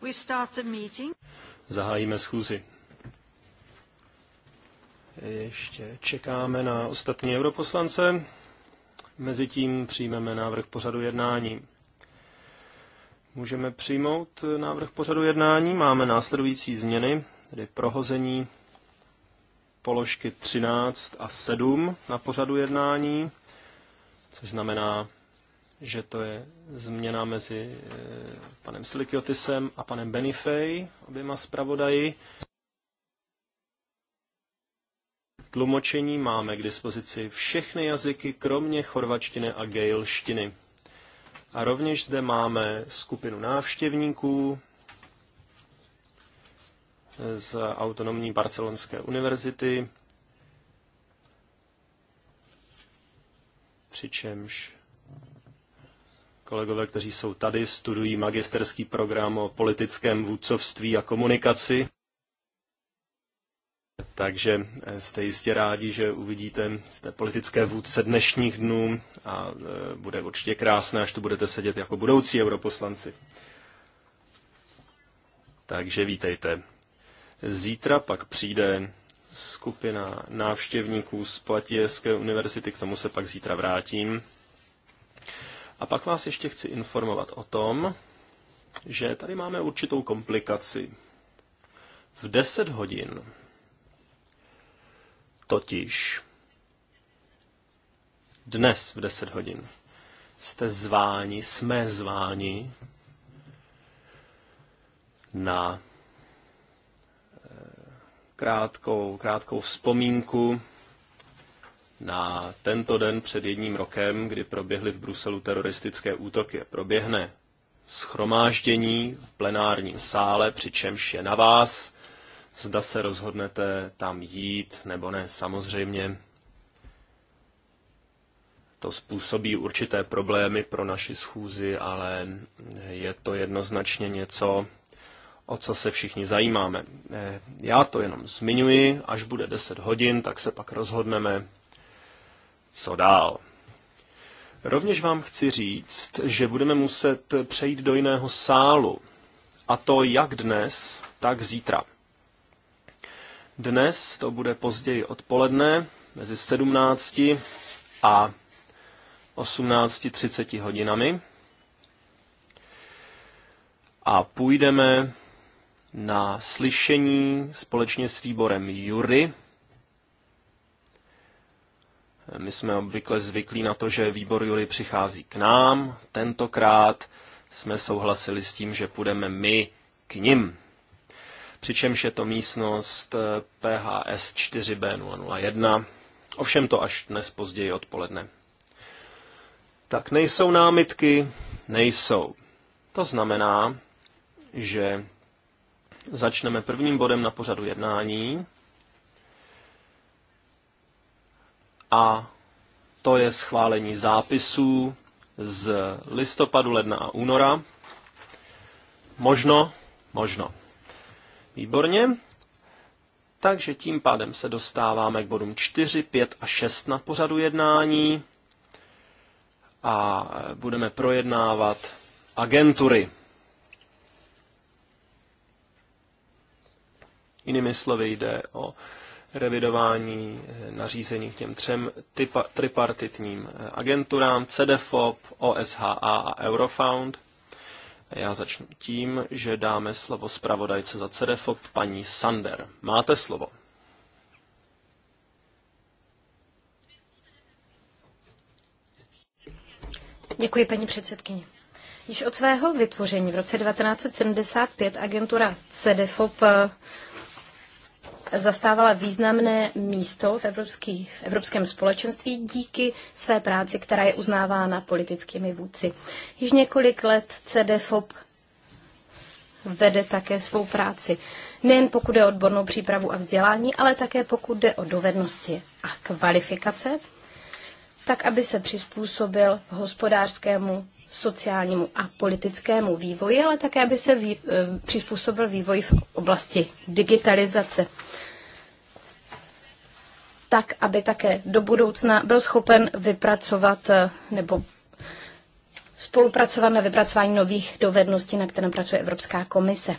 We start the meeting. Zahájíme schůzi. Ještě čekáme na ostatní europoslance. Mezitím přijmeme návrh pořadu jednání. Můžeme přijmout návrh pořadu jednání. Máme následující změny, tedy prohození položky 13 a 7 na pořadu jednání, což znamená že to je změna mezi eh, panem Silikiotisem a panem Benifej, oběma zpravodaji. Tlumočení máme k dispozici všechny jazyky, kromě chorvačtiny a gejlštiny. A rovněž zde máme skupinu návštěvníků eh, z Autonomní barcelonské univerzity, přičemž kolegové, kteří jsou tady, studují magisterský program o politickém vůdcovství a komunikaci. Takže eh, jste jistě rádi, že uvidíte jste politické vůdce dnešních dnů a eh, bude určitě krásné, až tu budete sedět jako budoucí europoslanci. Takže vítejte. Zítra pak přijde skupina návštěvníků z Platijské univerzity, k tomu se pak zítra vrátím. A pak vás ještě chci informovat o tom, že tady máme určitou komplikaci. V 10 hodin totiž dnes v 10 hodin jste zváni, jsme zváni na eh, krátkou, krátkou vzpomínku na tento den před jedním rokem, kdy proběhly v Bruselu teroristické útoky. Proběhne schromáždění v plenárním sále, přičemž je na vás, zda se rozhodnete tam jít nebo ne. Samozřejmě to způsobí určité problémy pro naši schůzi, ale je to jednoznačně něco, o co se všichni zajímáme. Já to jenom zmiňuji, až bude 10 hodin, tak se pak rozhodneme, co dál. Rovněž vám chci říct, že budeme muset přejít do jiného sálu, a to jak dnes, tak zítra. Dnes to bude později odpoledne, mezi 17 a 18.30 hodinami. A půjdeme na slyšení společně s výborem Jury my jsme obvykle zvyklí na to, že výbor Jury přichází k nám. Tentokrát jsme souhlasili s tím, že půjdeme my k ním. Přičemž je to místnost eh, PHS 4B001. Ovšem to až dnes později odpoledne. Tak nejsou námitky? Nejsou. To znamená, že začneme prvním bodem na pořadu jednání, a to je schválení zápisů z listopadu, ledna a února. Možno, možno. Výborně. Takže tím pádem se dostáváme k bodům 4, 5 a 6 na pořadu jednání a budeme projednávat agentury. Jinými slovy jde o revidování eh, nařízení k těm třem typa, tripartitním eh, agenturám CDFOP, OSHA a Eurofound. Já začnu tím, že dáme slovo zpravodajce za CDFOP paní Sander. Máte slovo. Děkuji, paní předsedkyně. Již od svého vytvoření v roce 1975 agentura CDFOP eh, zastávala významné místo v, evropský, v Evropském společenství díky své práci, která je uznávána politickými vůdci. Již několik let CDFOP vede také svou práci. Nejen pokud je odbornou přípravu a vzdělání, ale také pokud jde o dovednosti a kvalifikace, tak aby se přizpůsobil hospodářskému, sociálnímu a politickému vývoji, ale také aby se vý, eh, přizpůsobil vývoji v oblasti digitalizace tak aby také do budoucna byl schopen vypracovat eh, nebo spolupracovat na vypracování nových dovedností, na kterém pracuje Evropská komise.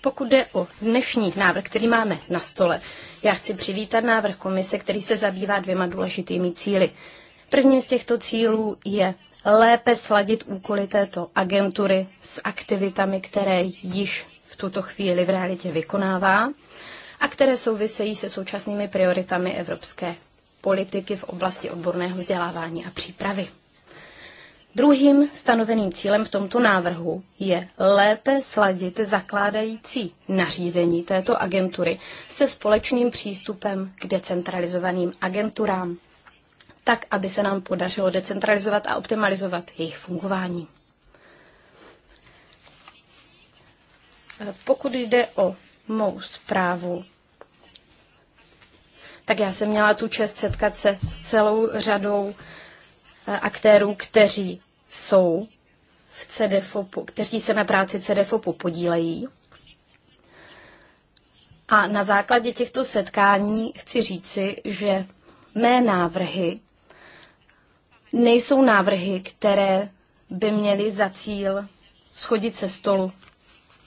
Pokud jde o dnešní návrh, který máme na stole, já chci přivítat návrh komise, který se zabývá dvěma důležitými cíly. Prvním z těchto cílů je lépe sladit úkoly této agentury s aktivitami, které již v tuto chvíli v realitě vykonává a které souvisejí se současnými prioritami evropské politiky v oblasti odborného vzdělávání a přípravy. Druhým stanoveným cílem v tomto návrhu je lépe sladit zakládající nařízení této agentury se společným přístupem k decentralizovaným agenturám, tak aby se nám podařilo decentralizovat a optimalizovat jejich fungování. Pokud jde o mou zprávu, tak já jsem měla tu čest setkat se s celou řadou eh, aktérů, kteří jsou v CDFOPu, kteří se na práci CDFOPu podílejí. A na základě těchto setkání chci říci, že mé návrhy nejsou návrhy, které by měly za cíl schodit se stolu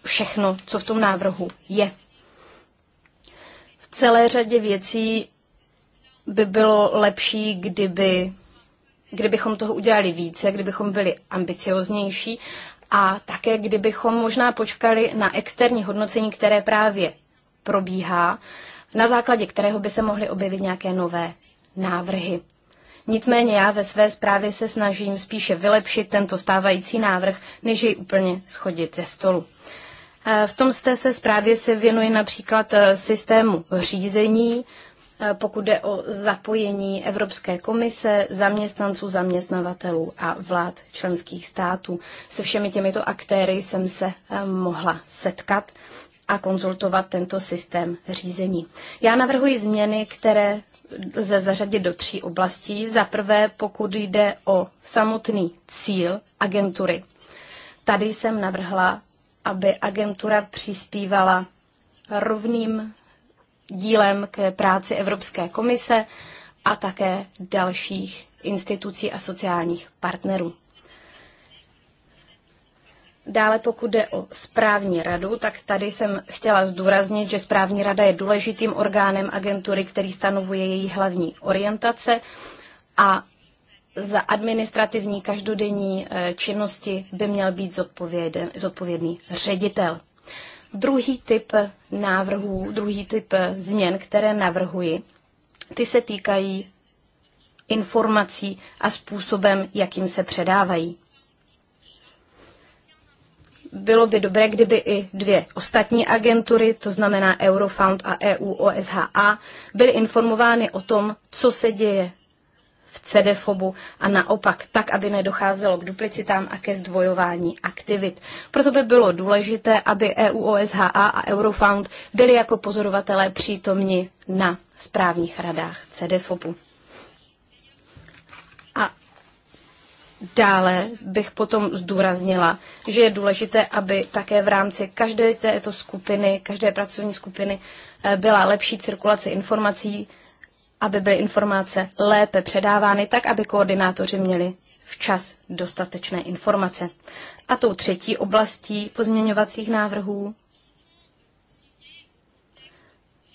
všechno, co v tom návrhu je. V celé řadě věcí by bylo lepší, kdyby, kdybychom toho udělali více, kdybychom byli ambicioznější a také kdybychom možná počkali na externí hodnocení, které právě probíhá, na základě kterého by se mohly objevit nějaké nové návrhy. Nicméně já ve své zprávě se snažím spíše vylepšit tento stávající návrh, než jej úplně schodit ze stolu. Eh, v tom z té své zprávě se věnuje například eh, systému řízení, eh, pokud jde o zapojení Evropské komise, zaměstnanců, zaměstnavatelů a vlád členských států. Se všemi těmito aktéry jsem se mohla setkat a konzultovat tento systém řízení. Já navrhuji změny, které lze zařadit do tří oblastí. Za prvé, pokud jde o samotný cíl agentury. Tady jsem navrhla aby agentura přispívala rovným dílem k práci Evropské komise a také dalších institucí a sociálních partnerů. Dále pokud jde o správní radu, tak tady jsem chtěla zdůraznit, že správní rada je důležitým orgánem agentury, který stanovuje její hlavní orientace a za administrativní každodenní eh, činnosti by měl být zodpověden, zodpovědný ředitel. Druhý typ návrhů, druhý typ eh, změn, které navrhuji, ty se týkají informací a způsobem, jakým se předávají. Bylo by dobré, kdyby i dvě ostatní agentury, to znamená Eurofound a EU OSHA, byly informovány o tom, co se děje v CDFOBu a naopak tak, aby nedocházelo k duplicitám a ke zdvojování aktivit. Proto by bylo důležité, aby EU OSHA a Eurofound byli jako pozorovatelé přítomni na správních radách A Dále bych potom zdůraznila, že je důležité, aby také v rámci každé této skupiny, každé pracovní skupiny eh, byla lepší cirkulace informací aby byly informace lépe předávány, tak aby koordinátoři měli včas dostatečné informace. A tou třetí oblastí pozměňovacích návrhů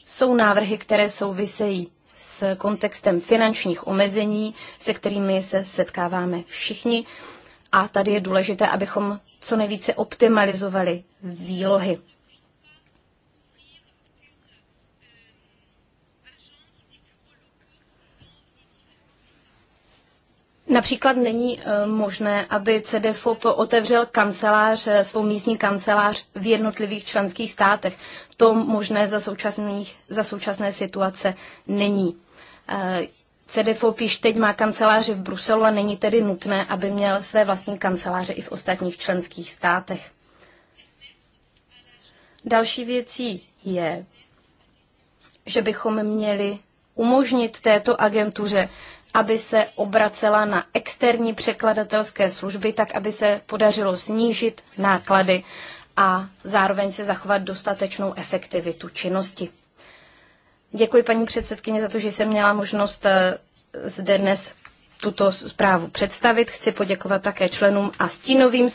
jsou návrhy, které souvisejí s kontextem finančních omezení, se kterými se setkáváme všichni. A tady je důležité, abychom co nejvíce optimalizovali výlohy. Například není eh, možné, aby CDFOP otevřel kancelář, eh, svou místní kancelář v jednotlivých členských státech. To možné za, současných, za současné situace není. Eh, CDFOP již teď má kanceláře v Bruselu a není tedy nutné, aby měl své vlastní kanceláře i v ostatních členských státech. Další věcí je, že bychom měli umožnit této agentuře aby se obracela na externí překladatelské služby, tak aby se podařilo snížit náklady a zároveň se zachovat dostatečnou efektivitu činnosti. Děkuji paní předsedkyně za to, že jsem měla možnost eh, zde dnes tuto zprávu představit. Chci poděkovat také členům a stínovým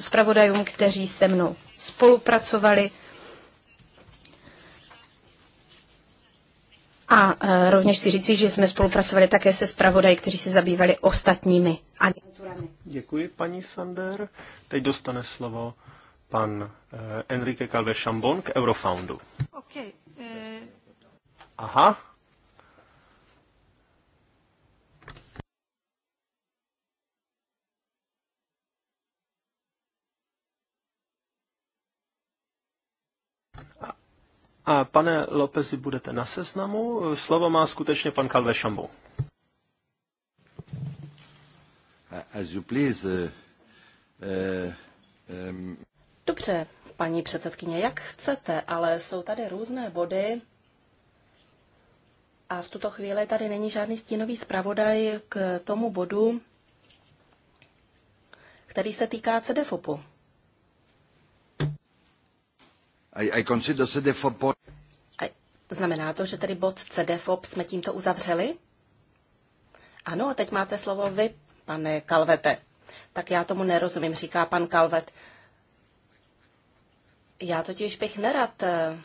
zpravodajům, kteří se mnou spolupracovali. A e, rovněž si říci, že jsme spolupracovali také se zpravodaji, kteří se zabývali ostatními agenturami. Děkuji, paní Sander. Teď dostane slovo pan e, Enrique Calve Chambon k Eurofoundu. Okay, e... Aha, A pane Lopezi, budete na seznamu. Slovo má skutečně pan Kalve Šambu. As you please, uh, um... Dobře, paní předsedkyně, jak chcete, ale jsou tady různé body a v tuto chvíli tady není žádný stínový zpravodaj k tomu bodu, který se týká CDFOPu znamená to, že tedy bod CDFOP jsme tímto uzavřeli? Ano, a teď máte slovo vy, pane Kalvete. Tak já tomu nerozumím, říká pan Kalvet. Já totiž bych nerad, eh,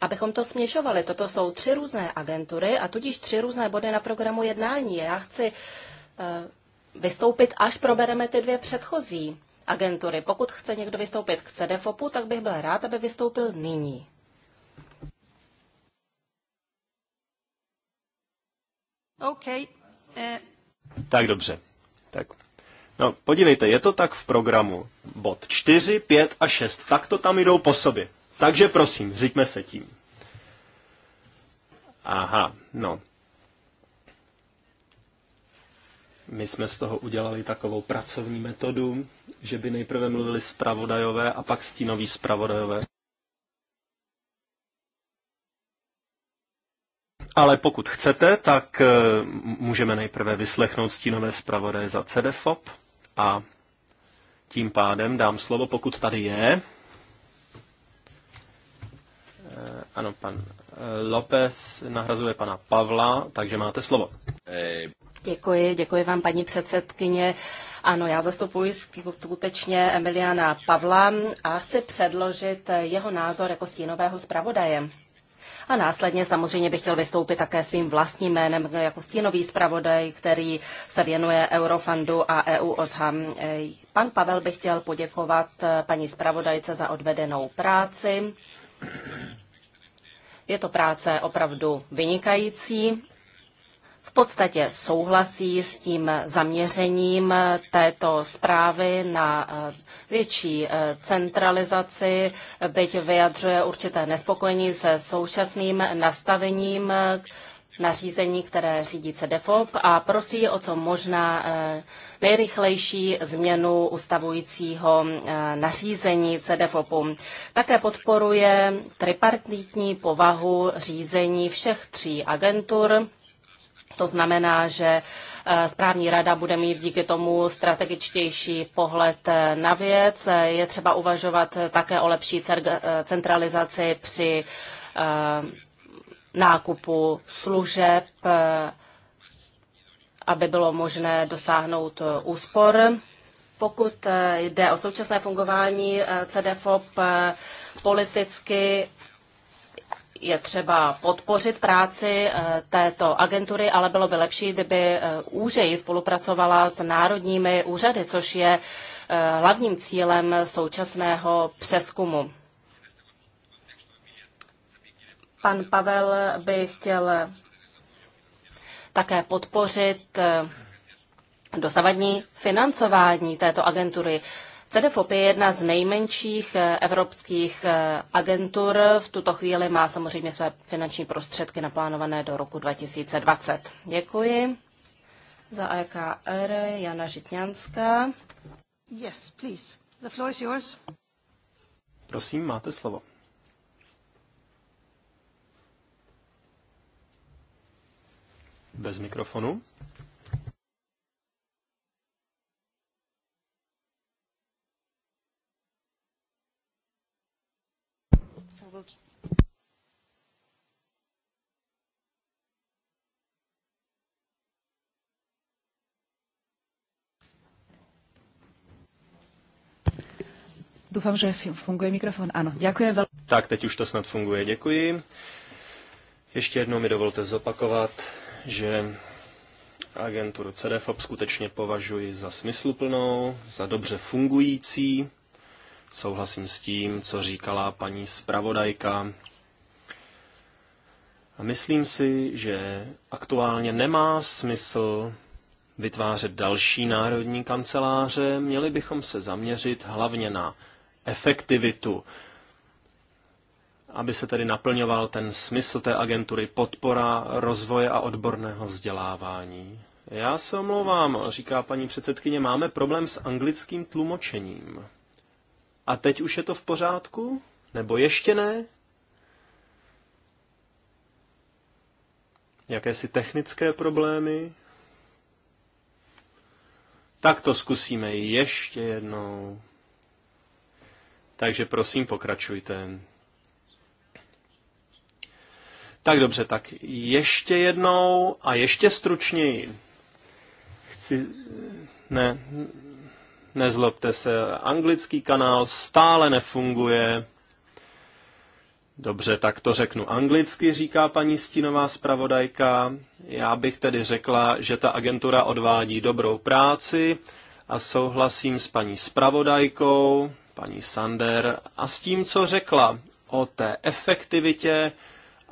abychom to směšovali. Toto jsou tři různé agentury a tudíž tři různé body na programu jednání. Já chci eh, vystoupit, až probereme ty dvě předchozí agentury. Pokud chce někdo vystoupit k CDFOPu, tak bych byl rád, aby vystoupil nyní. Okay. Eh. Tak dobře. Tak. No, podívejte, je to tak v programu. Bod 4, 5 a 6. Tak to tam jdou po sobě. Takže prosím, říkme se tím. Aha, no. My jsme z toho udělali takovou pracovní metodu, že by nejprve mluvili zpravodajové a pak stínoví zpravodajové. Ale pokud chcete, tak eh, můžeme nejprve vyslechnout stínové zpravodaje za CDFOP a tím pádem dám slovo, pokud tady je, Eh, ano, pan eh, López nahrazuje pana Pavla, takže máte slovo. Děkuji, děkuji vám, paní předsedkyně. Ano, já zastupuji skutečně Emiliana Pavla a chci předložit eh, jeho názor jako stínového zpravodaje. A následně samozřejmě bych chtěl vystoupit také svým vlastním jménem jako stínový zpravodaj, který se věnuje Eurofundu a EU OSHAM. Pan Pavel bych chtěl poděkovat paní zpravodajce za odvedenou práci je to práce opravdu vynikající. V podstatě souhlasí s tím zaměřením této zprávy na eh, větší eh, centralizaci, byť vyjadřuje určité nespokojení se současným nastavením eh, nařízení, které řídí CDFOP a prosí o co možná nejrychlejší změnu ustavujícího eh, nařízení CDFOPu. Také podporuje tripartitní povahu řízení všech tří agentur, to znamená, že eh, správní rada bude mít díky tomu strategičtější pohled eh, na věc. Je třeba uvažovat také o lepší centralizaci při nákupu služeb aby bylo možné dosáhnout eh, úspor. Pokud eh, jde o současné fungování eh, CDFOP politicky, je třeba podpořit práci této agentury, ale bylo by lepší, kdyby úřeji spolupracovala s národními úřady, což je hlavním cílem současného přeskumu. Pan Pavel by chtěl také podpořit eh, dosavadní financování této agentury. CDFOP je jedna z nejmenších eh, evropských eh, agentur. V tuto chvíli má samozřejmě své finanční prostředky naplánované do roku 2020. Děkuji. Za AKR e Jana Žitňanská. Yes, please. The floor is yours. Prosím, máte slovo. bez mikrofonu. Doufám, že funguje mikrofon. Ano, děkuji velmi. Tak, teď už to snad funguje, děkuji. Ještě jednou mi dovolte zopakovat, že agenturu CDFOP skutečně považuji za smysluplnou, za dobře fungující. Souhlasím s tím, co říkala paní zpravodajka. A myslím si, že aktuálně nemá smysl vytvářet další národní kanceláře. Měli bychom se zaměřit hlavně na efektivitu aby se tedy naplňoval ten smysl té agentury podpora rozvoje a odborného vzdělávání. Já se omlouvám, říká paní předsedkyně, máme problém s anglickým tlumočením. A teď už je to v pořádku? Nebo ještě ne? Jakési technické problémy? Tak to zkusíme ještě jednou. Takže prosím, pokračujte. Tak dobře, tak ještě jednou a ještě stručněji. Chci... Ne, nezlobte se, anglický kanál stále nefunguje. Dobře, tak to řeknu anglicky, říká paní stínová zpravodajka. Já bych tedy řekla, že ta agentura odvádí dobrou práci a souhlasím s paní zpravodajkou, paní Sander, a s tím, co řekla o té efektivitě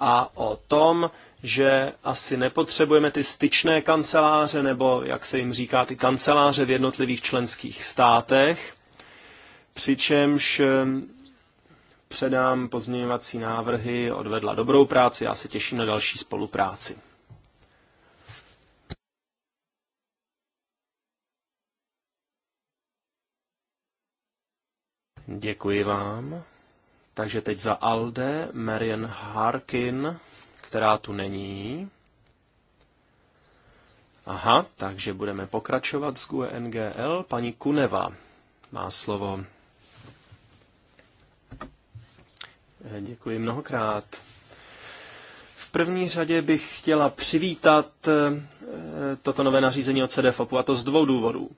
a o tom, že asi nepotřebujeme ty styčné kanceláře, nebo jak se jim říká, ty kanceláře v jednotlivých členských státech, přičemž eh, předám pozměňovací návrhy, odvedla dobrou práci, já se těším na další spolupráci. Děkuji vám. Takže teď za Alde Marian Harkin, která tu není. Aha, takže budeme pokračovat z GUNGL. Paní Kuneva má slovo. Eh, děkuji mnohokrát. V první řadě bych chtěla přivítat eh, toto nové nařízení od CDFOPu, a to z dvou důvodů.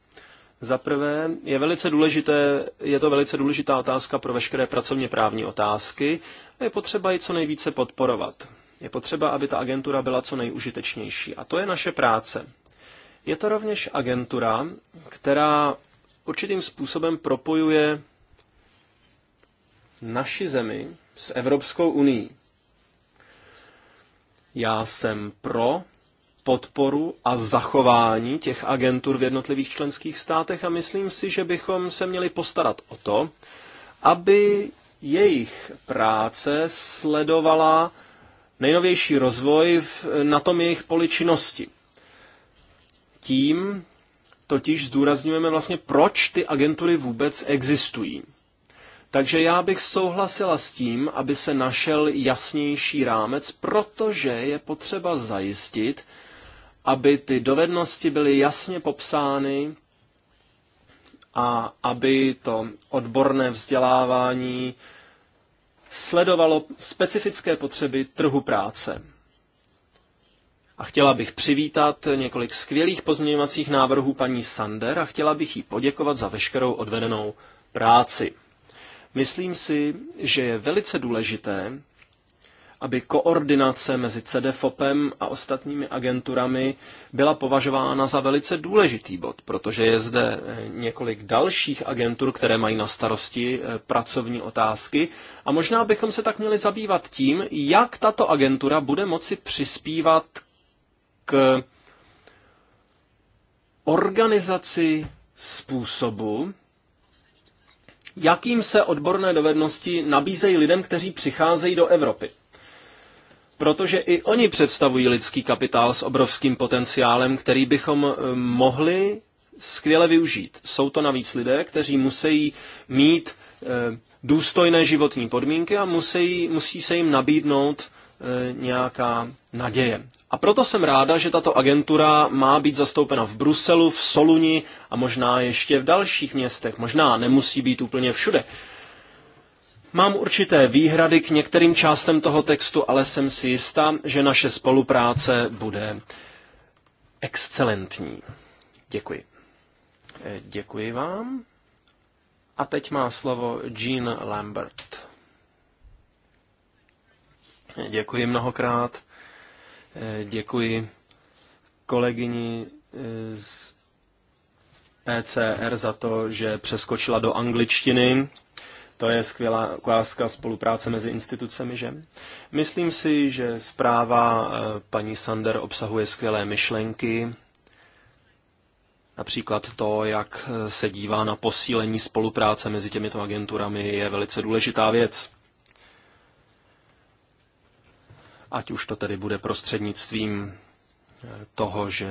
Za prvé, je, velice důležité, je to velice důležitá otázka pro veškeré pracovně právní otázky a je potřeba ji co nejvíce podporovat. Je potřeba, aby ta agentura byla co nejužitečnější. A to je naše práce. Je to rovněž agentura, která určitým způsobem propojuje naši zemi s Evropskou unii. Já jsem pro podporu a zachování těch agentur v jednotlivých členských státech a myslím si, že bychom se měli postarat o to, aby jejich práce sledovala nejnovější rozvoj v, na tom jejich poličinnosti. Tím totiž zdůrazňujeme vlastně, proč ty agentury vůbec existují. Takže já bych souhlasila s tím, aby se našel jasnější rámec, protože je potřeba zajistit, aby ty dovednosti byly jasně popsány a aby to odborné vzdělávání sledovalo specifické potřeby trhu práce. A chtěla bych přivítat několik skvělých pozměňovacích návrhů paní Sander a chtěla bych jí poděkovat za veškerou odvedenou práci. Myslím si, že je velice důležité, aby koordinace mezi CDFOPem a ostatními agenturami byla považována za velice důležitý bod, protože je zde eh, několik dalších agentur, které mají na starosti eh, pracovní otázky a možná bychom se tak měli zabývat tím, jak tato agentura bude moci přispívat k organizaci způsobu, jakým se odborné dovednosti nabízejí lidem, kteří přicházejí do Evropy protože i oni představují lidský kapitál s obrovským potenciálem, který bychom eh, mohli skvěle využít. Jsou to navíc lidé, kteří musí mít eh, důstojné životní podmínky a musí, musí se jim nabídnout eh, nějaká naděje. A proto jsem ráda, že tato agentura má být zastoupena v Bruselu, v Soluni a možná ještě v dalších městech. Možná nemusí být úplně všude, Mám určité výhrady k některým částem toho textu, ale jsem si jistá, že naše spolupráce bude excelentní. Děkuji. E, děkuji vám. A teď má slovo Jean Lambert. E, děkuji mnohokrát. E, děkuji kolegyni z ECR za to, že přeskočila do angličtiny to je skvělá ukázka spolupráce mezi institucemi, že? Myslím si, že zpráva eh, paní Sander obsahuje skvělé myšlenky, Například to, jak eh, se dívá na posílení spolupráce mezi těmito agenturami, je velice důležitá věc. Ať už to tedy bude prostřednictvím toho, že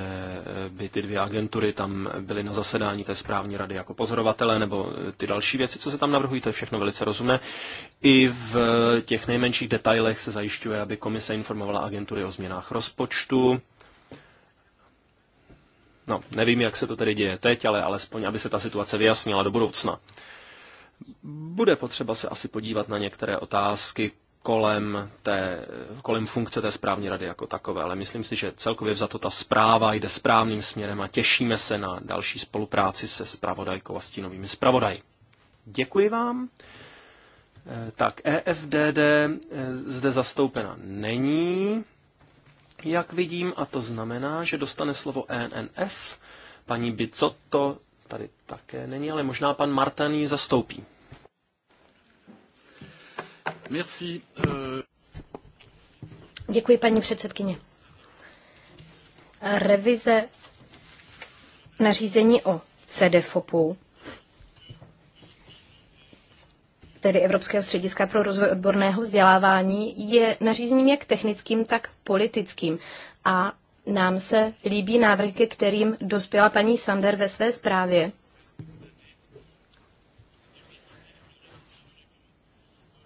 by ty dvě agentury tam byly na zasedání té správní rady jako pozorovatele, nebo ty další věci, co se tam navrhují, to je všechno velice rozumné. I v těch nejmenších detailech se zajišťuje, aby komise informovala agentury o změnách rozpočtu. No, nevím, jak se to tedy děje teď, ale alespoň, aby se ta situace vyjasnila do budoucna. Bude potřeba se asi podívat na některé otázky kolem, té, kolem funkce té správní rady jako takové, ale myslím si, že celkově za to ta zpráva jde správným směrem a těšíme se na další spolupráci se spravodajkou a stínovými spravodaji. Děkuji vám. Eh, tak, EFDD eh, zde zastoupena není, jak vidím, a to znamená, že dostane slovo ENF. Paní Bicotto tady také není, ale možná pan Martan ji zastoupí. Merci. Euh. Děkuji, paní předsedkyně. Revize nařízení o CDFOPu, tedy Evropského střediska pro rozvoj odborného vzdělávání, je nařízením jak technickým, tak politickým. A nám se líbí návrhy, ke kterým dospěla paní Sander ve své zprávě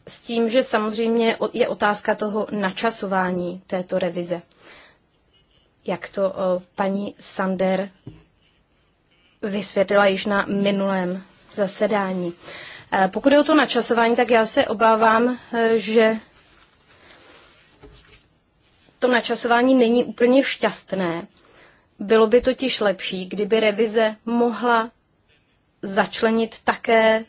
s tím, že samozřejmě je otázka toho načasování této revize. Jak to paní Sander vysvětlila již na minulém zasedání. E, pokud je o to načasování, tak já se obávám, e, že to načasování není úplně šťastné. Bylo by totiž lepší, kdyby revize mohla začlenit také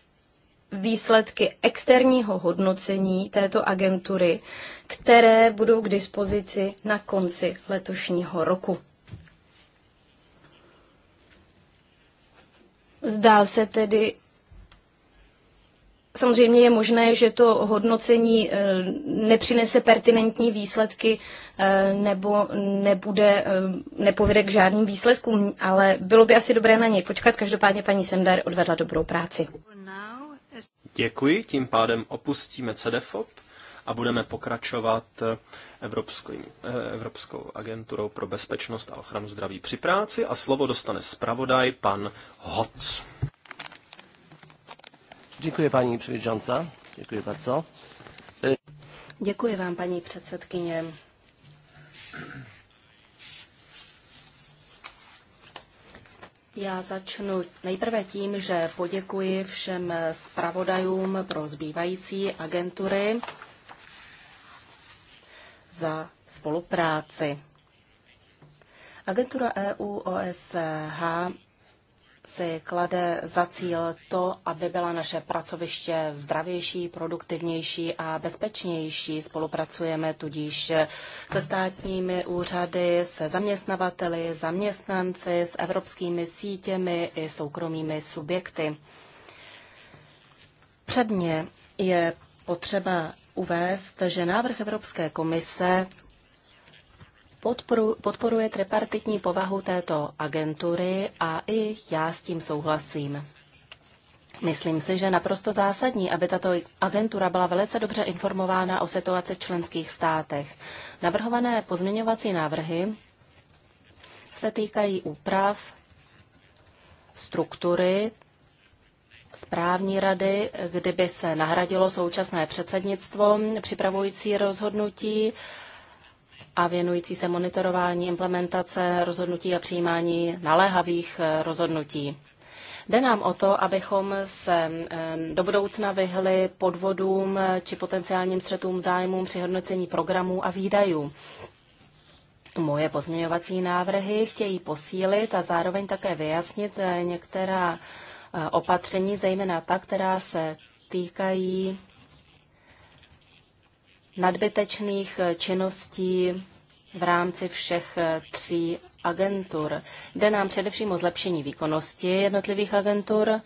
výsledky externího hodnocení této agentury, které budou k dispozici na konci letošního roku. Zdá se tedy, samozřejmě je možné, že to hodnocení eh, nepřinese pertinentní výsledky eh, nebo nebude, eh, nepovede k žádným výsledkům, ale bylo by asi dobré na něj počkat. Každopádně paní Semdar odvedla dobrou práci. Děkuji, tím pádem opustíme CDFOP a budeme pokračovat eh, Evropskou, eh, Evropskou agenturou pro bezpečnost a ochranu zdraví při práci a slovo dostane zpravodaj pan Hoc. Děkuji, paní předsedkyně. Děkuji, bardzo. Děkuji vám, paní předsedkyně. Já začnu nejprve tím, že poděkuji všem zpravodajům pro zbývající agentury za spolupráci. Agentura EU OSH si klade za cíl to, aby byla naše pracoviště zdravější, produktivnější a bezpečnější. Spolupracujeme tudíž se státními úřady, se zaměstnavateli, zaměstnanci, s evropskými sítěmi i soukromými subjekty. Předně je potřeba uvést, že návrh Evropské komise podporuje trepartitní povahu této agentury a i já s tím souhlasím. Myslím si, že naprosto zásadní, aby tato agentura byla velice dobře informována o situaci v členských státech. Navrhované pozměňovací návrhy se týkají úprav struktury správní rady, kdyby se nahradilo současné předsednictvo připravující rozhodnutí a věnující se monitorování implementace rozhodnutí a přijímání naléhavých eh, rozhodnutí. Jde nám o to, abychom se eh, do budoucna vyhli podvodům eh, či potenciálním střetům zájmům při hodnocení programů a výdajů. Moje pozměňovací návrhy chtějí posílit a zároveň také vyjasnit některá opatření, zejména ta, která se týkají nadbytečných eh, činností v rámci všech eh, tří agentur. Jde nám především o zlepšení výkonnosti jednotlivých agentur,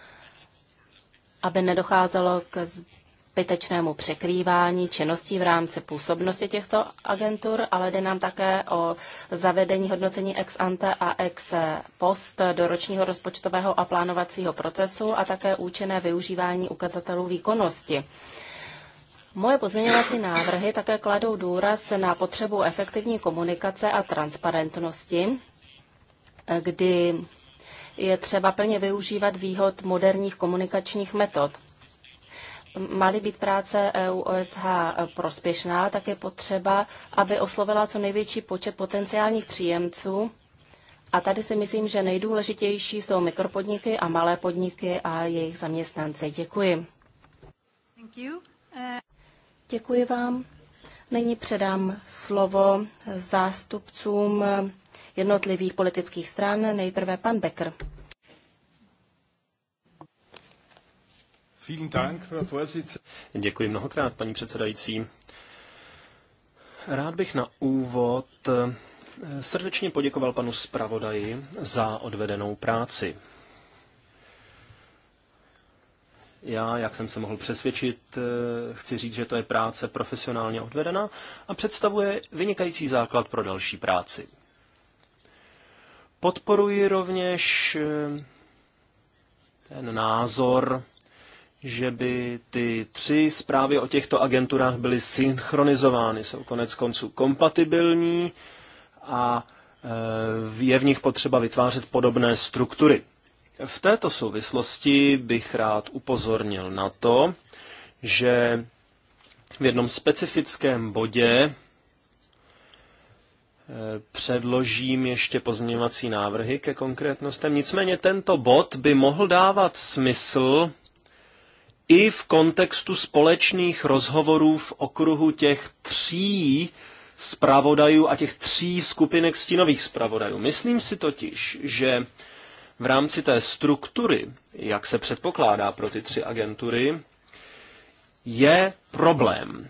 aby nedocházelo k zbytečnému překrývání činností v rámci působnosti těchto agentur, ale jde nám také o zavedení hodnocení ex ante a ex post do ročního rozpočtového a plánovacího procesu a také účinné využívání ukazatelů výkonnosti. Moje pozměňovací návrhy také kladou důraz na potřebu efektivní komunikace a transparentnosti, kdy je třeba plně využívat výhod moderních komunikačních metod. má být práce EU OSH prospěšná, tak je potřeba, aby oslovila co největší počet potenciálních příjemců. A tady si myslím, že nejdůležitější jsou mikropodniky a malé podniky a jejich zaměstnanci. Děkuji. Eh, Děkuji vám. Nyní předám slovo zástupcům jednotlivých politických stran. Nejprve pan Becker. Děkuji mnohokrát, paní předsedající. Rád bych na úvod eh, srdečně poděkoval panu zpravodaji za odvedenou práci. Já, jak jsem se mohl přesvědčit, eh, chci říct, že to je práce profesionálně odvedená a představuje vynikající základ pro další práci. Podporuji rovněž eh, ten názor, že by ty tři zprávy o těchto agenturách byly synchronizovány, jsou konec konců kompatibilní a eh, je v nich potřeba vytvářet podobné struktury. V této souvislosti bych rád upozornil na to, že v jednom specifickém bodě eh, předložím ještě pozměňovací návrhy ke konkrétnostem. Nicméně tento bod by mohl dávat smysl i v kontextu společných rozhovorů v okruhu těch tří zpravodajů a těch tří skupinek stínových zpravodajů. Myslím si totiž, že v rámci té struktury, jak se předpokládá pro ty tři agentury, je problém.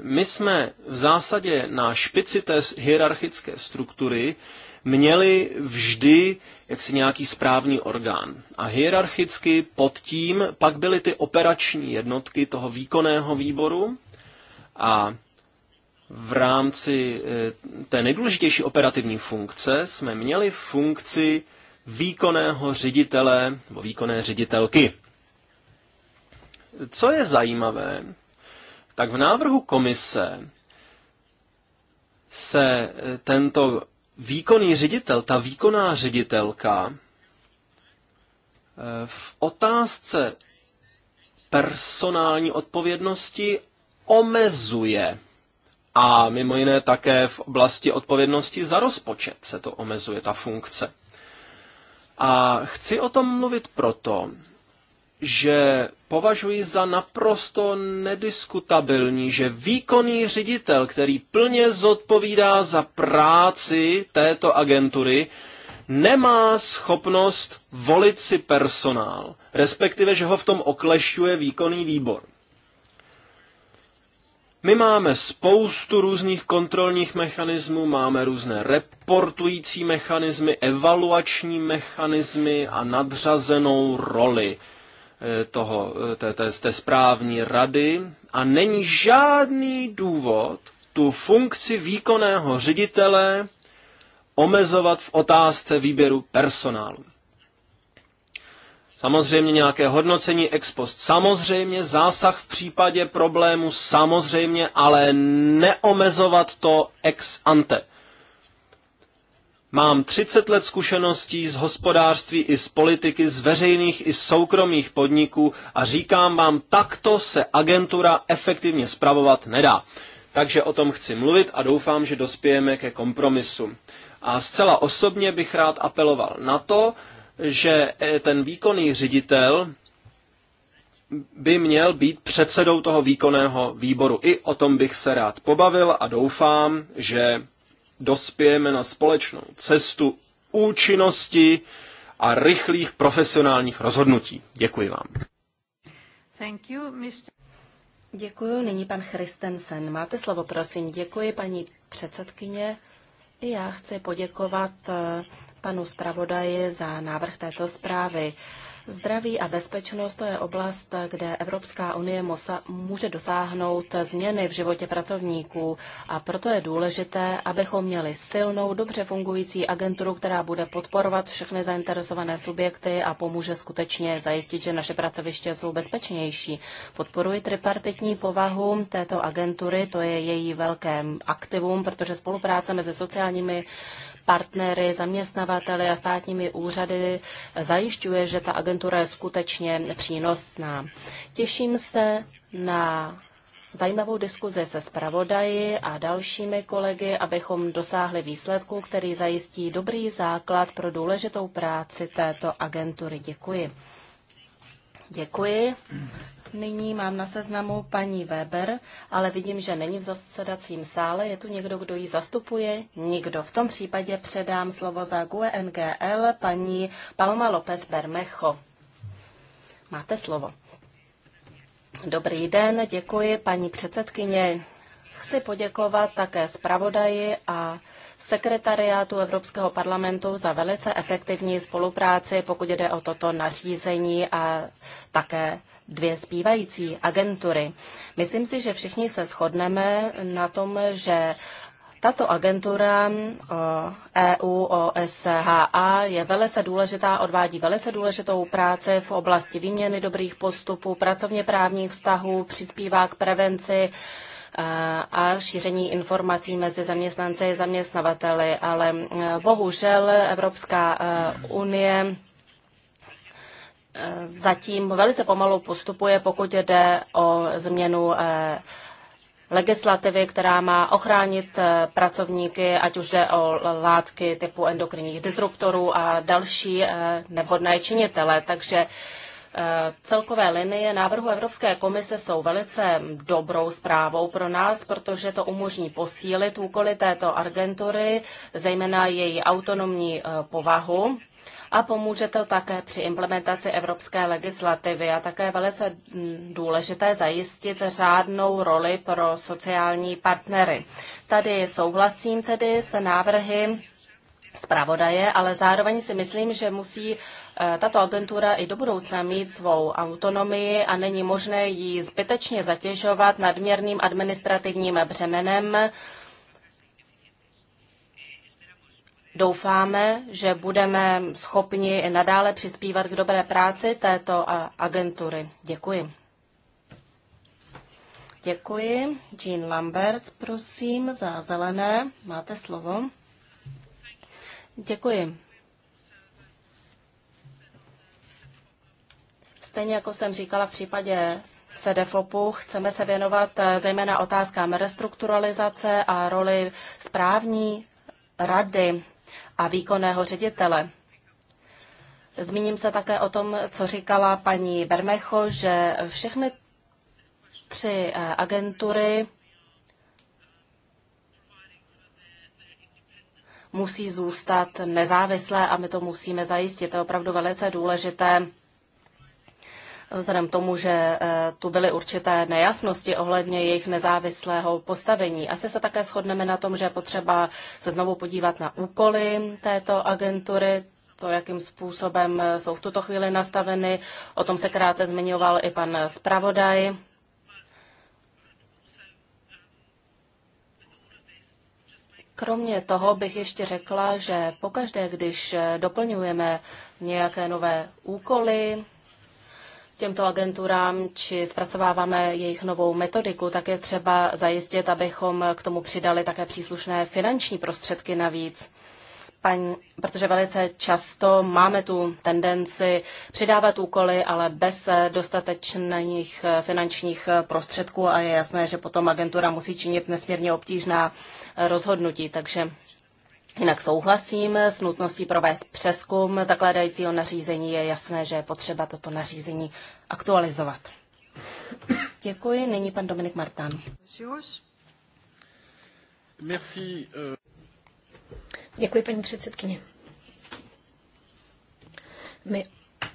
My jsme v zásadě na špici té hierarchické struktury měli vždy jaksi nějaký správní orgán. A hierarchicky pod tím pak byly ty operační jednotky toho výkonného výboru a v rámci eh, té nejdůležitější operativní funkce jsme měli funkci výkonného ředitele nebo výkonné ředitelky. Co je zajímavé, tak v návrhu komise se eh, tento výkonný ředitel, ta výkonná ředitelka eh, v otázce personální odpovědnosti omezuje a mimo jiné také v oblasti odpovědnosti za rozpočet se to omezuje, ta funkce. A chci o tom mluvit proto, že považuji za naprosto nediskutabilní, že výkonný ředitel, který plně zodpovídá za práci této agentury, nemá schopnost volit si personál, respektive, že ho v tom oklešťuje výkonný výbor. My máme spoustu různých kontrolních mechanismů, máme různé reportující mechanismy, evaluační mechanismy a nadřazenou roli eh, toho, eh, té, té, té správní rady a není žádný důvod tu funkci výkonného ředitele omezovat v otázce výběru personálu. Samozřejmě nějaké hodnocení ex post, samozřejmě zásah v případě problému, samozřejmě, ale neomezovat to ex ante. Mám 30 let zkušeností z hospodářství i z politiky, z veřejných i soukromých podniků a říkám vám, takto se agentura efektivně spravovat nedá. Takže o tom chci mluvit a doufám, že dospějeme ke kompromisu. A zcela osobně bych rád apeloval na to, že eh, ten výkonný ředitel by měl být předsedou toho výkonného výboru. I o tom bych se rád pobavil a doufám, že dospějeme na společnou cestu účinnosti a rychlých profesionálních rozhodnutí. Děkuji vám. Thank you, Mr. Děkuji. Nyní pan Christensen. Máte slovo, prosím. Děkuji, paní předsedkyně. I já chci poděkovat eh, panu zpravodaji za návrh této zprávy. Zdraví a bezpečnost to je oblast, kde Evropská unie může dosáhnout změny v životě pracovníků a proto je důležité, abychom měli silnou, dobře fungující agenturu, která bude podporovat všechny zainteresované subjekty a pomůže skutečně zajistit, že naše pracoviště jsou bezpečnější. Podporuji tripartitní povahu této agentury, to je její velké aktivum, protože spolupráce mezi sociálními partnery, zaměstnavateli a státními úřady zajišťuje, že ta agentura je skutečně přínosná. Těším se na zajímavou diskuzi se zpravodaji a dalšími kolegy, abychom dosáhli výsledku, který zajistí dobrý základ pro důležitou práci této agentury. Děkuji. Děkuji nyní mám na seznamu paní Weber, ale vidím, že není v zasedacím sále. Je tu někdo, kdo ji zastupuje? Nikdo. V tom případě předám slovo za GUE NGL paní Paloma López Bermecho. Máte slovo. Dobrý den, děkuji paní předsedkyně. Chci poděkovat také zpravodaji a sekretariátu Evropského parlamentu za velice efektivní spolupráci, pokud jde o toto nařízení a také dvě zpívající agentury. Myslím si, že všichni se shodneme na tom, že tato agentura EU eh, e OSHA je velice důležitá, odvádí velice důležitou práci v oblasti výměny dobrých postupů, pracovně právních vztahů, přispívá k prevenci eh, a šíření informací mezi zaměstnanci a zaměstnavateli. Ale eh, bohužel Evropská unie zatím velice pomalu postupuje, pokud jde o změnu eh, legislativy, která má ochránit eh, pracovníky, ať už jde o látky typu endokrinních disruptorů a další eh, nevhodné činitele. Takže Celkové linie návrhu Evropské komise jsou velice dobrou zprávou pro nás, protože to umožní posílit úkoly této agentury, zejména její autonomní povahu a pomůže to také při implementaci evropské legislativy a také velice mm, důležité zajistit řádnou roli pro sociální partnery. Tady souhlasím tedy s návrhy zpravodaje, ale zároveň si myslím, že musí e, tato agentura i do budoucna mít svou autonomii a není možné ji zbytečně zatěžovat nadměrným administrativním břemenem, Doufáme, že budeme schopni nadále přispívat k dobré práci této agentury. Děkuji. Děkuji. Jean Lambert, prosím, za zelené. Máte slovo. Děkuji. Stejně jako jsem říkala v případě CDFOPu, chceme se věnovat eh, zejména otázkám restrukturalizace a roli správní rady a výkonného ředitele. Zmíním se také o tom, co říkala paní Bermecho, že všechny tři eh, agentury musí zůstat nezávislé a my to musíme zajistit. To je opravdu velice důležité vzhledem tomu, že eh, tu byly určité nejasnosti ohledně jejich nezávislého postavení. Asi se také shodneme na tom, že je potřeba se znovu podívat na úkoly této agentury, to, jakým způsobem eh, jsou v tuto chvíli nastaveny. O tom se krátce zmiňoval i pan zpravodaj. Kromě toho bych ještě řekla, že pokaždé, když eh, doplňujeme nějaké nové úkoly, těmto agenturám či zpracováváme jejich novou metodiku, tak je třeba zajistit, abychom k tomu přidali také příslušné finanční prostředky navíc. Paň, protože velice často máme tu tendenci přidávat úkoly, ale bez dostatečných finančních prostředků a je jasné, že potom agentura musí činit nesmírně obtížná rozhodnutí. Takže Jinak souhlasím s nutností provést přeskum zakládajícího nařízení. Je jasné, že je potřeba toto nařízení aktualizovat. Děkuji. Nyní pan Dominik Martán. Eh. Děkuji, paní předsedkyně. My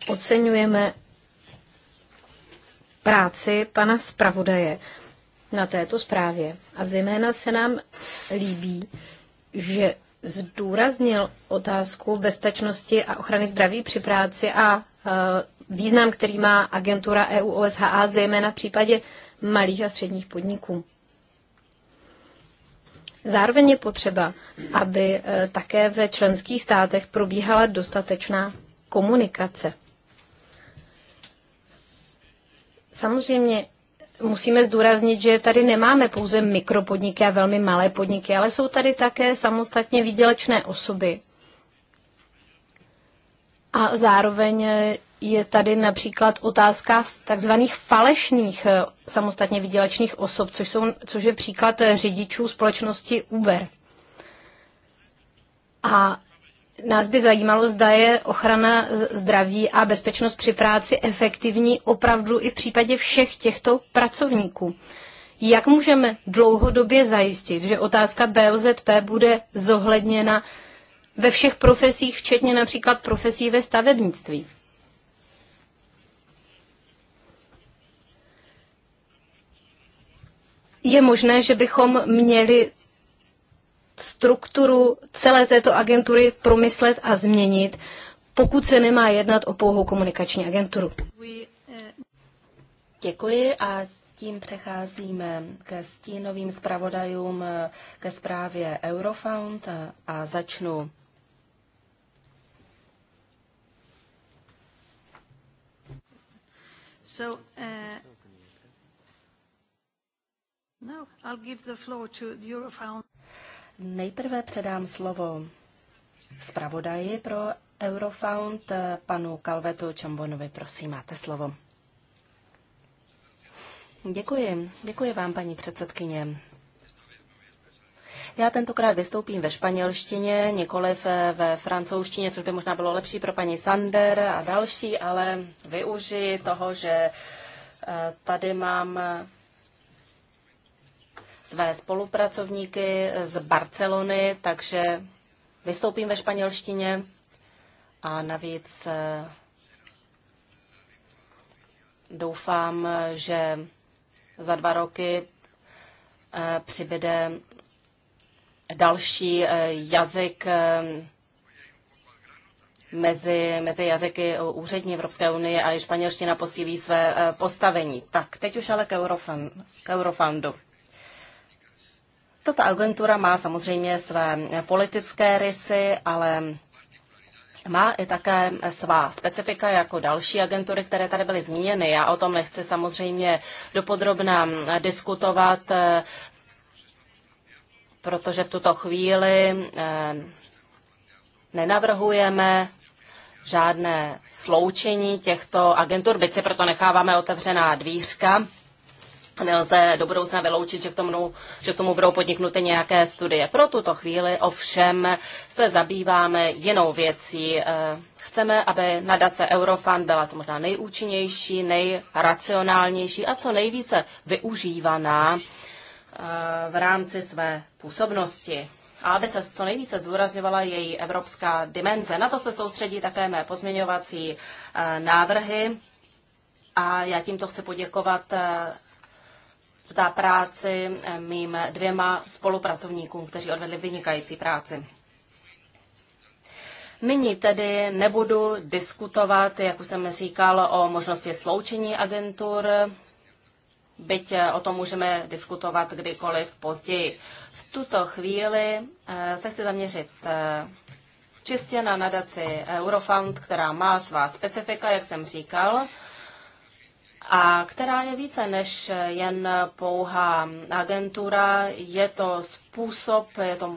oceňujeme práci pana zpravodaje na této zprávě. A zejména se nám líbí, že zdůraznil otázku bezpečnosti a ochrany zdraví při práci a e, význam, který má agentura EU OSHA, zejména v případě malých a středních podniků. Zároveň je potřeba, aby e, také ve členských státech probíhala dostatečná komunikace. Samozřejmě musíme zdůraznit, že tady nemáme pouze mikropodniky a velmi malé podniky, ale jsou tady také samostatně výdělečné osoby. A zároveň je tady například otázka takzvaných falešných eh, samostatně výdělečných osob, což, jsou, což je příklad eh, řidičů společnosti Uber. A nás by zajímalo, zda je ochrana zdraví a bezpečnost při práci efektivní opravdu i v případě všech těchto pracovníků. Jak můžeme dlouhodobě zajistit, že otázka BOZP bude zohledněna ve všech profesích, včetně například profesí ve stavebnictví? Je možné, že bychom měli strukturu celé této agentury promyslet a změnit, pokud se nemá jednat o pouhou komunikační agenturu. Eh, Děkuji a tím přecházíme ke stínovým zpravodajům eh, ke zprávě Eurofound a začnu. So, uh, no, I'll give the floor to Eurofound. Nejprve předám slovo zpravodaji pro Eurofound, panu Kalvetu Čombonovi. Prosím, máte slovo. Děkuji. Děkuji vám, paní předsedkyně. Já tentokrát vystoupím ve španělštině, nikoliv ve francouzštině, což by možná bylo lepší pro paní Sander a další, ale využiji toho, že eh, tady mám své spolupracovníky z Barcelony, takže vystoupím ve španělštině a navíc eh, doufám, že za dva roky eh, přibude další eh, jazyk mezi, mezi jazyky úřední Evropské unie a španělština posílí své postavení. Tak, teď už ale k, Eurofund, k Eurofundu. Tato agentura má samozřejmě své politické rysy, ale má i také svá specifika jako další agentury, které tady byly zmíněny. Já o tom nechci samozřejmě dopodrobná diskutovat, protože v tuto chvíli eh, nenavrhujeme žádné sloučení těchto agentur, byť si proto necháváme otevřená dvířka. Nelze do budoucna vyloučit, že k, tomu, že k tomu budou podniknuty nějaké studie. Pro tuto chvíli ovšem se zabýváme jinou věcí. Eh, chceme, aby nadace Eurofund byla co možná nejúčinnější, nejracionálnější a co nejvíce využívaná eh, v rámci své působnosti a aby se co nejvíce zdůrazňovala její evropská dimenze. Na to se soustředí také mé pozměňovací eh, návrhy a já tímto chci poděkovat za práci eh, mým dvěma spolupracovníkům, kteří odvedli vynikající práci. Nyní tedy nebudu diskutovat, jak už jsem říkal, o možnosti sloučení agentur, byť eh, o tom můžeme diskutovat kdykoliv později. V tuto chvíli eh, se chci zaměřit čistě na nadaci Eurofund, která má svá specifika, jak jsem říkal a která je více než jen pouhá agentura. Je to způsob, je to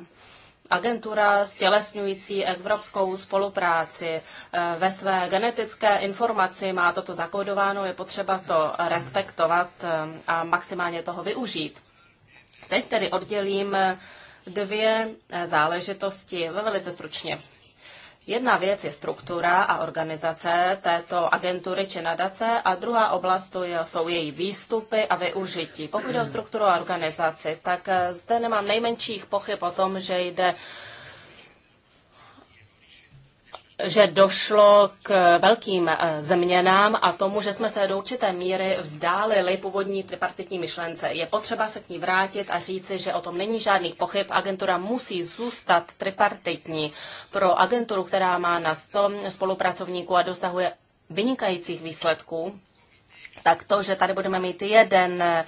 agentura stělesňující evropskou spolupráci. Ve své genetické informaci má toto zakódováno, je potřeba to respektovat eh, a maximálně toho využít. Teď tedy oddělím eh, dvě eh, záležitosti velice stručně. Jedna věc je struktura a organizace této agentury či nadace a druhá oblast jsou její výstupy a využití. Pokud jde o strukturu a organizaci, tak eh, zde nemám nejmenších pochyb o tom, že jde že došlo k velkým eh, změnám a tomu, že jsme se do určité míry vzdálili původní tripartitní myšlence. Je potřeba se k ní vrátit a říci, že o tom není žádných pochyb. Agentura musí zůstat tripartitní. Pro agenturu, která má na 100 spolupracovníků a dosahuje vynikajících výsledků, tak to, že tady budeme mít jeden eh,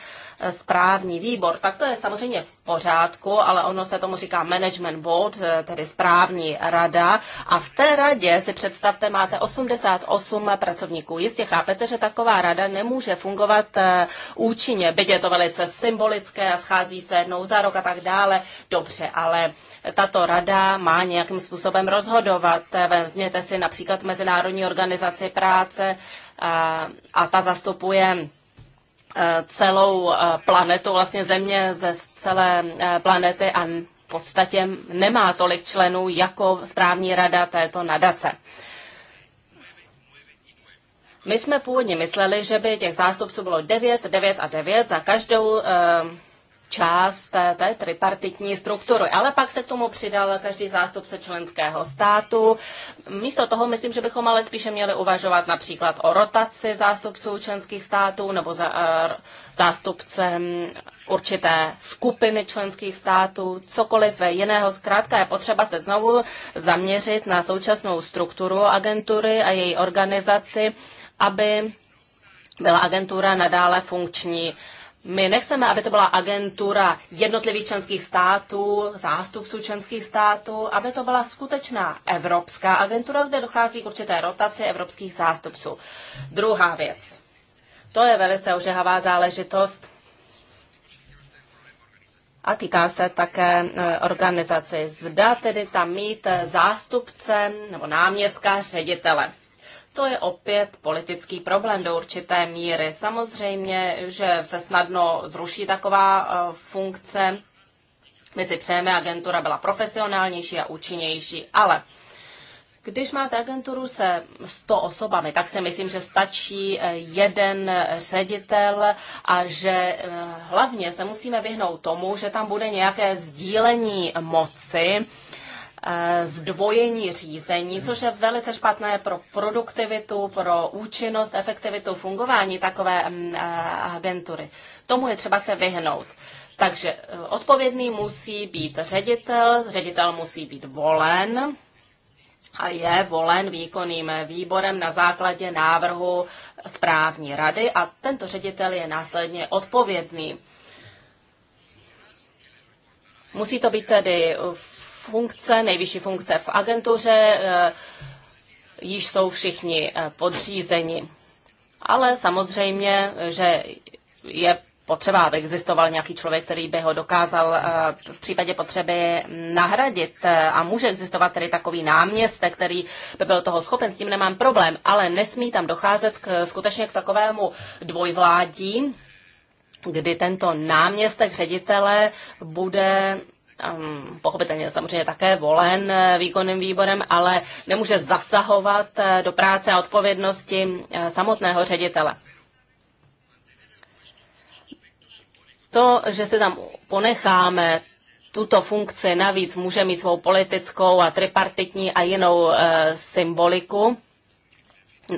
správní výbor, tak to je samozřejmě v pořádku, ale ono se tomu říká management board, eh, tedy správní rada. A v té radě si představte, máte 88 pracovníků. Jistě chápete, že taková rada nemůže fungovat eh, účinně, byť je to velice symbolické a schází se jednou za rok a tak dále. Dobře, ale tato rada má nějakým způsobem rozhodovat. Vezměte si například Mezinárodní organizaci práce, a ta zastupuje e, celou e, planetu, vlastně země ze celé e, planety a v podstatě nemá tolik členů jako správní rada této nadace. My jsme původně mysleli, že by těch zástupců bylo 9, 9 a 9 za každou část té, té tripartitní struktury. Ale pak se k tomu přidal každý zástupce členského státu. Místo toho myslím, že bychom ale spíše měli uvažovat například o rotaci zástupců členských států nebo za, eh, zástupce hm, určité skupiny členských států, cokoliv jiného. Zkrátka je potřeba se znovu zaměřit na současnou strukturu agentury a její organizaci, aby byla agentura nadále funkční. My nechceme, aby to byla agentura jednotlivých členských států, zástupců členských států, aby to byla skutečná evropská agentura, kde dochází k určité rotaci evropských zástupců. Druhá věc. To je velice ožehavá záležitost a týká se také e, organizace. Zda tedy tam mít e, zástupce nebo náměstka ředitele. To je opět politický problém do určité míry. Samozřejmě, že se snadno zruší taková e, funkce. My si přejeme, agentura byla profesionálnější a účinnější, ale když máte agenturu se 100 osobami, tak si myslím, že stačí e, jeden ředitel a že e, hlavně se musíme vyhnout tomu, že tam bude nějaké sdílení moci, Eh, zdvojení řízení, což je velice špatné pro produktivitu, pro účinnost, efektivitu fungování takové mm, eh, agentury. Tomu je třeba se vyhnout. Takže eh, odpovědný musí být ředitel, ředitel musí být volen a je volen výkonným výborem na základě návrhu správní rady a tento ředitel je následně odpovědný. Musí to být tedy funkce, nejvyšší funkce v agentuře, eh, již jsou všichni eh, podřízeni. Ale samozřejmě, že je potřeba, aby existoval nějaký člověk, který by ho dokázal eh, v případě potřeby nahradit. A může existovat tedy takový náměstek, který by byl toho schopen, s tím nemám problém, ale nesmí tam docházet k, skutečně k takovému dvojvládí, kdy tento náměstek ředitele bude pochopitelně samozřejmě také volen eh, výkonným výborem, ale nemůže zasahovat eh, do práce a odpovědnosti eh, samotného ředitele. To, že se tam ponecháme tuto funkci, navíc může mít svou politickou a tripartitní a jinou symboliku,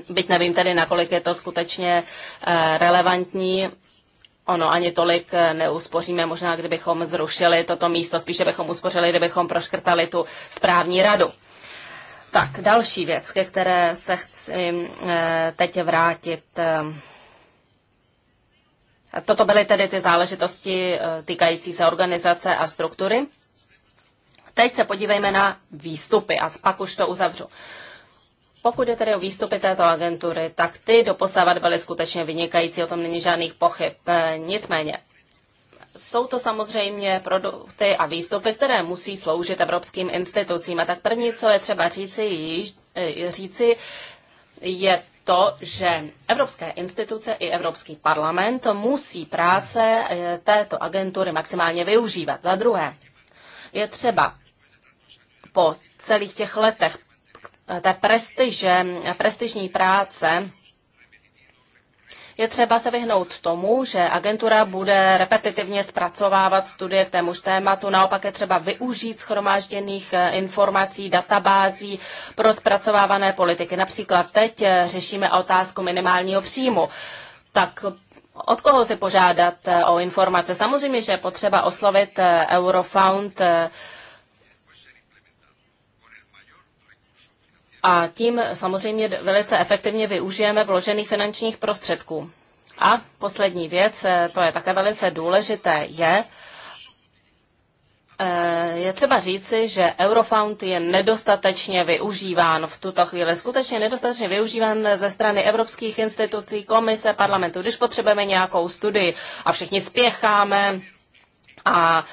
byť nevím tedy, nakolik je to skutečně relevantní, Ono ani tolik eh, neuspoříme, možná kdybychom zrušili toto místo, spíše bychom uspořili, kdybychom proškrtali tu správní radu. Tak, další věc, ke které se chci eh, teď vrátit. Eh, toto byly tedy ty záležitosti týkající se organizace a struktury. Teď se podívejme na výstupy a pak už to uzavřu. Pokud je tedy o výstupy této agentury, tak ty doposávat byly skutečně vynikající, o tom není žádných pochyb. Eh, nicméně, jsou to samozřejmě produkty a výstupy, které musí sloužit evropským institucím. A tak první, co je třeba říci, eh, říci je to, že evropské instituce i Evropský parlament musí práce eh, této agentury maximálně využívat. Za druhé, je třeba po celých těch letech Eh, té prestiže, prestižní práce, je třeba se vyhnout tomu, že agentura bude repetitivně zpracovávat studie k témuž tématu. Naopak je třeba využít schromážděných eh, informací, databází pro zpracovávané politiky. Například teď eh, řešíme otázku minimálního příjmu. Tak od koho si požádat o informace? Samozřejmě, že je potřeba oslovit Eurofound a tím samozřejmě velice efektivně využijeme vložených finančních prostředků. A poslední věc, eh, to je také velice důležité, je, eh, je třeba říci, že Eurofound je nedostatečně využíván v tuto chvíli, skutečně nedostatečně využíván ze strany evropských institucí, komise, parlamentu. Když potřebujeme nějakou studii a všichni spěcháme a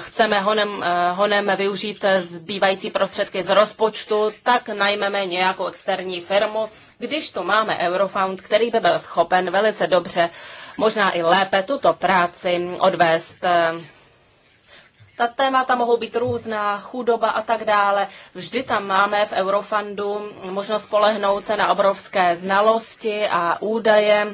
chceme honem, eh, honem využít eh, zbývající prostředky z rozpočtu, tak najmeme nějakou externí firmu, když tu máme Eurofound, který by byl schopen velice dobře, možná i lépe, tuto práci odvést. Eh, ta témata mohou být různá, chudoba a tak dále. Vždy tam máme v Eurofundu možnost polehnout se na obrovské znalosti a údaje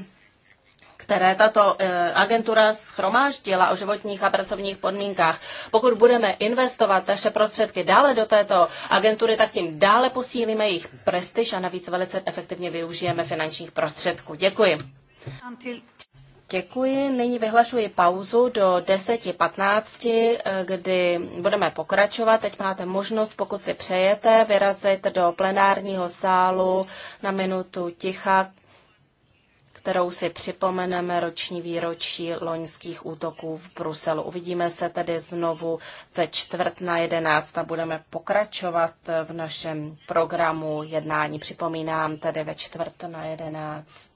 které tato eh, agentura schromáždila o životních a pracovních podmínkách. Pokud budeme investovat naše prostředky dále do této agentury, tak tím dále posílíme jejich prestiž a navíc velice efektivně využijeme finančních prostředků. Děkuji. Děkuji. Nyní vyhlašuji pauzu do 10.15, eh, kdy budeme pokračovat. Teď máte možnost, pokud si přejete, vyrazit do plenárního sálu na minutu ticha kterou si připomeneme roční výročí loňských útoků v Bruselu. Uvidíme se tedy znovu ve čtvrt na jedenáct a budeme pokračovat v našem programu jednání. Připomínám tedy ve čtvrt na jedenáct.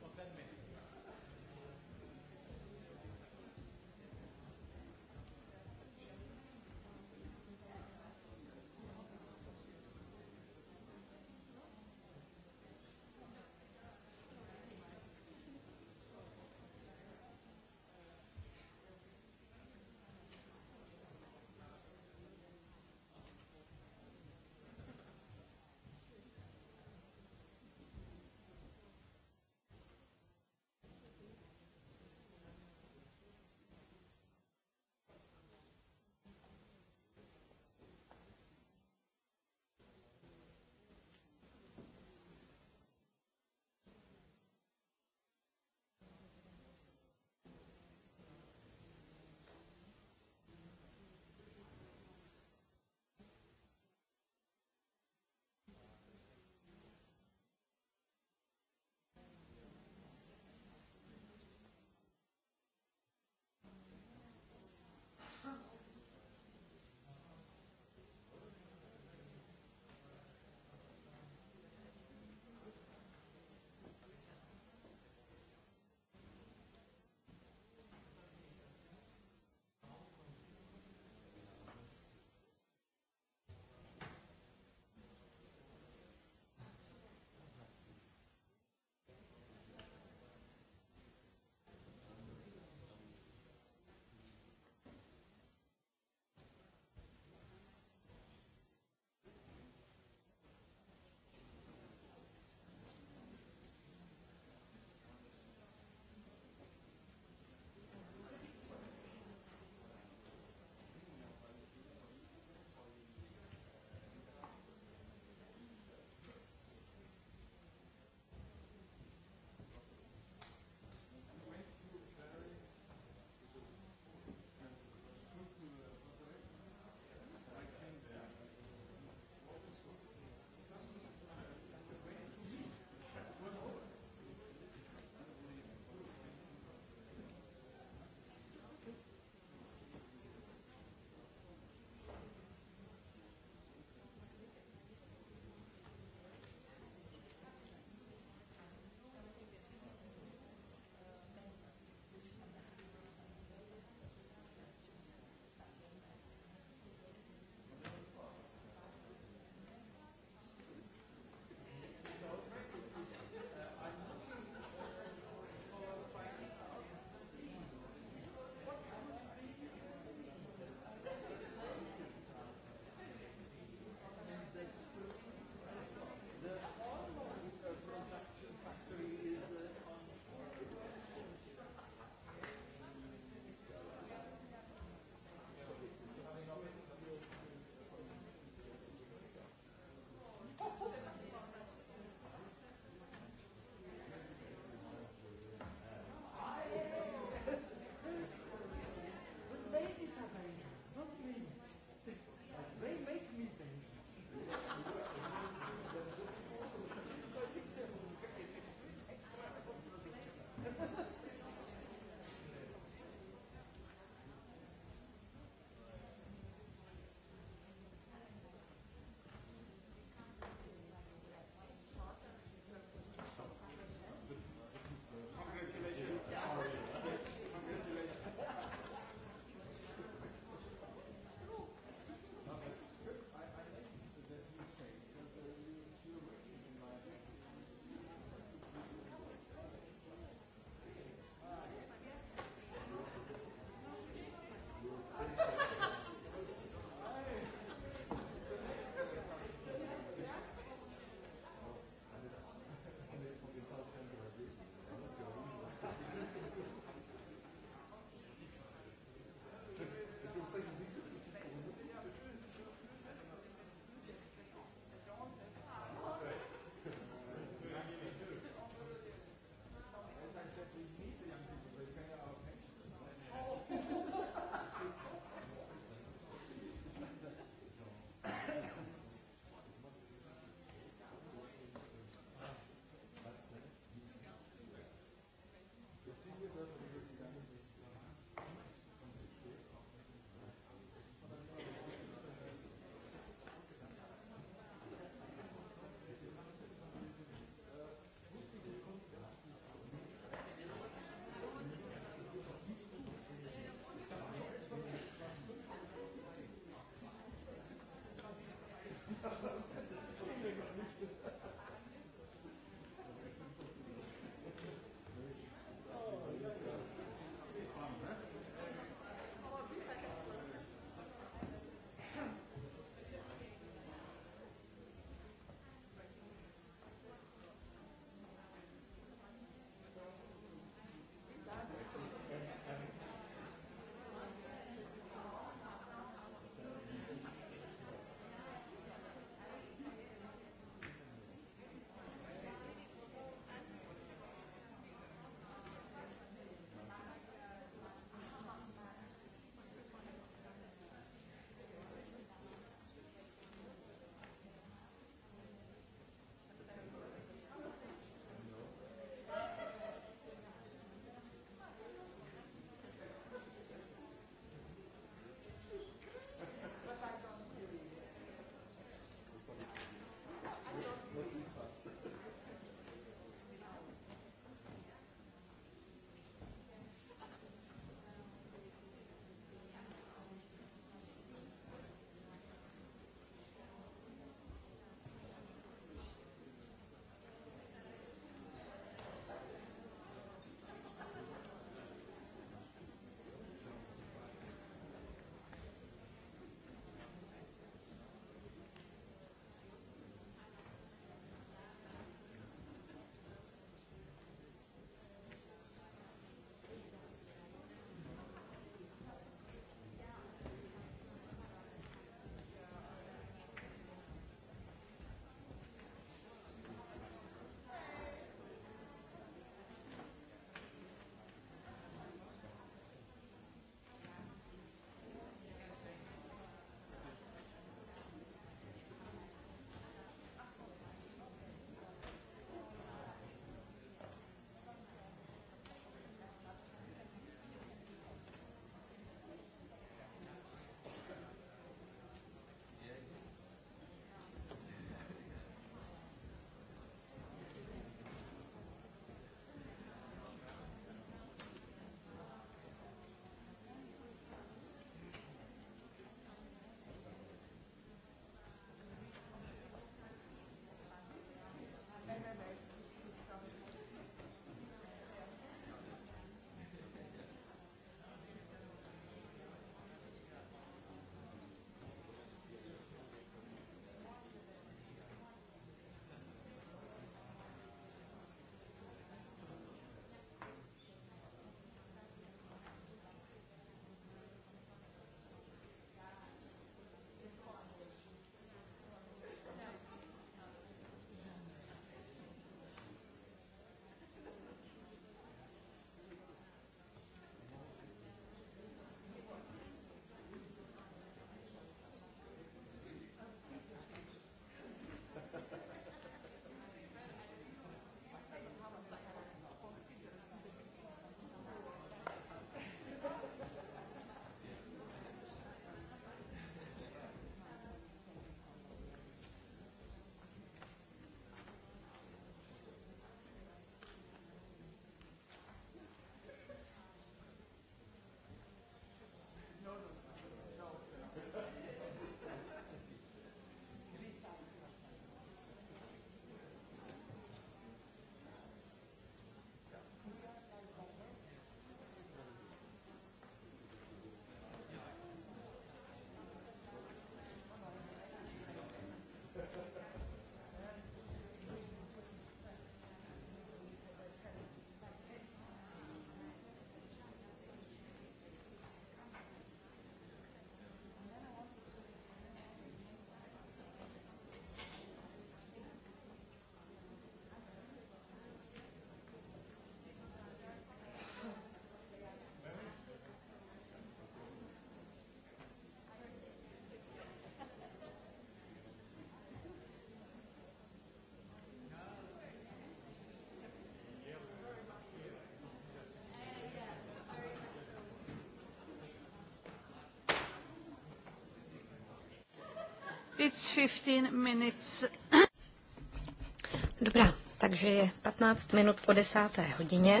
Dobrá, takže je 15 minut po desáté hodině.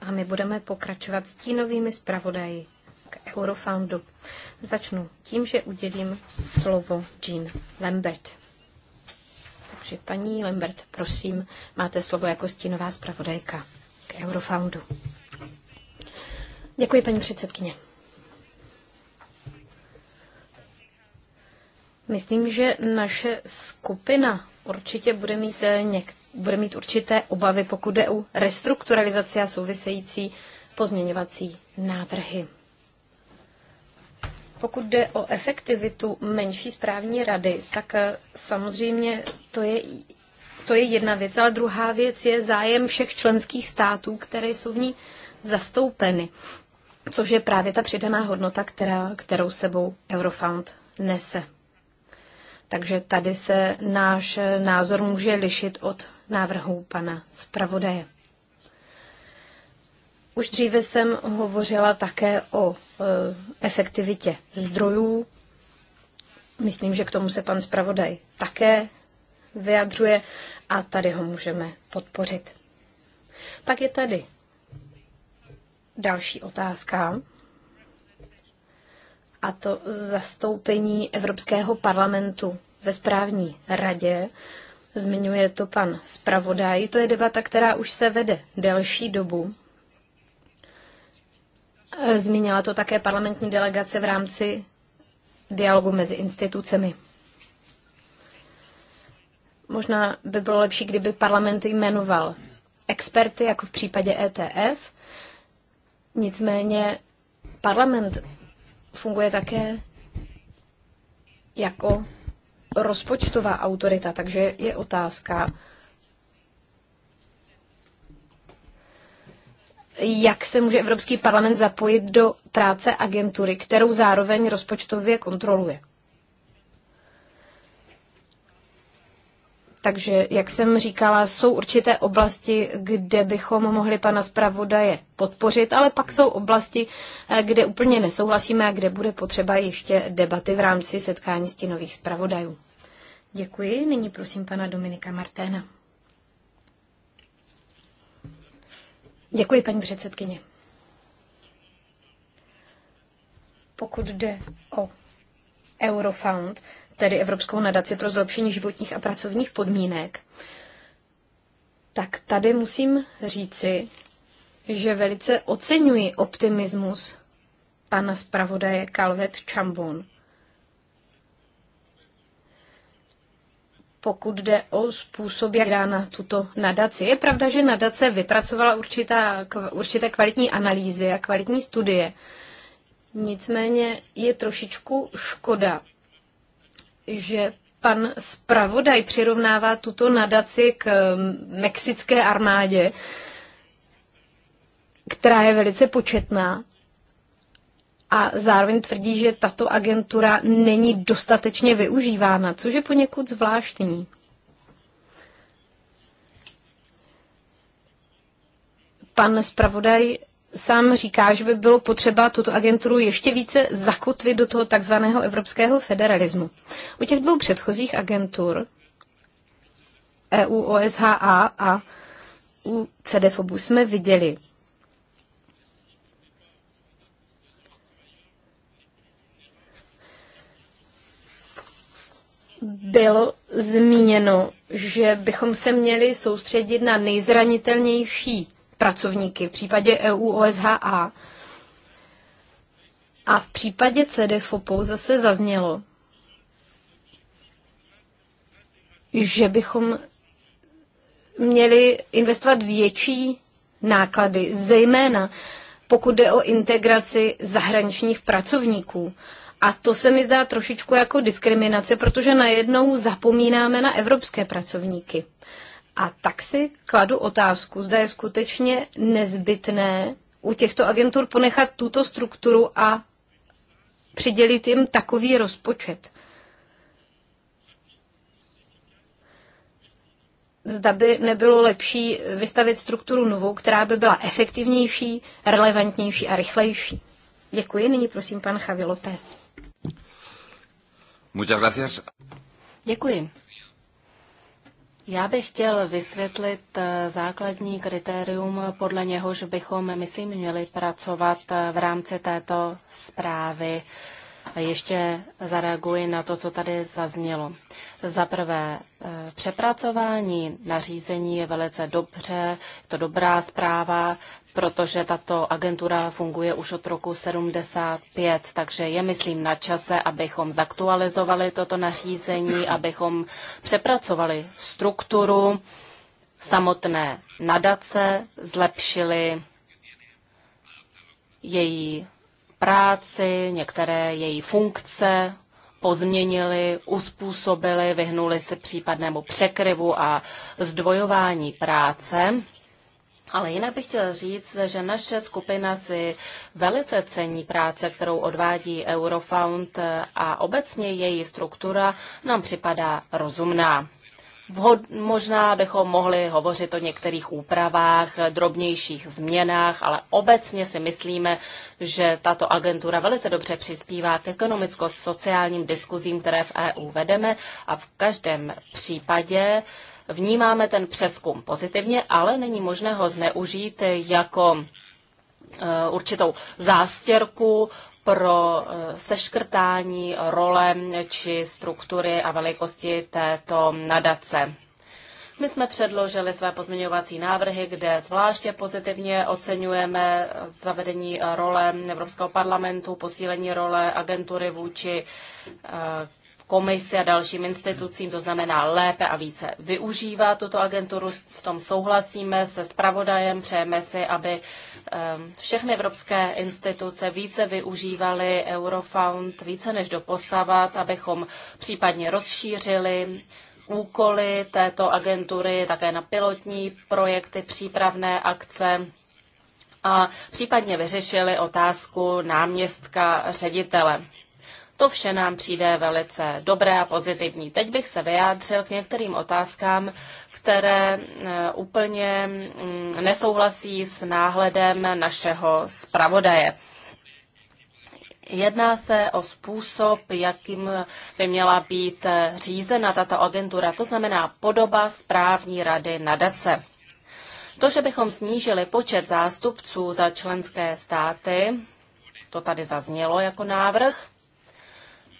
A my budeme pokračovat stínovými zpravodaji k Eurofoundu. Začnu tím, že udělím slovo Jean Lambert. Takže paní Lambert, prosím, máte slovo jako stínová zpravodajka k Eurofoundu. Děkuji, paní předsedkyně. Myslím, že naše skupina určitě bude mít, eh, něk- bude mít určité obavy, pokud jde o restrukturalizaci a související pozměňovací návrhy. Pokud jde o efektivitu menší správní rady, tak eh, samozřejmě to je, to je jedna věc, ale druhá věc je zájem všech členských států, které jsou v ní zastoupeny, což je právě ta přidaná hodnota, která, kterou sebou Eurofound nese. Takže tady se náš názor může lišit od návrhů pana zpravodaje. Už dříve jsem hovořila také o e, efektivitě zdrojů. Myslím, že k tomu se pan zpravodaj také vyjadřuje a tady ho můžeme podpořit. Pak je tady další otázka, a to zastoupení Evropského parlamentu ve správní radě. Zmiňuje to pan zpravodaj. To je debata, která už se vede delší dobu. Zmínila to také parlamentní delegace v rámci dialogu mezi institucemi. Možná by bylo lepší, kdyby parlament jmenoval experty, jako v případě ETF. Nicméně parlament funguje také jako rozpočtová autorita, takže je otázka, jak se může Evropský parlament zapojit do práce agentury, kterou zároveň rozpočtově kontroluje. Takže, jak jsem říkala, jsou určité oblasti, kde bychom mohli pana zpravodaje podpořit, ale pak jsou oblasti, eh, kde úplně nesouhlasíme a kde bude potřeba ještě debaty v rámci setkání stinových zpravodajů. Děkuji. Nyní prosím pana Dominika Marténa. Děkuji, paní předsedkyně. Pokud jde o Eurofound, tedy Evropskou nadaci pro zlepšení životních a pracovních podmínek, tak tady musím říci, že velice oceňuji optimismus pana zpravodaje Calvet Chambon. Pokud jde o způsob, jak dá na tuto nadaci. Je pravda, že nadace vypracovala určitá, určité kvalitní analýzy a kvalitní studie. Nicméně je trošičku škoda, že pan zpravodaj přirovnává tuto nadaci k eh, mexické armádě, která je velice početná a zároveň tvrdí, že tato agentura není dostatečně využívána, což je poněkud zvláštní. Pan zpravodaj sám říká, že by bylo potřeba tuto agenturu ještě více zakotvit do toho takzvaného evropského federalismu. U těch dvou předchozích agentur, EU, OSHA a u CDFOBu, jsme viděli, bylo zmíněno, že bychom se měli soustředit na nejzranitelnější pracovníky v případě EU OSHA. A v případě CDFOPu zase zaznělo, že bychom měli investovat větší náklady, zejména pokud jde o integraci zahraničních pracovníků. A to se mi zdá trošičku jako diskriminace, protože najednou zapomínáme na evropské pracovníky. A tak si kladu otázku, zda je skutečně nezbytné u těchto agentur ponechat tuto strukturu a přidělit jim takový rozpočet. Zda by nebylo lepší vystavit strukturu novou, která by byla efektivnější, relevantnější a rychlejší. Děkuji. Nyní prosím pan Javi López. Muchas gracias. Děkuji. Já bych chtěl vysvětlit eh, základní kritérium, podle něhož bychom, myslím, měli pracovat eh, v rámci této zprávy. Ještě zareaguji na to, co tady zaznělo. Za prvé, e, přepracování nařízení je velice dobře, to dobrá zpráva, protože tato agentura funguje už od roku 75, takže je, myslím, na čase, abychom zaktualizovali toto nařízení, abychom přepracovali strukturu samotné nadace, zlepšili její práci, některé její funkce pozměnili, uspůsobili, vyhnuli se případnému překryvu a zdvojování práce. Ale jinak bych chtěla říct, že naše skupina si velice cení práce, kterou odvádí Eurofound a obecně její struktura nám připadá rozumná. Vhod, možná bychom mohli hovořit o některých úpravách, drobnějších změnách, ale obecně si myslíme, že tato agentura velice dobře přispívá k ekonomicko-sociálním diskuzím, které v EU vedeme a v každém případě vnímáme ten přeskum pozitivně, ale není možné ho zneužít jako eh, určitou zástěrku pro eh, seškrtání role či struktury a velikosti této nadace. My jsme předložili své pozměňovací návrhy, kde zvláště pozitivně oceňujeme zavedení role Evropského parlamentu, posílení role agentury vůči eh, komisi a dalším institucím, to znamená lépe a více využívá tuto agenturu. V tom souhlasíme se spravodajem, přejeme si, aby ehm, všechny evropské instituce více využívaly Eurofound, více než doposavat, abychom případně rozšířili úkoly této agentury také na pilotní projekty, přípravné akce a případně vyřešili otázku náměstka ředitele. To vše nám přijde velice dobré a pozitivní. Teď bych se vyjádřil k některým otázkám, které eh, úplně mm, nesouhlasí s náhledem našeho zpravodaje. Jedná se o způsob, jakým by měla být eh, řízena tato agentura, to znamená podoba správní rady nadace. To, že bychom snížili počet zástupců za členské státy, to tady zaznělo jako návrh,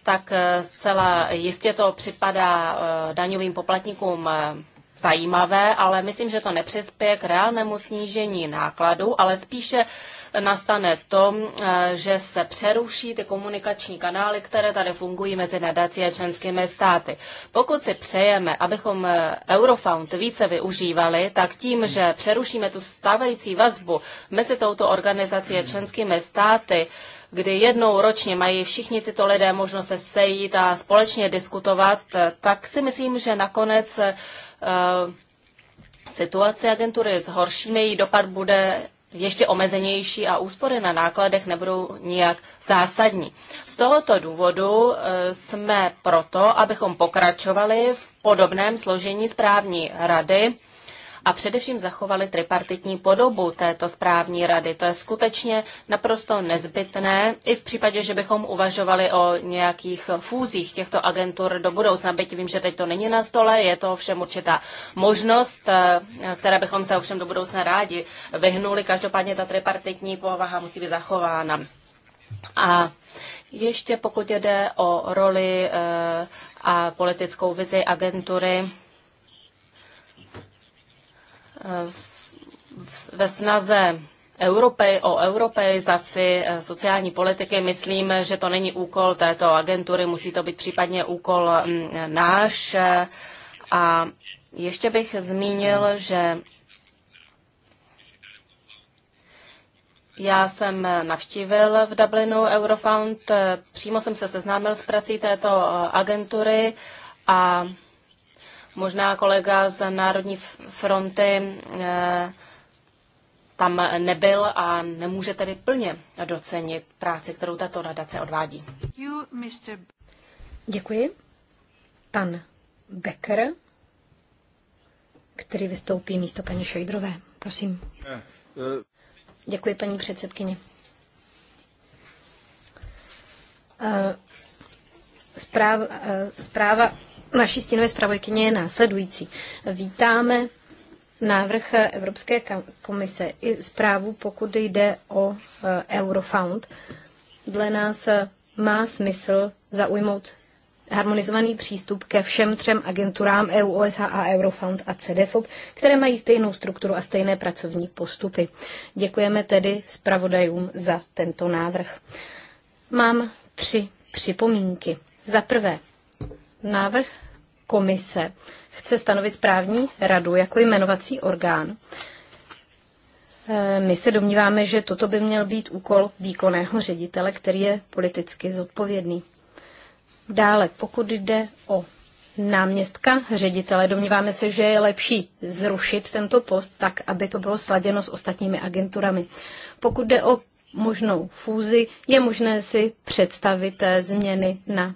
tak eh, zcela jistě to připadá eh, daňovým poplatníkům eh, zajímavé, ale myslím, že to nepřispěje k reálnému snížení nákladů, ale spíše nastane to, že se přeruší ty komunikační kanály, které tady fungují mezi nadací a členskými státy. Pokud si přejeme, abychom Eurofound více využívali, tak tím, že přerušíme tu stávající vazbu mezi touto organizací a členskými státy, kdy jednou ročně mají všichni tyto lidé možnost se sejít a společně diskutovat, tak si myslím, že nakonec eh, situace agentury zhoršíme, její dopad bude ještě omezenější a úspory na nákladech nebudou nijak zásadní. Z tohoto důvodu eh, jsme proto, abychom pokračovali v podobném složení správní rady, a především zachovali tripartitní podobu této správní rady. To je skutečně naprosto nezbytné i v případě, že bychom uvažovali o nějakých fúzích těchto agentur do budoucna. Byť vím, že teď to není na stole, je to ovšem určitá možnost, eh, které bychom se ovšem do budoucna rádi vyhnuli. Každopádně ta tripartitní povaha musí být zachována. A ještě pokud jde o roli eh, a politickou vizi agentury, ve snaze Europej, o europeizaci eh, sociální politiky. Myslím, že to není úkol této agentury, musí to být případně úkol mm, náš. A ještě bych zmínil, že Já jsem navštívil v Dublinu Eurofound, eh, přímo jsem se seznámil s prací této eh, agentury a Možná kolega z Národní fronty eh, tam nebyl a nemůže tedy plně docenit práci, kterou tato nadace odvádí. Děkuji. Pan Becker, který vystoupí místo paní Šojdrové. Prosím. Děkuji, paní předsedkyně. Eh, eh, zpráva, zpráva naší stínové zpravodajkyně je následující. Vítáme návrh Evropské komise i zprávu, pokud jde o eh, Eurofound. Dle nás eh, má smysl zaujmout harmonizovaný přístup ke všem třem agenturám EU, OSH a Eurofound a CDFOB, které mají stejnou strukturu a stejné pracovní postupy. Děkujeme tedy zpravodajům za tento návrh. Mám tři připomínky. Za prvé, návrh komise chce stanovit správní radu jako jmenovací orgán. Eh, my se domníváme, že toto by měl být úkol výkonného ředitele, který je politicky zodpovědný. Dále, pokud jde o náměstka ředitele, domníváme se, že je lepší zrušit tento post tak, aby to bylo sladěno s ostatními agenturami. Pokud jde o možnou fúzi, je možné si představit eh, změny na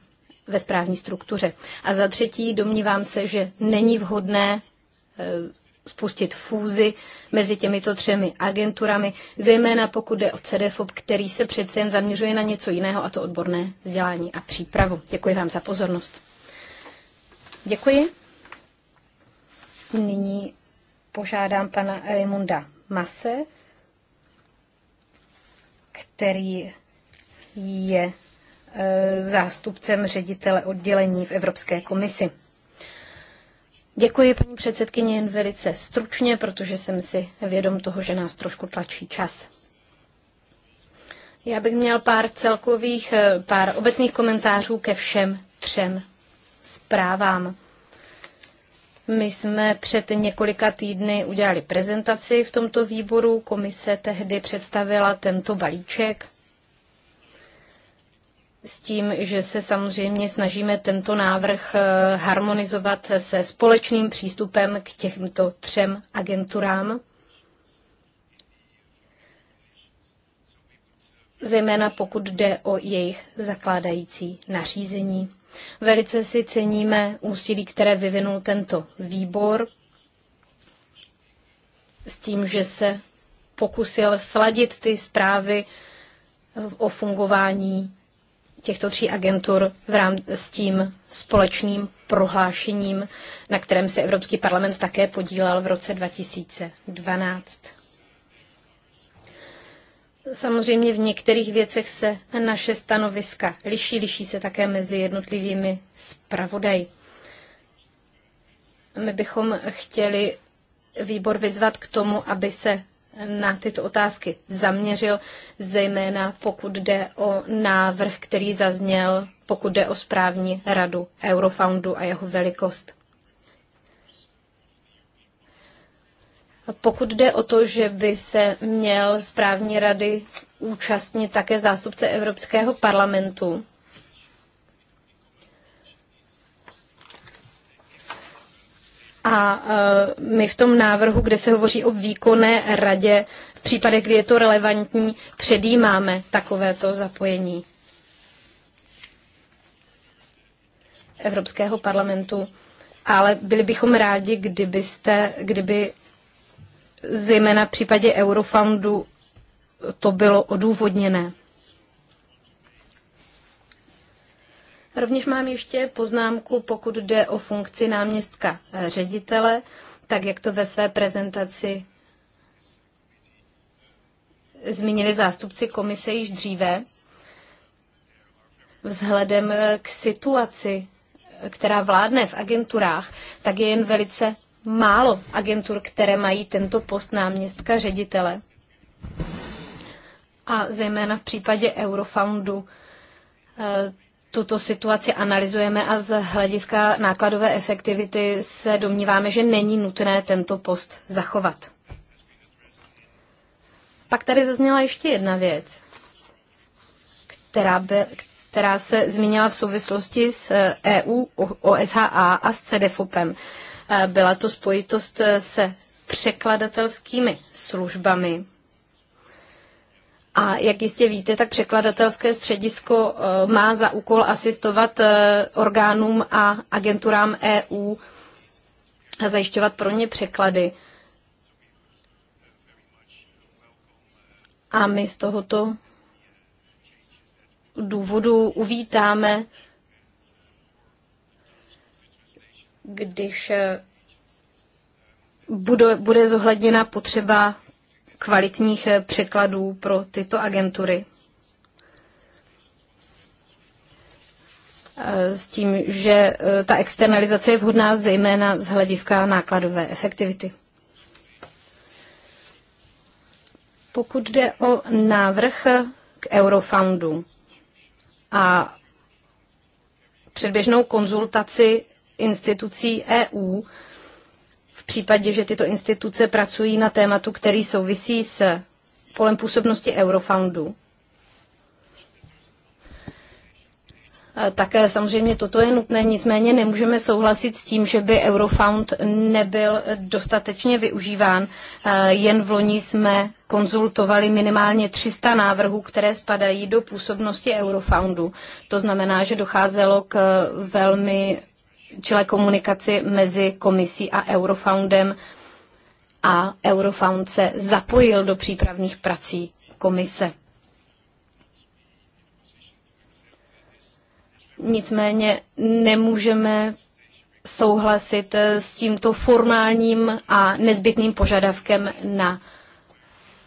ve správní struktuře. A za třetí, domnívám se, že není vhodné eh, spustit fúzi mezi těmito třemi agenturami, zejména pokud jde o CDFOB, který se přece jen zaměřuje na něco jiného, a to odborné vzdělání a přípravu. Děkuji vám za pozornost. Děkuji. Nyní požádám pana Raimunda Mase, který je Eh, zástupcem ředitele oddělení v Evropské komisi. Děkuji, paní předsedkyně, jen velice stručně, protože jsem si vědom toho, že nás trošku tlačí čas. Já bych měl pár celkových, eh, pár obecných komentářů ke všem třem zprávám. My jsme před několika týdny udělali prezentaci v tomto výboru. Komise tehdy představila tento balíček s tím, že se samozřejmě snažíme tento návrh eh, harmonizovat se společným přístupem k těmto třem agenturám. zejména pokud jde o jejich zakládající nařízení. Velice si ceníme úsilí, které vyvinul tento výbor s tím, že se pokusil sladit ty zprávy eh, o fungování těchto tří agentur v rám s tím společným prohlášením, na kterém se Evropský parlament také podílel v roce 2012. Samozřejmě v některých věcech se naše stanoviska liší, liší se také mezi jednotlivými zpravodaji. My bychom chtěli výbor vyzvat k tomu, aby se na tyto otázky zaměřil, zejména pokud jde o návrh, který zazněl, pokud jde o správní radu Eurofoundu a jeho velikost. Pokud jde o to, že by se měl správní rady účastnit také zástupce Evropského parlamentu, A e, my v tom návrhu, kde se hovoří o výkonné radě, v případech, kdy je to relevantní, předjímáme takovéto zapojení Evropského parlamentu. Ale byli bychom rádi, kdybyste, kdyby zejména v případě Eurofoundu to bylo odůvodněné. Rovněž mám ještě poznámku, pokud jde o funkci náměstka eh, ředitele, tak jak to ve své prezentaci zmínili zástupci komise již dříve. Vzhledem eh, k situaci, eh, která vládne v agenturách, tak je jen velice málo agentur, které mají tento post náměstka ředitele. A zejména v případě Eurofoundu tuto situaci analyzujeme a z hlediska nákladové efektivity se domníváme, že není nutné tento post zachovat. Pak tady zazněla ještě jedna věc, která, by, která se zmínila v souvislosti s EU, eh, e OSHA a s CDFOPem. Eh, byla to spojitost eh, se překladatelskými službami a jak jistě víte, tak překladatelské středisko eh, má za úkol asistovat eh, orgánům a agenturám EU a zajišťovat pro ně překlady. A my z tohoto důvodu uvítáme, když eh, bude, bude zohledněna potřeba kvalitních eh, překladů pro tyto agentury. Eh, s tím, že eh, ta externalizace je vhodná zejména z hlediska nákladové efektivity. Pokud jde o návrh k Eurofoundu a předběžnou konzultaci institucí EU, v případě, že tyto instituce pracují na tématu, který souvisí s polem působnosti Eurofoundu. Také samozřejmě toto je nutné, nicméně nemůžeme souhlasit s tím, že by Eurofound nebyl dostatečně využíván. Jen v loni jsme konzultovali minimálně 300 návrhů, které spadají do působnosti Eurofoundu. To znamená, že docházelo k velmi čile komunikaci mezi komisí a Eurofoundem a Eurofound se zapojil do přípravných prací komise. Nicméně nemůžeme souhlasit s tímto formálním a nezbytným požadavkem na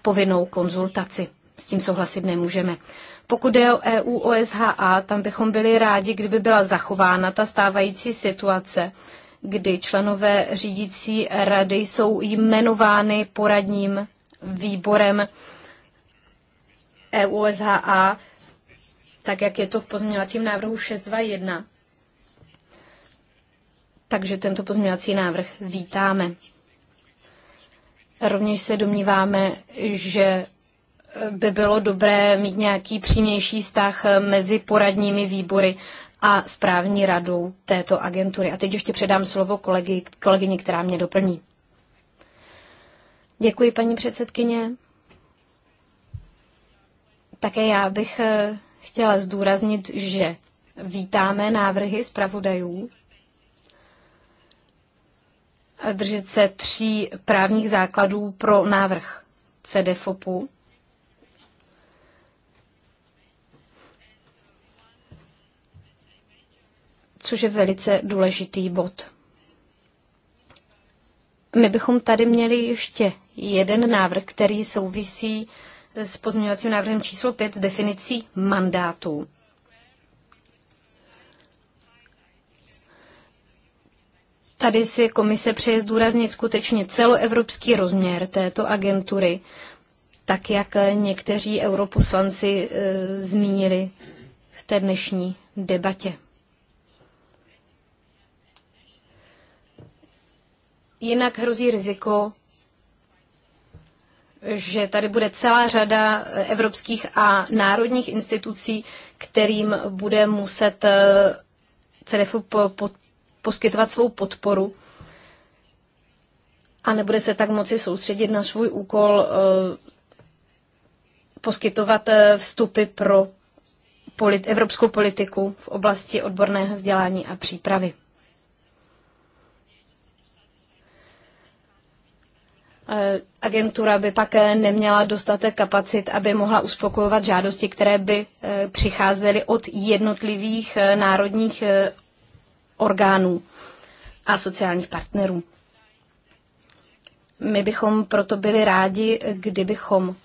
povinnou konzultaci s tím souhlasit nemůžeme. Pokud je o EU OSHA, tam bychom byli rádi, kdyby byla zachována ta stávající situace, kdy členové řídící rady jsou jmenovány poradním výborem EU OSHA, tak jak je to v pozměňovacím návrhu 621. Takže tento pozměňovací návrh vítáme. Rovněž se domníváme, že by bylo dobré mít nějaký přímější vztah eh, mezi poradními výbory a správní radou této agentury. A teď ještě předám slovo kolegy, kolegyni, která mě doplní. Děkuji, paní předsedkyně. Také já bych eh, chtěla zdůraznit, že vítáme návrhy zpravodajů držet se tří právních základů pro návrh CDFOPu. což je velice důležitý bod. My bychom tady měli ještě jeden návrh, který souvisí s pozměňovacím návrhem číslo 5 s definicí mandátů. Tady si komise přeje zdůraznit skutečně celoevropský rozměr této agentury, tak jak někteří europoslanci e, zmínili v té dnešní debatě. jinak hrozí riziko, že tady bude celá řada evropských a národních institucí, kterým bude muset eh, CEDEFu po, po, poskytovat svou podporu a nebude se tak moci soustředit na svůj úkol eh, poskytovat eh, vstupy pro polit, evropskou politiku v oblasti odborného vzdělání a přípravy. Eh, agentura by pak eh, neměla dostatek kapacit, aby mohla uspokojovat žádosti, které by eh, přicházely od jednotlivých národních orgánů a sociálních partnerů. My bychom proto byli rádi, kdybychom,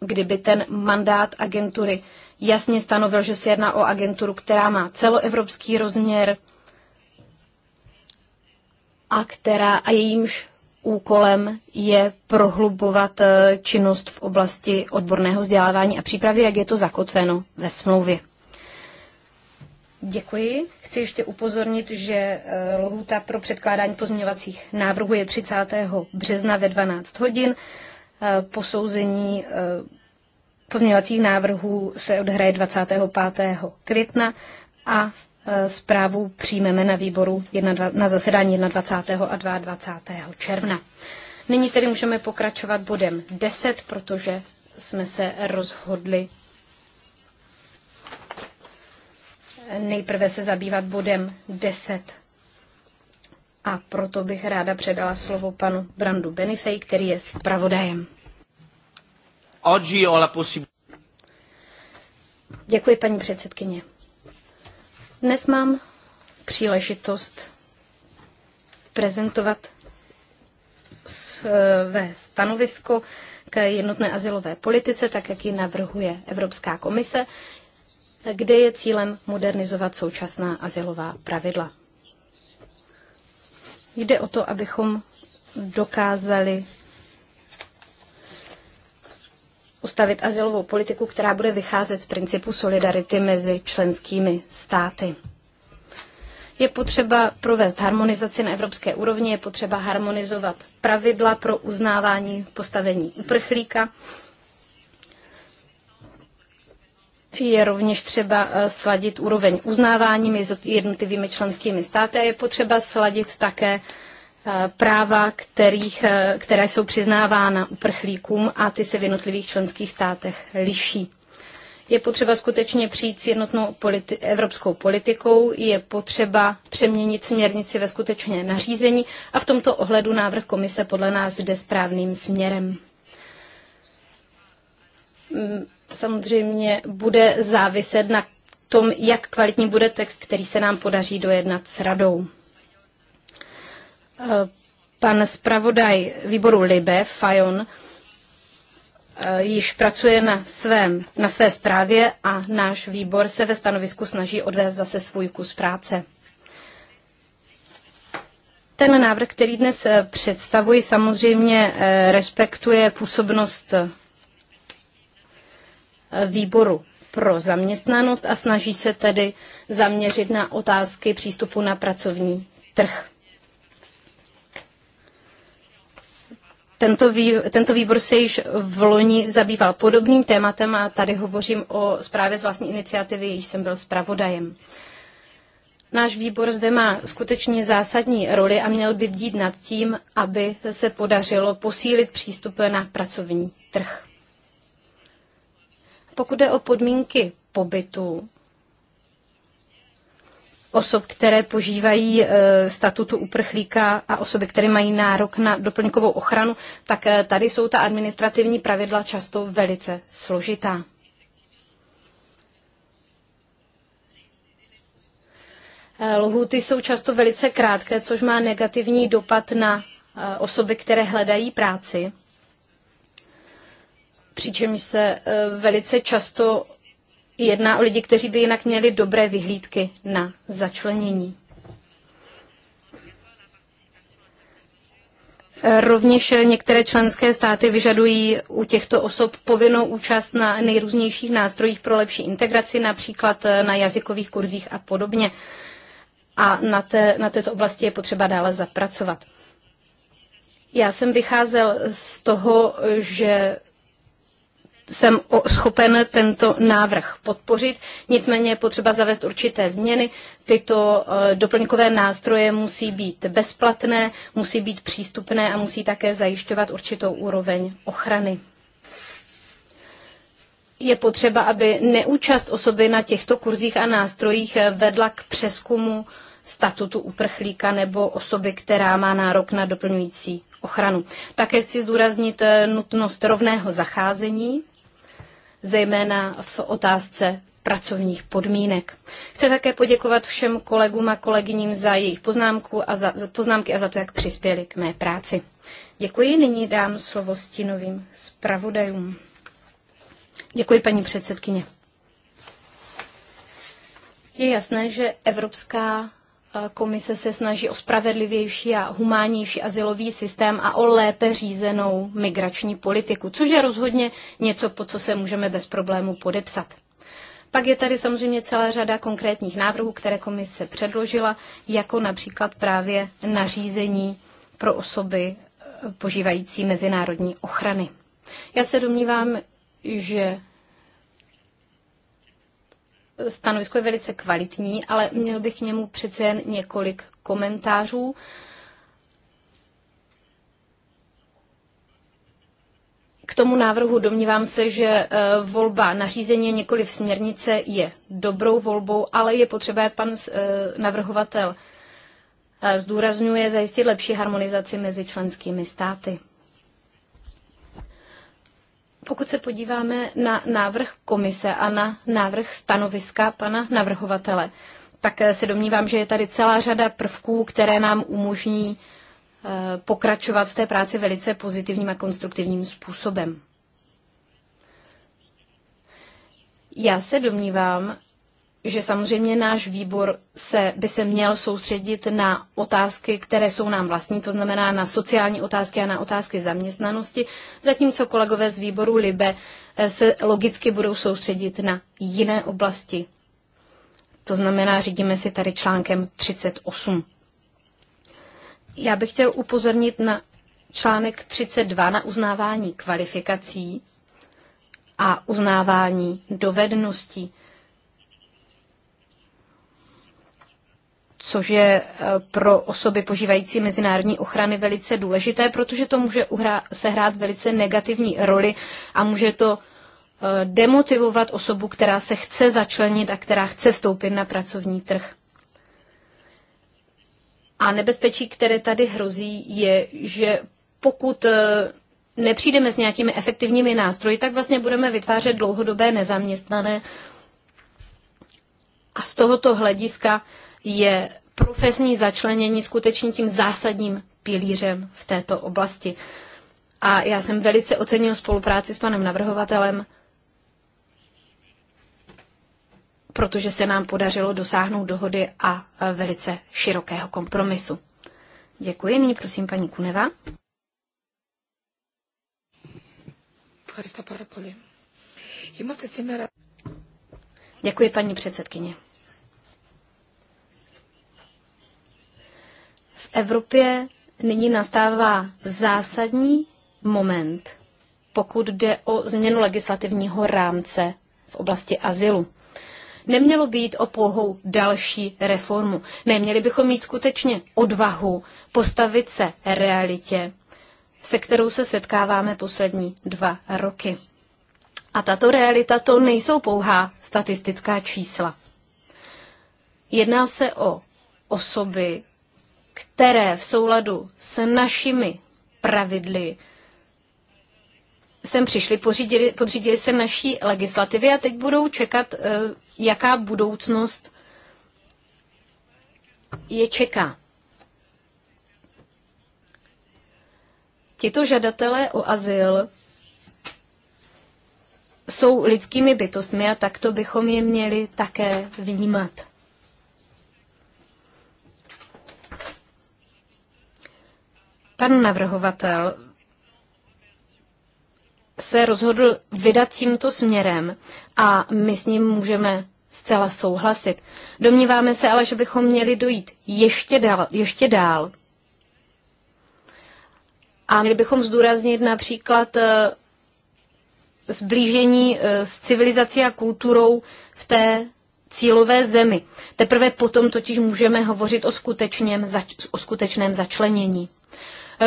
kdyby ten mandát agentury jasně stanovil, že se jedná o agenturu, která má celoevropský rozměr a, která, a jejímž úkolem je prohlubovat eh, činnost v oblasti odborného vzdělávání a přípravy, jak je to zakotveno ve smlouvě. Děkuji. Chci ještě upozornit, že eh, lhůta pro předkládání pozměňovacích návrhů je 30. března ve 12 hodin. Eh, posouzení pozměňovacích návrhů se odhraje 25. května a Eh, zprávu přijmeme na výboru na zasedání 21. a 22. června. Nyní tedy můžeme pokračovat bodem 10, protože jsme se rozhodli nejprve se zabývat bodem 10. A proto bych ráda předala slovo panu Brandu Benifej, který je zpravodajem. Děkuji, paní předsedkyně. Dnes mám příležitost prezentovat své stanovisko k jednotné asilové politice, tak jak ji navrhuje Evropská komise, kde je cílem modernizovat současná asilová pravidla. Jde o to, abychom dokázali ustavit azylovou politiku, která bude vycházet z principu solidarity mezi členskými státy. Je potřeba provést harmonizaci na evropské úrovni, je potřeba harmonizovat pravidla pro uznávání postavení uprchlíka. Je rovněž třeba eh, sladit úroveň uznávání mezi jednotlivými členskými státy a je potřeba sladit také uh, Eh, práva, kterých, eh, které jsou přiznávána uprchlíkům a ty se v jednotlivých členských státech liší. Je potřeba skutečně přijít s jednotnou politi- evropskou politikou, je potřeba přeměnit směrnici ve skutečné nařízení a v tomto ohledu návrh komise podle nás jde správným směrem mm, samozřejmě bude záviset na tom, jak kvalitní bude text, který se nám podaří dojednat s radou. Pan zpravodaj výboru Libe, Fajon, eh, již pracuje na, svém, na své zprávě a náš výbor se ve stanovisku snaží odvést zase svůj kus práce. Ten návrh, který dnes eh, představuji, samozřejmě eh, respektuje působnost výboru pro zaměstnanost a snaží se tedy zaměřit na otázky přístupu na pracovní trh. Tento, vý, tento výbor se již v loni zabýval podobným tématem a tady hovořím o zprávě z vlastní iniciativy, již jsem byl zpravodajem. Náš výbor zde má skutečně zásadní roli a měl by bdít nad tím, aby se podařilo posílit přístup na pracovní trh. Pokud jde o podmínky pobytu, osob, které požívají eh, statutu uprchlíka a osoby, které mají nárok na doplňkovou ochranu, tak eh, tady jsou ta administrativní pravidla často velice složitá. Eh, Lhuty jsou často velice krátké, což má negativní dopad na osoby, které hledají práci. Přičemž se velice často jedná o lidi, kteří by jinak měli dobré vyhlídky na začlenění. Rovněž některé členské státy vyžadují u těchto osob povinnou účast na nejrůznějších nástrojích pro lepší integraci, například na jazykových kurzích a podobně. A na, té, na této oblasti je potřeba dále zapracovat. Já jsem vycházel z toho, že jsem schopen tento návrh podpořit. Nicméně je potřeba zavést určité změny. Tyto eh, doplňkové nástroje musí být bezplatné, musí být přístupné a musí také zajišťovat určitou úroveň ochrany je potřeba, aby neúčast osoby na těchto kurzích a nástrojích eh, vedla k přeskumu statutu uprchlíka nebo osoby, která má nárok na doplňující ochranu. Také chci zdůraznit eh, nutnost rovného zacházení zejména v otázce pracovních podmínek. Chci také poděkovat všem kolegům a kolegyním za jejich poznámku a za, za poznámky a za to, jak přispěli k mé práci. Děkuji, nyní dám slovo stínovým zpravodajům. Děkuji, paní předsedkyně. Je jasné, že Evropská komise se snaží o spravedlivější a humánnější asilový systém a o lépe řízenou migrační politiku, což je rozhodně něco, po co se můžeme bez problému podepsat. Pak je tady samozřejmě celá řada konkrétních návrhů, které komise předložila, jako například právě nařízení pro osoby e, požívající mezinárodní ochrany. Já se domnívám, že stanovisko je velice kvalitní, ale měl bych k němu přece jen několik komentářů. K tomu návrhu domnívám se, že eh, volba nařízení několik směrnice je dobrou volbou, ale je potřeba, jak pan eh, navrhovatel eh, zdůrazňuje, zajistit lepší harmonizaci mezi členskými státy pokud se podíváme na návrh komise a na návrh stanoviska pana navrhovatele, tak eh, se domnívám, že je tady celá řada prvků, které nám umožní eh, pokračovat v té práci velice pozitivním a konstruktivním způsobem. Já se domnívám, že samozřejmě náš výbor se, by se měl soustředit na otázky, které jsou nám vlastní, to znamená na sociální otázky a na otázky zaměstnanosti, zatímco kolegové z výboru LIBE eh, se logicky budou soustředit na jiné oblasti. To znamená, řídíme si tady článkem 38. Já bych chtěl upozornit na článek 32 na uznávání kvalifikací a uznávání dovedností. což je eh, pro osoby požívající mezinárodní ochrany velice důležité, protože to může sehrát velice negativní roli a může to eh, demotivovat osobu, která se chce začlenit a která chce vstoupit na pracovní trh. A nebezpečí, které tady hrozí, je, že pokud eh, nepřijdeme s nějakými efektivními nástroji, tak vlastně budeme vytvářet dlouhodobé nezaměstnané. A z tohoto hlediska je profesní začlenění skutečně tím zásadním pilířem v této oblasti. A já jsem velice ocenil spolupráci s panem navrhovatelem, protože se nám podařilo dosáhnout dohody a velice širokého kompromisu. Děkuji. Nyní prosím paní Kuneva. Děkuji, paní předsedkyně. V Evropě nyní nastává zásadní moment, pokud jde o změnu legislativního rámce v oblasti azylu. Nemělo by jít o pouhou další reformu. Neměli bychom mít skutečně odvahu postavit se realitě, se kterou se setkáváme poslední dva roky. A tato realita to nejsou pouhá statistická čísla. Jedná se o osoby, které v souladu s našimi pravidly sem přišli, pořídili, podřídili se naší legislativě a teď budou čekat, eh, jaká budoucnost je čeká. Tito žadatelé o azyl jsou lidskými bytostmi a takto bychom je měli také vnímat. Pan navrhovatel se rozhodl vydat tímto směrem a my s ním můžeme zcela souhlasit. Domníváme se ale, že bychom měli dojít ještě dál, ještě dál. A měli bychom zdůraznit například eh, zblížení eh, s civilizací a kulturou v té cílové zemi. Teprve potom totiž můžeme hovořit o, zač- o skutečném začlenění.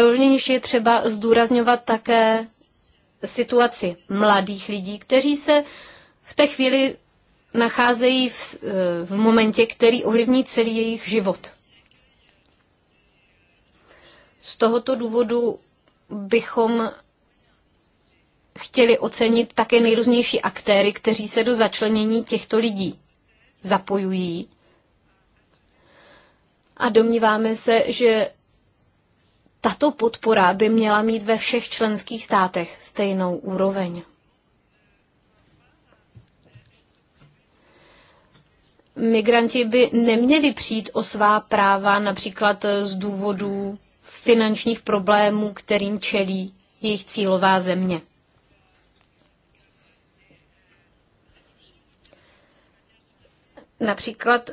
Rovněž je třeba zdůrazňovat také situaci mladých lidí, kteří se v té chvíli nacházejí v, e, v momentě, který ovlivní celý jejich život. Z tohoto důvodu bychom chtěli ocenit také nejrůznější aktéry, kteří se do začlenění těchto lidí zapojují. A domníváme se, že tato podpora by měla mít ve všech členských státech stejnou úroveň. Migranti by neměli přijít o svá práva například z důvodu finančních problémů, kterým čelí jejich cílová země. Například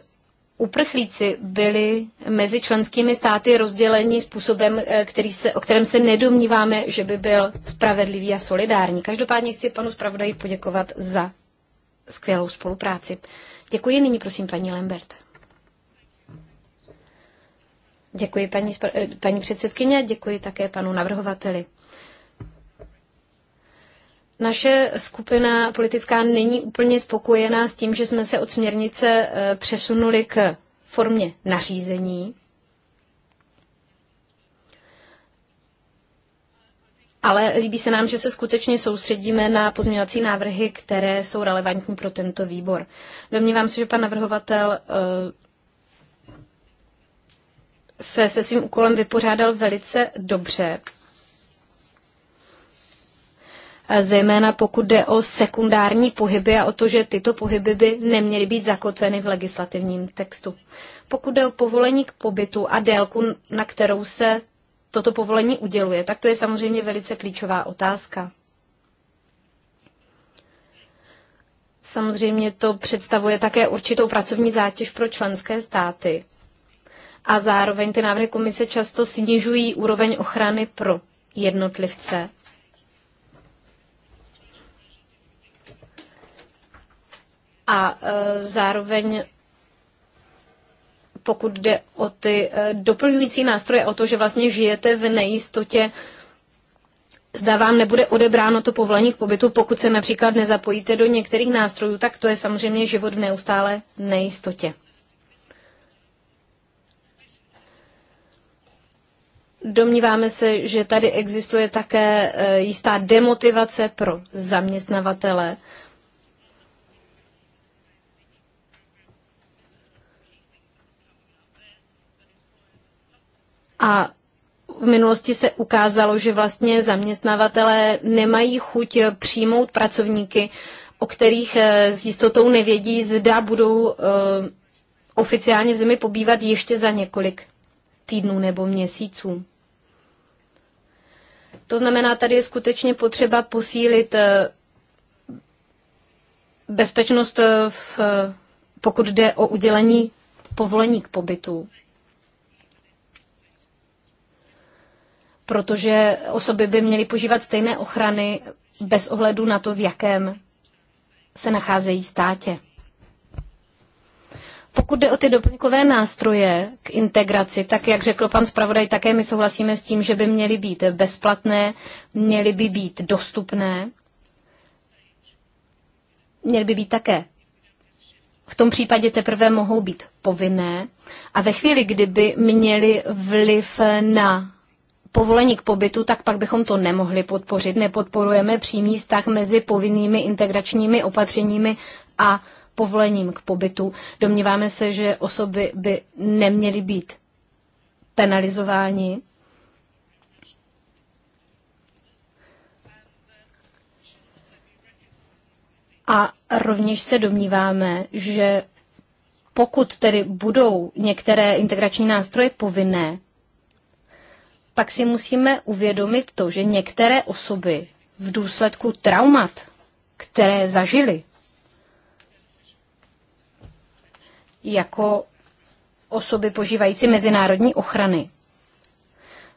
uprchlíci byli mezi členskými státy rozděleni způsobem, eh, který se, o kterém se nedomníváme, že by byl spravedlivý a solidární. Každopádně chci panu zpravodaji poděkovat za skvělou spolupráci. Děkuji nyní, prosím, paní Lambert. Děkuji paní, eh, paní předsedkyně, děkuji také panu navrhovateli. Naše skupina politická není úplně spokojená s tím, že jsme se od směrnice e, přesunuli k formě nařízení. Ale líbí se nám, že se skutečně soustředíme na pozměňovací návrhy, které jsou relevantní pro tento výbor. Domnívám se, že pan navrhovatel e, se se svým úkolem vypořádal velice dobře, zejména pokud jde o sekundární pohyby a o to, že tyto pohyby by neměly být zakotveny v legislativním textu. Pokud jde o povolení k pobytu a délku, na kterou se toto povolení uděluje, tak to je samozřejmě velice klíčová otázka. Samozřejmě to představuje také určitou pracovní zátěž pro členské státy. A zároveň ty návrhy komise často snižují úroveň ochrany pro jednotlivce. a e, zároveň pokud jde o ty e, doplňující nástroje, o to, že vlastně žijete v nejistotě, zda vám nebude odebráno to povolení k pobytu, pokud se například nezapojíte do některých nástrojů, tak to je samozřejmě život v neustále nejistotě. Domníváme se, že tady existuje také e, jistá demotivace pro zaměstnavatele, A v minulosti se ukázalo, že vlastně zaměstnavatelé nemají chuť přijmout pracovníky, o kterých eh, s jistotou nevědí, zda budou eh, oficiálně v zemi pobývat ještě za několik týdnů nebo měsíců. To znamená, tady je skutečně potřeba posílit eh, bezpečnost, v, pokud jde o udělení povolení k pobytu. protože osoby by měly požívat stejné ochrany bez ohledu na to, v jakém se nacházejí státě. Pokud jde o ty doplňkové nástroje k integraci, tak jak řekl pan zpravodaj, také my souhlasíme s tím, že by měly být bezplatné, měly by být dostupné, měly by být také. V tom případě teprve mohou být povinné a ve chvíli, kdyby měly vliv na povolení k pobytu, tak pak bychom to nemohli podpořit. Nepodporujeme přímý vztah mezi povinnými integračními opatřeními a povolením k pobytu. Domníváme se, že osoby by neměly být penalizováni. A rovněž se domníváme, že pokud tedy budou některé integrační nástroje povinné, pak si musíme uvědomit to, že některé osoby v důsledku traumat, které zažili, jako osoby požívající mezinárodní ochrany,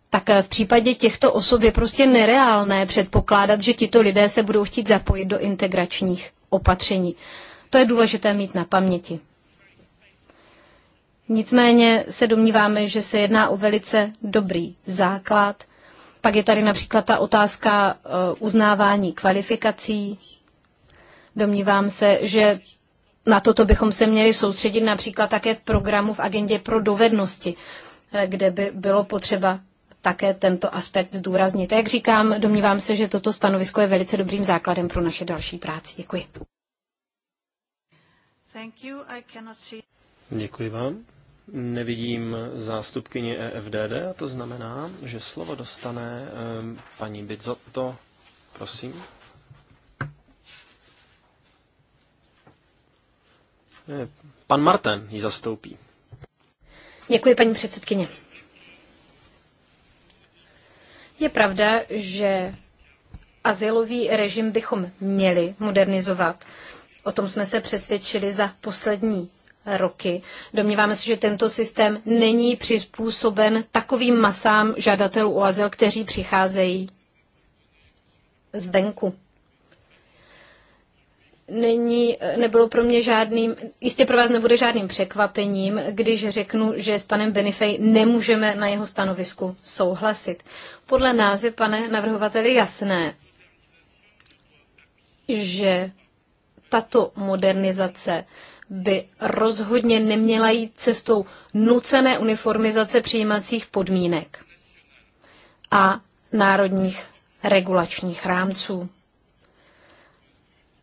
tak v případě těchto osob je prostě nereálné předpokládat, že tito lidé se budou chtít zapojit do integračních opatření. To je důležité mít na paměti. Nicméně se domníváme, že se jedná o velice dobrý základ. Pak je tady například ta otázka e, uznávání kvalifikací. Domnívám se, že na toto bychom se měli soustředit například také v programu v agendě pro dovednosti, e, kde by bylo potřeba také tento aspekt zdůraznit. jak říkám, domnívám se, že toto stanovisko je velice dobrým základem pro naše další práci. Děkuji. Děkuji vám. Nevidím zástupkyni EFDD a to znamená, že slovo dostane paní Bizzotto. Prosím. Eh, pan Marten ji zastoupí. Děkuji, paní předsedkyně. Je pravda, že azylový režim bychom měli modernizovat. O tom jsme se přesvědčili za poslední roky. Domníváme se, že tento systém není přizpůsoben takovým masám žadatelů o azyl, kteří přicházejí zvenku. Není, nebylo pro mě žádným, jistě pro vás nebude žádným překvapením, když řeknu, že s panem Benifej nemůžeme na jeho stanovisku souhlasit. Podle nás je, pane navrhovateli, jasné, že tato modernizace by rozhodně neměla jít cestou nucené uniformizace přijímacích podmínek a národních regulačních rámců.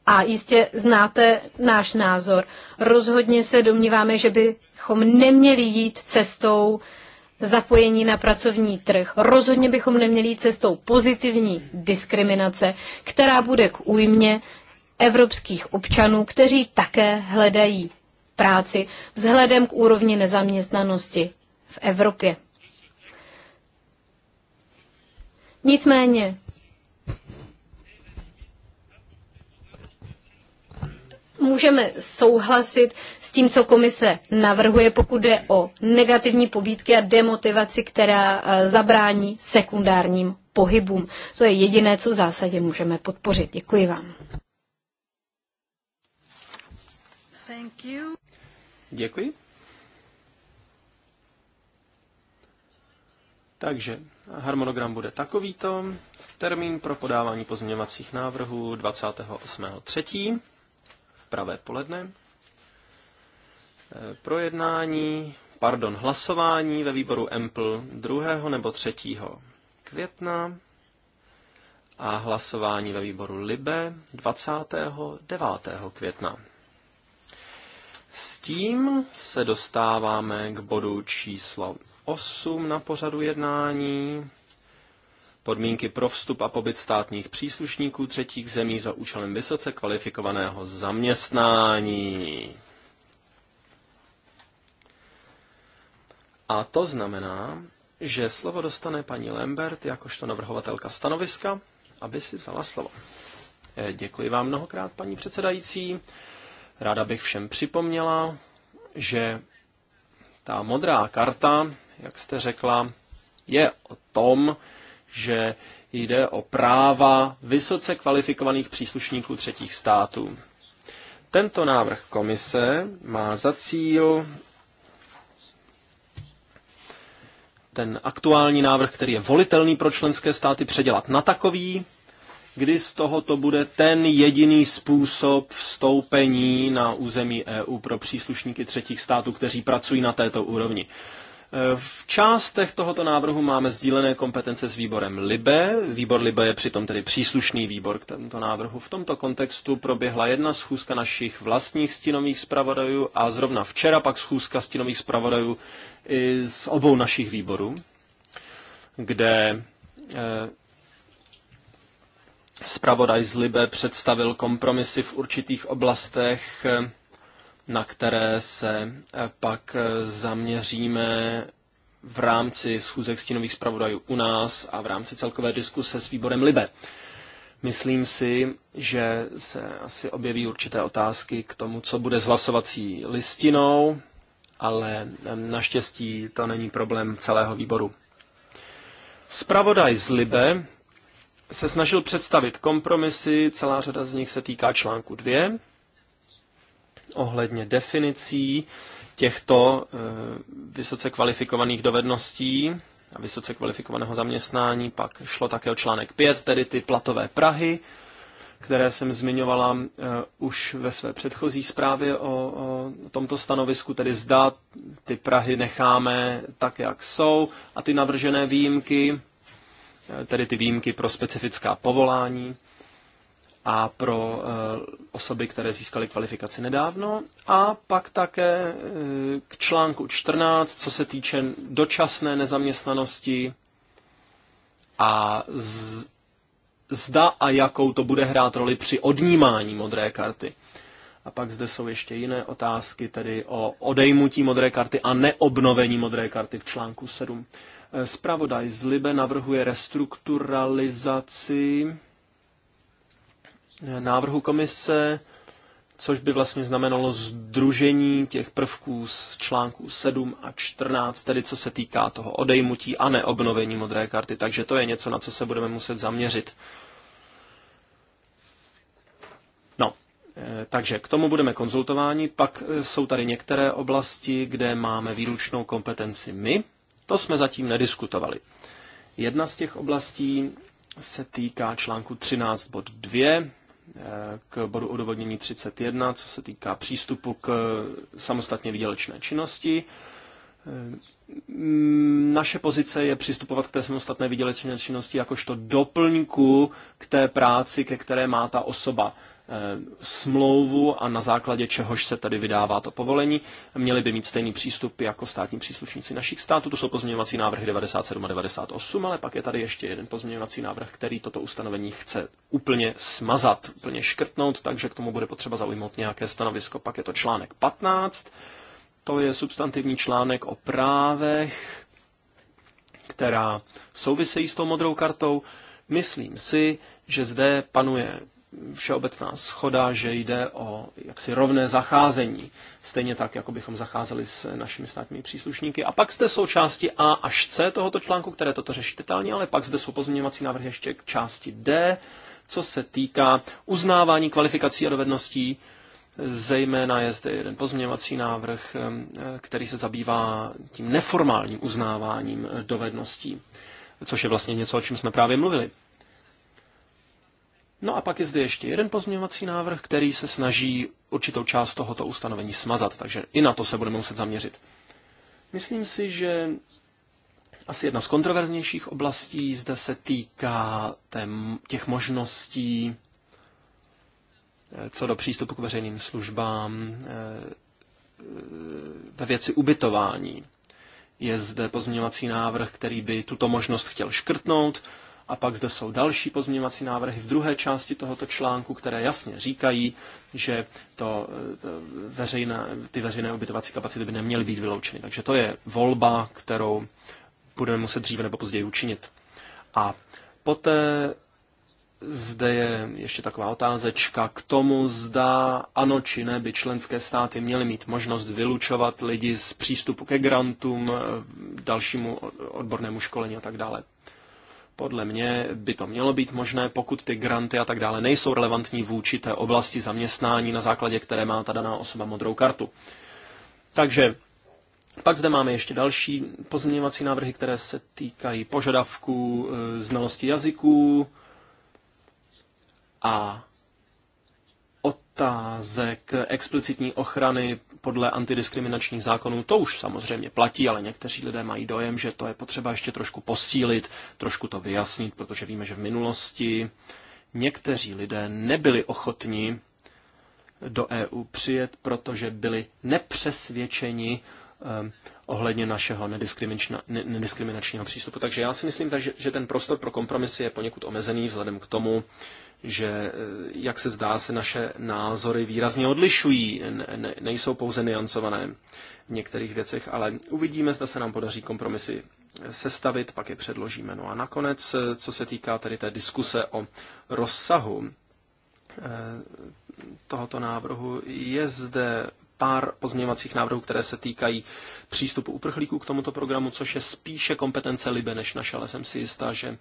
A jistě znáte náš názor. Rozhodně se domníváme, že bychom neměli jít cestou zapojení na pracovní trh. Rozhodně bychom neměli jít cestou pozitivní diskriminace, která bude k újmě evropských občanů, kteří také hledají práci vzhledem k úrovni nezaměstnanosti v Evropě. Nicméně můžeme souhlasit s tím, co komise navrhuje, pokud jde o negativní pobídky a demotivaci, která eh, zabrání sekundárním pohybům. To je jediné, co v zásadě můžeme podpořit. Děkuji vám. Děkuji. Takže harmonogram bude takovýto. Termín pro podávání pozměňovacích návrhů 28.3. v pravé poledne. Eh, projednání, pardon, hlasování ve výboru EMPL 2. nebo 3. května a hlasování ve výboru LIBE 29. května. S tím se dostáváme k bodu číslo 8 na pořadu jednání. Podmínky pro vstup a pobyt státních příslušníků třetích zemí za účelem vysoce kvalifikovaného zaměstnání. A to znamená, že slovo dostane paní Lambert jakožto navrhovatelka stanoviska, aby si vzala slovo. Eh, děkuji vám mnohokrát, paní předsedající. Ráda bych všem připomněla, že ta modrá karta, jak jste řekla, je o tom, že jde o práva vysoce kvalifikovaných příslušníků třetích států. Tento návrh komise má za cíl ten aktuální návrh, který je volitelný pro členské státy, předělat na takový, kdy z toho to bude ten jediný způsob vstoupení na území EU pro příslušníky třetích států, kteří pracují na této úrovni. E, v částech tohoto návrhu máme sdílené kompetence s výborem LIBE. Výbor LIBE je přitom tedy příslušný výbor k tomuto návrhu. V tomto kontextu proběhla jedna schůzka našich vlastních stínových zpravodajů a zrovna včera pak schůzka stínových zpravodajů i z obou našich výborů, kde e, Spravodaj z Libe představil kompromisy v určitých oblastech, na které se pak zaměříme v rámci schůzek stínových zpravodajů u nás a v rámci celkové diskuse s výborem Libe. Myslím si, že se asi objeví určité otázky k tomu, co bude s hlasovací listinou, ale naštěstí to není problém celého výboru. Spravodaj z Libe se snažil představit kompromisy, celá řada z nich se týká článku 2, ohledně definicí těchto eh, vysoce kvalifikovaných dovedností a vysoce kvalifikovaného zaměstnání. Pak šlo také o článek 5, tedy ty platové Prahy, které jsem zmiňovala eh, už ve své předchozí zprávě o, o tomto stanovisku, tedy zda ty Prahy necháme tak, jak jsou a ty navržené výjimky tedy ty výjimky pro specifická povolání a pro eh, osoby, které získaly kvalifikaci nedávno. A pak také eh, k článku 14, co se týče dočasné nezaměstnanosti a zda a jakou to bude hrát roli při odnímání modré karty. A pak zde jsou ještě jiné otázky, tedy o odejmutí modré karty a neobnovení modré karty v článku 7. Spravodaj z Libe navrhuje restrukturalizaci návrhu komise, což by vlastně znamenalo združení těch prvků z článků 7 a 14, tedy co se týká toho odejmutí a neobnovení modré karty. Takže to je něco, na co se budeme muset zaměřit. No, eh, takže k tomu budeme konzultováni. Pak eh, jsou tady některé oblasti, kde máme výlučnou kompetenci my, to jsme zatím nediskutovali. Jedna z těch oblastí se týká článku 13 bod 2 eh, k bodu odvodnění 31, co se týká přístupu k samostatně výdělečné činnosti. Eh, naše pozice je přistupovat k té samostatné výdělečné činnosti jakožto doplňku k té práci, ke které má ta osoba Eh, smlouvu a na základě čehož se tady vydává to povolení. Měli by mít stejný přístup jako státní příslušníci našich států. To jsou pozměňovací návrhy 97 a 98, ale pak je tady ještě jeden pozměňovací návrh, který toto ustanovení chce úplně smazat, úplně škrtnout, takže k tomu bude potřeba zaujmout nějaké stanovisko. Pak je to článek 15, to je substantivní článek o právech, která souvisejí s tou modrou kartou. Myslím si, že zde panuje všeobecná schoda, že jde o jaksi rovné zacházení, stejně tak, jako bychom zacházeli s našimi státními příslušníky. A pak zde jsou části A až C tohoto článku, které toto řeší detailně, ale pak zde jsou pozměňovací návrhy ještě k části D, co se týká uznávání kvalifikací a dovedností, Zejména je zde jeden pozměňovací návrh, který se zabývá tím neformálním uznáváním dovedností, což je vlastně něco, o čem jsme právě mluvili. No a pak je zde ještě jeden pozměňovací návrh, který se snaží určitou část tohoto ustanovení smazat, takže i na to se budeme muset zaměřit. Myslím si, že asi jedna z kontroverznějších oblastí zde se týká těch možností eh, co do přístupu k veřejným službám eh, eh, ve věci ubytování. Je zde pozměňovací návrh, který by tuto možnost chtěl škrtnout a pak zde jsou další pozměňovací návrhy v druhé části tohoto článku, které jasně říkají, že to, to veřejné, ty veřejné ubytovací kapacity by neměly být vyloučeny. Takže to je volba, kterou budeme muset dříve nebo později učinit. A poté zde je ještě taková otázečka k tomu, zda ano či ne by členské státy měly mít možnost vylučovat lidi z přístupu ke grantům, eh, dalšímu odbornému školení a tak dále. Podle mě by to mělo být možné, pokud ty granty a tak dále nejsou relevantní vůči té oblasti zaměstnání, na základě které má ta daná osoba modrou kartu. Takže pak zde máme ještě další pozměňovací návrhy, které se týkají požadavků e, znalosti jazyků a otázek explicitní ochrany podle antidiskriminačních zákonů. To už samozřejmě platí, ale někteří lidé mají dojem, že to je potřeba ještě trošku posílit, trošku to vyjasnit, protože víme, že v minulosti někteří lidé nebyli ochotní do EU přijet, protože byli nepřesvědčeni ehm, ohledně našeho nediskriminačního přístupu. Takže já si myslím, že ten prostor pro kompromisy je poněkud omezený vzhledem k tomu, že, eh, jak se zdá, se naše názory výrazně odlišují, ne, nejsou pouze niancované v některých věcech, ale uvidíme, zda se nám podaří kompromisy sestavit, pak je předložíme. No a nakonec, eh, co se týká tedy té diskuse o rozsahu eh, tohoto návrhu, je zde pár pozměňovacích návrhů, které se týkají přístupu uprchlíků k tomuto programu, což je spíše kompetence Libe než naše, ale jsem si jistá, že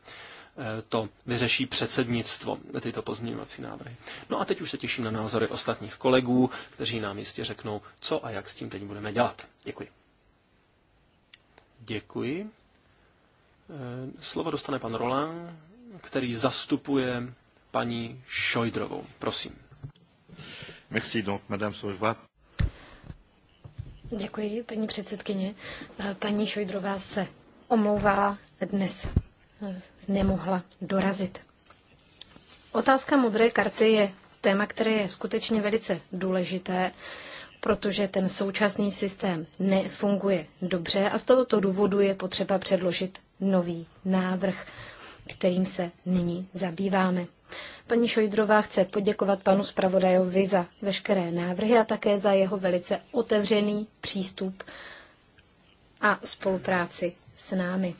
Eh, to vyřeší předsednictvo, tyto pozměňovací návrhy. No a teď už se těším na názory ostatních kolegů, kteří nám jistě řeknou, co a jak s tím teď budeme dělat. Děkuji. Děkuji. Eh, slovo dostane pan Roland, který zastupuje paní Šojdrovou. Prosím. Merci donc, madame Sauveur. Děkuji, paní předsedkyně. Eh, paní Šojdrová se omlouvá dnes nemohla dorazit. Otázka modré karty je téma, které je skutečně velice důležité, protože ten současný systém nefunguje dobře a z tohoto důvodu je potřeba předložit nový návrh, kterým se nyní zabýváme. Paní Šojdrová chce poděkovat panu zpravodajovi za veškeré návrhy a také za jeho velice otevřený přístup a spolupráci s námi.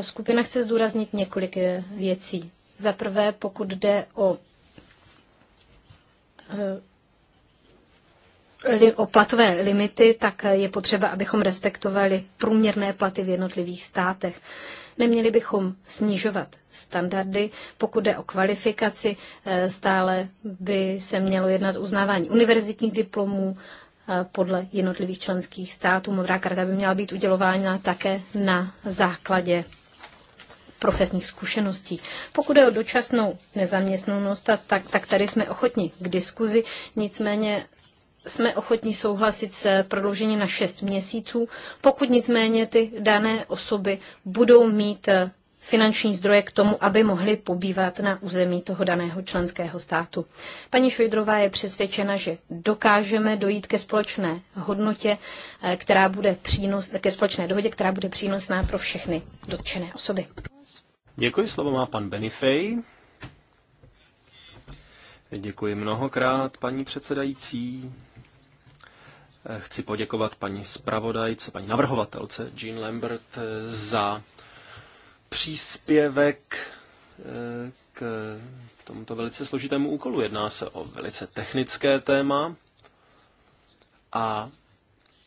Skupina chce zdůraznit několik eh, věcí. Za prvé, pokud jde o, eh, o platové limity, tak eh, je potřeba, abychom respektovali průměrné platy v jednotlivých státech. Neměli bychom snižovat standardy. Pokud jde o kvalifikaci, stále by se mělo jednat uznávání univerzitních diplomů podle jednotlivých členských států. Modrá karta by měla být udělována také na základě profesních zkušeností. Pokud je o dočasnou nezaměstnanost, tak, tak tady jsme ochotni k diskuzi, nicméně jsme ochotní souhlasit se prodloužení na 6 měsíců, pokud nicméně ty dané osoby budou mít eh, finanční zdroje k tomu, aby mohly pobývat na území toho daného členského státu. Paní Švejdrová je přesvědčena, že dokážeme dojít ke společné hodnotě, eh, která bude přínos, ke společné dohodě, která bude přínosná pro všechny dotčené osoby. Děkuji, slovo má pan Benifej. Děkuji mnohokrát, paní předsedající. Chci poděkovat paní zpravodajce, paní navrhovatelce Jean Lambert za příspěvek eh, k tomuto velice složitému úkolu. Jedná se o velice technické téma a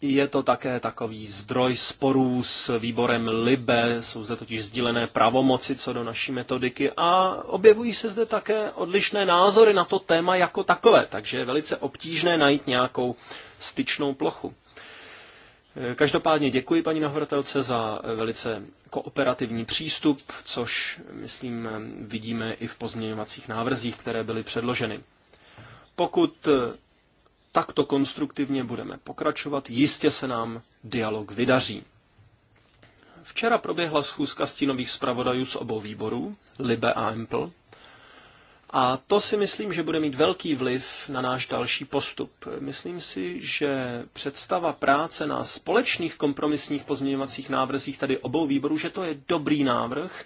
je to také takový zdroj sporů s výborem LIBE, jsou zde totiž sdílené pravomoci co do naší metodiky a objevují se zde také odlišné názory na to téma jako takové, takže je velice obtížné najít nějakou styčnou plochu. Každopádně děkuji paní navratelce za velice kooperativní přístup, což, myslím, vidíme i v pozměňovacích návrzích, které byly předloženy. Pokud takto konstruktivně budeme pokračovat, jistě se nám dialog vydaří. Včera proběhla schůzka stínových zpravodajů z obou výborů, Libe a Empl, a to si myslím, že bude mít velký vliv na náš další postup. Myslím si, že představa práce na společných kompromisních pozměňovacích návrzích tady obou výborů, že to je dobrý návrh,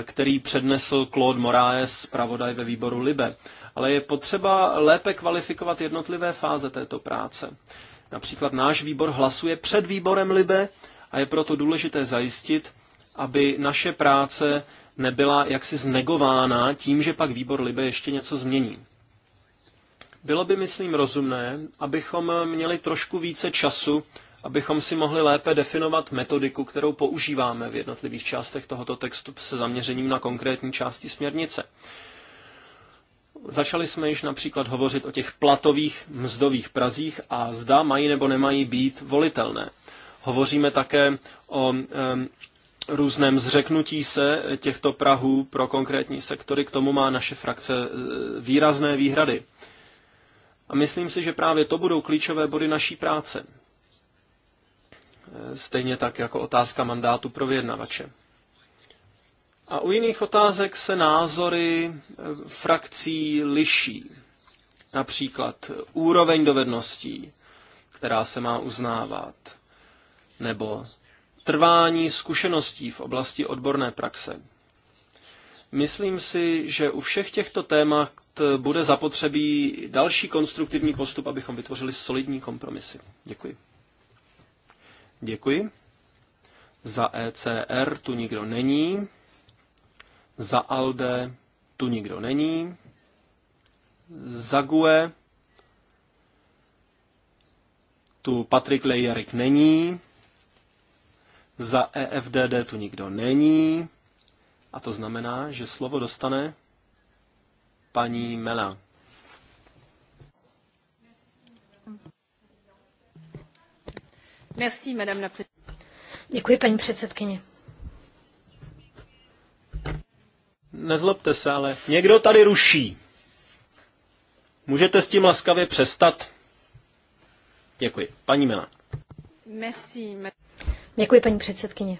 eh, který přednesl Claude Moraes, zpravodaj ve výboru Libe ale je potřeba lépe kvalifikovat jednotlivé fáze této práce. Například náš výbor hlasuje před výborem Libe a je proto důležité zajistit, aby naše práce nebyla jaksi znegována tím, že pak výbor Libe ještě něco změní. Bylo by, myslím, rozumné, abychom měli trošku více času, abychom si mohli lépe definovat metodiku, kterou používáme v jednotlivých částech tohoto textu se zaměřením na konkrétní části směrnice. Začali jsme již například hovořit o těch platových mzdových prazích a zda mají nebo nemají být volitelné. Hovoříme také o um, různém zřeknutí se těchto prahů pro konkrétní sektory. K tomu má naše frakce e, výrazné výhrady. A myslím si, že právě to budou klíčové body naší práce. E, stejně tak jako otázka mandátu pro vyjednavače. A u jiných otázek se názory eh, frakcí liší. Například úroveň dovedností, která se má uznávat, nebo trvání zkušeností v oblasti odborné praxe. Myslím si, že u všech těchto témat bude zapotřebí další konstruktivní postup, abychom vytvořili solidní kompromisy. Děkuji. Děkuji. Za ECR tu nikdo není, za Alde tu nikdo není. Za GUE tu Patrik Lejarik není. Za EFDD tu nikdo není. A to znamená, že slovo dostane paní Mela. Děkuji, paní předsedkyně. Nezlobte se, ale někdo tady ruší. Můžete s tím laskavě přestat? Děkuji. Paní Milan. Merci. Děkuji, paní předsedkyně.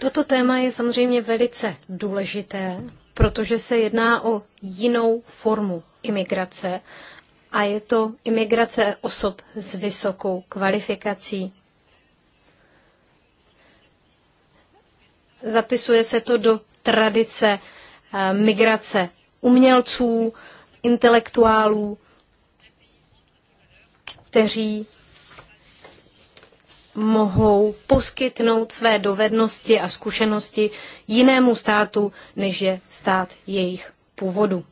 Toto téma je samozřejmě velice důležité, protože se jedná o jinou formu imigrace a je to imigrace osob s vysokou kvalifikací. zapisuje se to do tradice eh, migrace umělců, intelektuálů, kteří mohou poskytnout své dovednosti a zkušenosti jinému státu, než je stát jejich původu.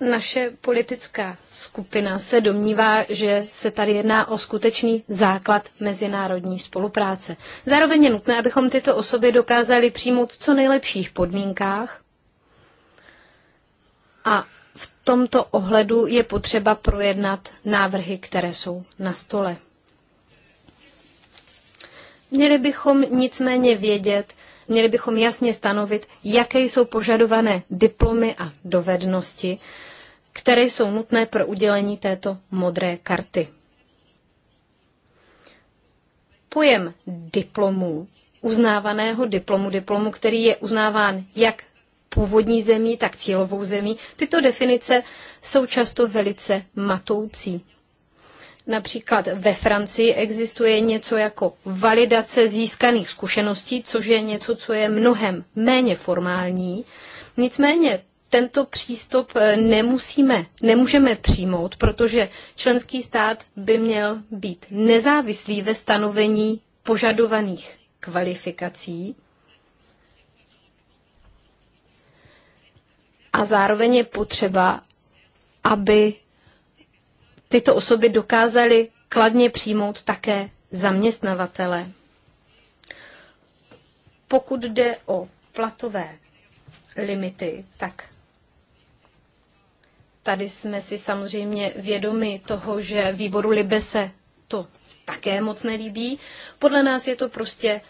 naše politická skupina se domnívá, že se tady jedná o skutečný základ mezinárodní spolupráce. Zároveň je nutné, abychom tyto osoby dokázali přijmout v co nejlepších podmínkách a v tomto ohledu je potřeba projednat návrhy, které jsou na stole. Měli bychom nicméně vědět, Měli bychom jasně stanovit, jaké jsou požadované diplomy a dovednosti, které jsou nutné pro udělení této modré karty. Pojem diplomů, uznávaného diplomu, diplomu, který je uznáván jak původní zemí, tak cílovou zemí, tyto definice jsou často velice matoucí. Například ve Francii existuje něco jako validace získaných zkušeností, což je něco, co je mnohem méně formální. Nicméně tento přístup eh, nemusíme, nemůžeme přijmout, protože členský stát by měl být nezávislý ve stanovení požadovaných kvalifikací a zároveň je potřeba, aby tyto osoby dokázaly kladně přijmout také zaměstnavatele. Pokud jde o platové limity, tak tady jsme si samozřejmě vědomi toho, že výboru Libe se to také moc nelíbí. Podle nás je to prostě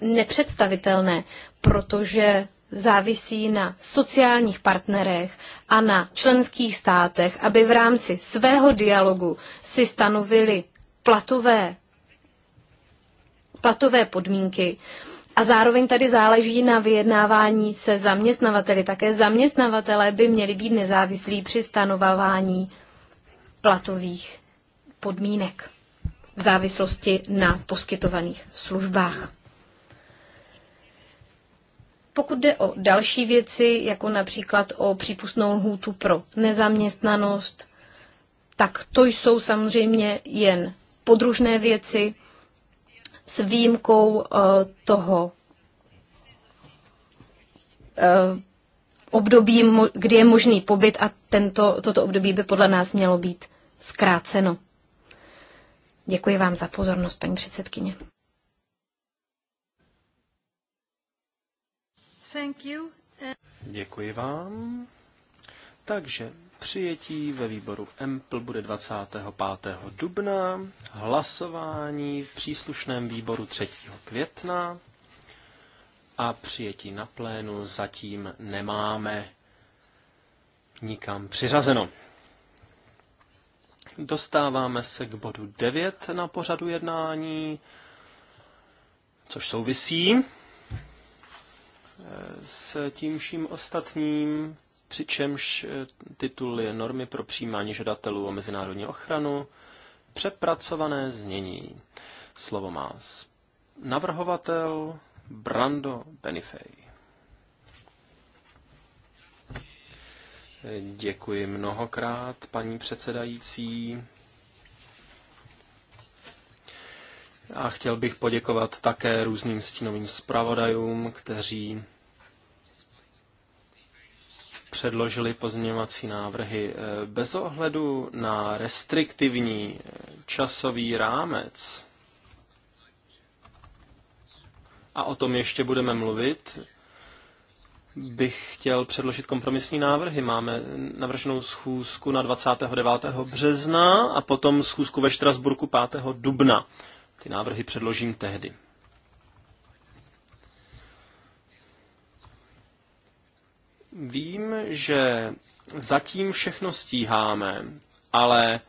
nepředstavitelné, protože závisí na sociálních partnerech a na členských státech, aby v rámci svého dialogu si stanovili platové, platové podmínky. A zároveň tady záleží na vyjednávání se zaměstnavateli. Také zaměstnavatelé by měli být nezávislí při stanovování platových podmínek v závislosti na poskytovaných službách. Pokud jde o další věci, jako například o přípustnou lhůtu pro nezaměstnanost, tak to jsou samozřejmě jen podružné věci s výjimkou eh, toho eh, období, kdy je možný pobyt a tento, toto období by podle nás mělo být zkráceno. Děkuji vám za pozornost, paní předsedkyně. Thank you. Děkuji vám. Takže přijetí ve výboru EMPL bude 25. dubna, hlasování v příslušném výboru 3. května a přijetí na plénu zatím nemáme nikam přiřazeno. Dostáváme se k bodu 9 na pořadu jednání, což souvisí s tím vším ostatním, přičemž eh, titul je Normy pro přijímání žadatelů o mezinárodní ochranu, přepracované znění. Slovo má navrhovatel Brando Benifej. Děkuji mnohokrát, paní předsedající. A chtěl bych poděkovat také různým stínovým zpravodajům, kteří předložili pozměňovací návrhy. Eh, bez ohledu na restriktivní eh, časový rámec, a o tom ještě budeme mluvit, bych chtěl předložit kompromisní návrhy. Máme navrženou schůzku na 29. března a potom schůzku ve Štrasburku 5. dubna. Ty návrhy předložím tehdy. Vím, že zatím všechno stíháme, ale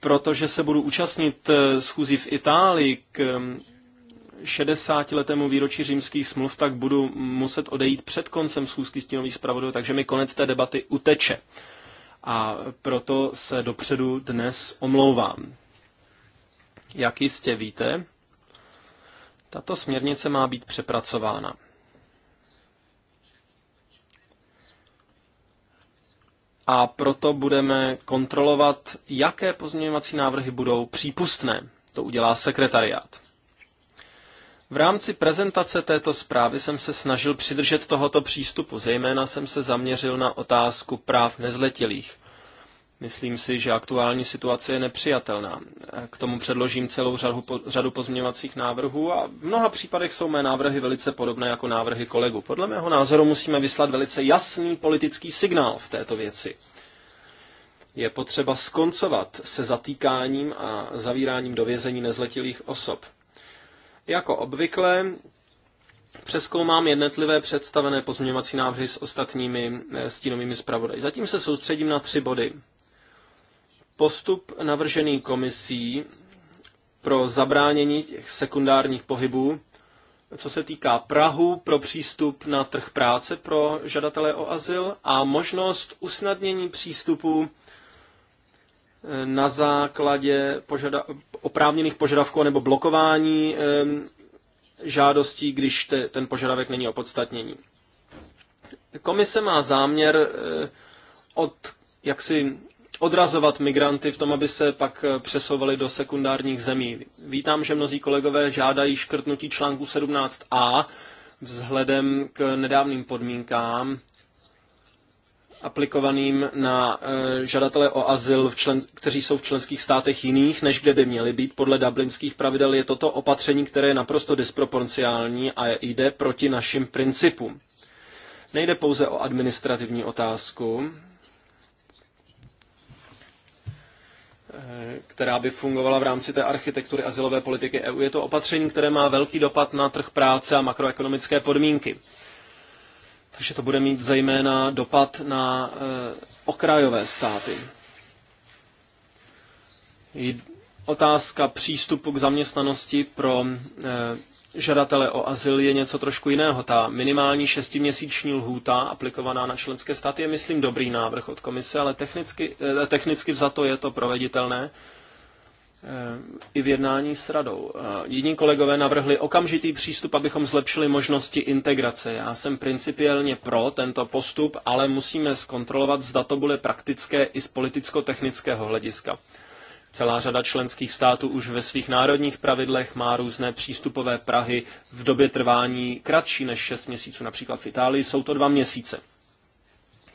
protože se budu účastnit eh, schůzí v Itálii k 60 eh, letému výročí římských smluv, tak budu muset odejít před koncem schůzky stínových zpravodů, takže mi konec té debaty uteče. A proto se dopředu dnes omlouvám. Jak jistě víte, tato směrnice má být přepracována. A proto budeme kontrolovat, jaké pozměňovací návrhy budou přípustné. To udělá sekretariát. V rámci prezentace této zprávy jsem se snažil přidržet tohoto přístupu, zejména jsem se zaměřil na otázku práv nezletilých. Myslím si, že aktuální situace je nepřijatelná. K tomu předložím celou řadu, řadu pozměňovacích návrhů a v mnoha případech jsou mé návrhy velice podobné jako návrhy kolegu. Podle mého názoru musíme vyslat velice jasný politický signál v této věci. Je potřeba skoncovat se zatýkáním a zavíráním do vězení nezletilých osob. Jako obvykle Přeskoumám jednotlivé představené pozměňovací návrhy s ostatními eh, stínovými zpravodaji. Zatím se soustředím na tři body. Postup navržený komisí pro zabránění těch sekundárních pohybů, co se týká Prahu pro přístup na trh práce pro žadatele o azyl a možnost usnadnění přístupu eh, na základě požada- oprávněných požadavků nebo blokování ehm, žádostí, když te, ten požadavek není opodstatnění. Komise má záměr eh, od jaksi odrazovat migranty v tom, aby se pak eh, přesouvali do sekundárních zemí. Vítám, že mnozí kolegové žádají škrtnutí článku 17a vzhledem k nedávným podmínkám aplikovaným na eh, žadatele o azyl, v člen, kteří jsou v členských státech jiných, než kde by měli být. Podle dublinských pravidel je toto opatření, které je naprosto disproporciální a jde proti našim principům. Nejde pouze o administrativní otázku, Eh, která by fungovala v rámci té architektury asilové politiky EU. Je to opatření, které má velký dopad na trh práce a makroekonomické podmínky. Takže to bude mít zejména dopad na eh, okrajové státy. Otázka přístupu k zaměstnanosti pro eh, žadatele o azyl je něco trošku jiného. Ta minimální šestiměsíční lhůta aplikovaná na členské státy je, myslím, dobrý návrh od komise, ale technicky, eh, technicky vzato je to proveditelné eh, i v jednání s radou. Eh, jiní kolegové navrhli okamžitý přístup, abychom zlepšili možnosti integrace. Já jsem principiálně pro tento postup, ale musíme zkontrolovat, zda to bude praktické i z politicko-technického hlediska. Celá řada členských států už ve svých národních pravidlech má různé přístupové Prahy v době trvání kratší než 6 měsíců. Například v Itálii jsou to dva měsíce.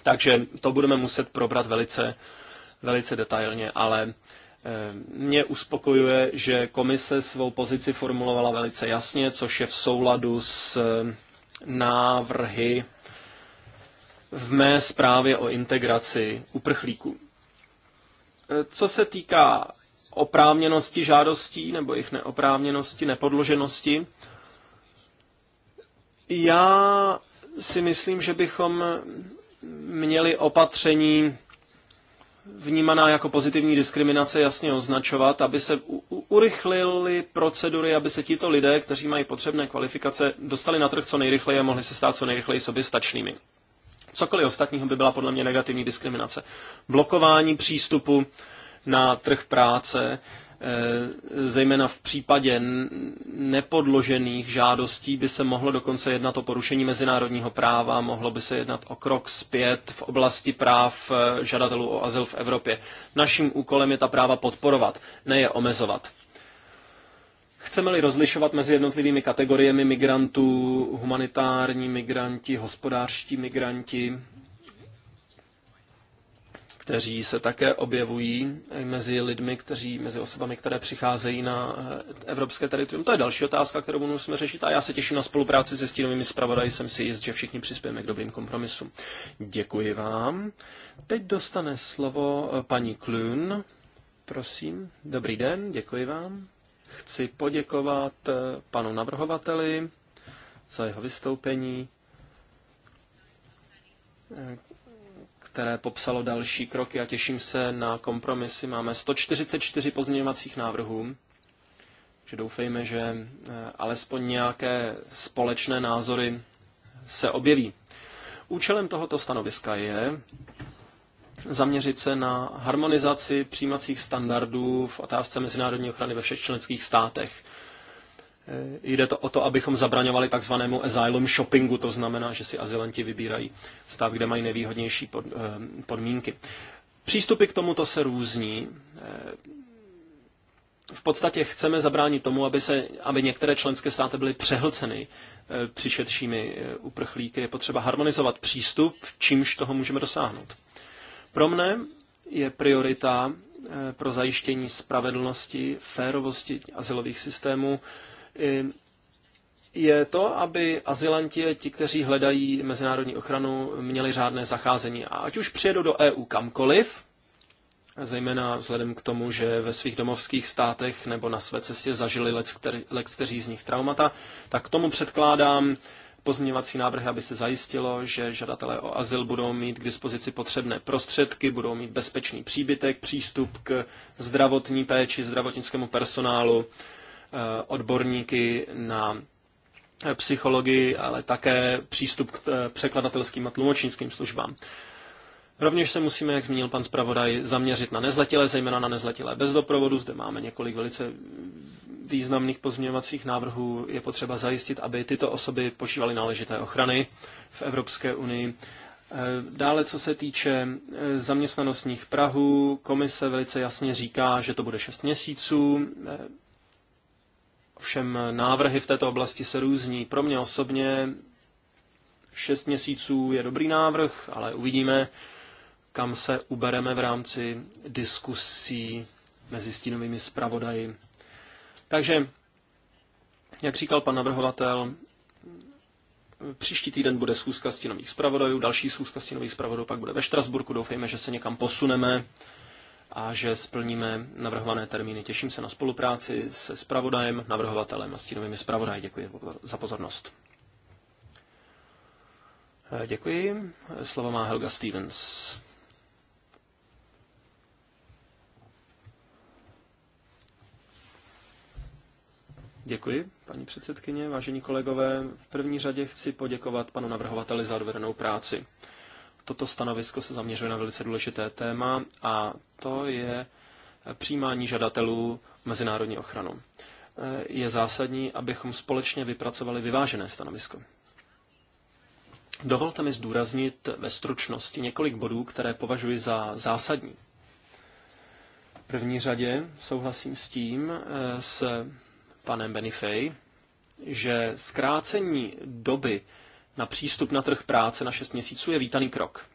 Takže to budeme muset probrat velice, velice detailně, ale eh, mě uspokojuje, že komise svou pozici formulovala velice jasně, což je v souladu s eh, návrhy v mé zprávě o integraci uprchlíků. Co se týká oprávněnosti žádostí nebo jejich neoprávněnosti, nepodloženosti, já si myslím, že bychom měli opatření vnímaná jako pozitivní diskriminace jasně označovat, aby se urychlily procedury, aby se tito lidé, kteří mají potřebné kvalifikace, dostali na trh co nejrychleji a mohli se stát co nejrychleji soběstačnými. Cokoliv ostatního by byla podle mě negativní diskriminace. Blokování přístupu na trh práce, eh, zejména v případě nepodložených žádostí by se mohlo dokonce jednat o porušení mezinárodního práva, mohlo by se jednat o krok zpět v oblasti práv eh, žadatelů o azyl v Evropě. Naším úkolem je ta práva podporovat, ne je omezovat. Chceme-li rozlišovat mezi jednotlivými kategoriemi migrantů, humanitární migranti, hospodářští migranti, kteří se také objevují mezi lidmi, kteří, mezi osobami, které přicházejí na eh, evropské teritorium. To je další otázka, kterou musíme řešit a já se těším na spolupráci se stínovými zpravodaji. Jsem si jist, že všichni přispějeme k dobrým kompromisům. Děkuji vám. Teď dostane slovo eh, paní Klun. Prosím. Dobrý den, děkuji vám. Chci poděkovat eh, panu navrhovateli za jeho vystoupení, eh, které popsalo další kroky a těším se na kompromisy. Máme 144 pozměňovacích návrhů, že doufejme, že eh, alespoň nějaké společné názory se objeví. Účelem tohoto stanoviska je zaměřit se na harmonizaci přijímacích standardů v otázce mezinárodní ochrany ve všech členských státech. Eh, jde to o to, abychom zabraňovali takzvanému asylum shoppingu, to znamená, že si azylanti vybírají stav, kde mají nejvýhodnější pod, eh, podmínky. Přístupy k tomuto se různí. Eh, v podstatě chceme zabránit tomu, aby, se, aby některé členské státy byly přehlceny přišedšími uprchlíky. Je potřeba harmonizovat přístup, čímž toho můžeme dosáhnout. Pro mne je priorita eh, pro zajištění spravedlnosti, férovosti asilových systémů je to, aby azylanti, ti, kteří hledají mezinárodní ochranu, měli řádné zacházení. A ať už přijedou do EU kamkoliv, zejména vzhledem k tomu, že ve svých domovských státech nebo na své cestě zažili lekteří z nich traumata, tak tomu předkládám pozměňovací návrhy, aby se zajistilo, že žadatelé o azyl budou mít k dispozici potřebné prostředky, budou mít bezpečný příbytek, přístup k zdravotní péči, zdravotnickému personálu, eh, odborníky na psychologii, ale také přístup k eh, překladatelským a tlumočnickým službám. Rovněž se musíme, jak zmínil pan zpravodaj, zaměřit na nezletilé, zejména na nezletilé bez doprovodu. Zde máme několik velice významných pozměňovacích návrhů. Je potřeba zajistit, aby tyto osoby požívaly náležité ochrany v Evropské unii. Eh, dále, co se týče eh, zaměstnanostních Prahu, komise velice jasně říká, že to bude 6 měsíců. Eh, Všem návrhy v této oblasti se různí. Pro mě osobně 6 měsíců je dobrý návrh, ale uvidíme, kam se ubereme v rámci diskusí mezi stínovými zpravodaji. Takže, jak říkal pan navrhovatel, příští týden bude schůzka stínových zpravodajů, další schůzka stínových zpravodajů pak bude ve Štrasburku. Doufejme, že se někam posuneme a že splníme navrhované termíny. Těším se na spolupráci se zpravodajem, navrhovatelem a stínovými zpravodaji. Děkuji za pozornost. Děkuji. Slovo má Helga Stevens. Děkuji, paní předsedkyně, vážení kolegové. V první řadě chci poděkovat panu navrhovateli za odvedenou práci. Toto stanovisko se zaměřuje na velice důležité téma a to je přijímání žadatelů mezinárodní ochranu. Je zásadní, abychom společně vypracovali vyvážené stanovisko. Dovolte mi zdůraznit ve stručnosti několik bodů, které považuji za zásadní. V první řadě souhlasím s tím, eh, s panem Benifej, že zkrácení doby na přístup na trh práce na 6 měsíců je vítaný krok.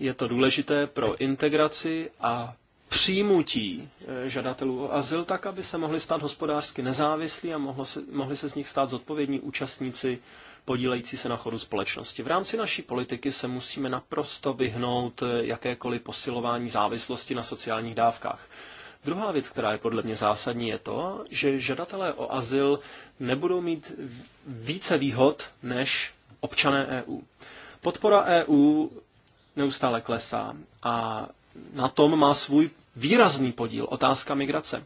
Je to důležité pro integraci a přijmutí eh, žadatelů o azyl tak, aby se mohli stát hospodářsky nezávislí a mohlo se, mohli se z nich stát zodpovědní účastníci podílející se na chodu společnosti. V rámci naší politiky se musíme naprosto vyhnout eh, jakékoliv posilování závislosti na sociálních dávkách. Druhá věc, která je podle mě zásadní, je to, že žadatelé o azyl nebudou mít více výhod než občané EU. Podpora EU neustále klesá a na tom má svůj výrazný podíl otázka migrace.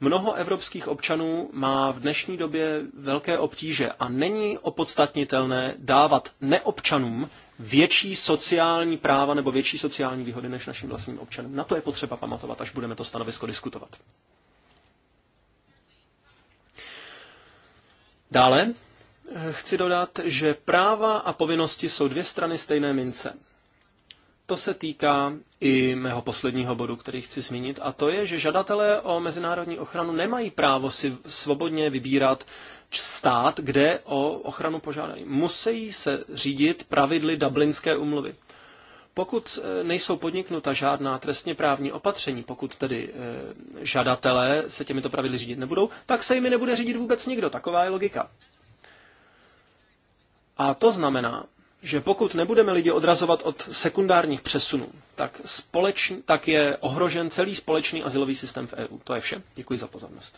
Mnoho evropských občanů má v dnešní době velké obtíže a není opodstatnitelné dávat neobčanům větší sociální práva nebo větší sociální výhody než našim vlastním občanům. Na to je potřeba pamatovat, až budeme to stanovisko diskutovat. Dále eh, chci dodat, že práva a povinnosti jsou dvě strany stejné mince. To se týká i mého posledního bodu, který chci zmínit, a to je, že žadatelé o mezinárodní ochranu nemají právo si svobodně vybírat stát, kde o ochranu požádají. Musí se řídit pravidly Dublinské umluvy. Pokud e, nejsou podniknuta žádná trestně právní opatření, pokud tedy e, žadatelé se těmito pravidly řídit nebudou, tak se jimi nebude řídit vůbec nikdo. Taková je logika. A to znamená, že pokud nebudeme lidi odrazovat od sekundárních přesunů, tak, společn, tak je ohrožen celý společný asilový systém v EU. To je vše. Děkuji za pozornost.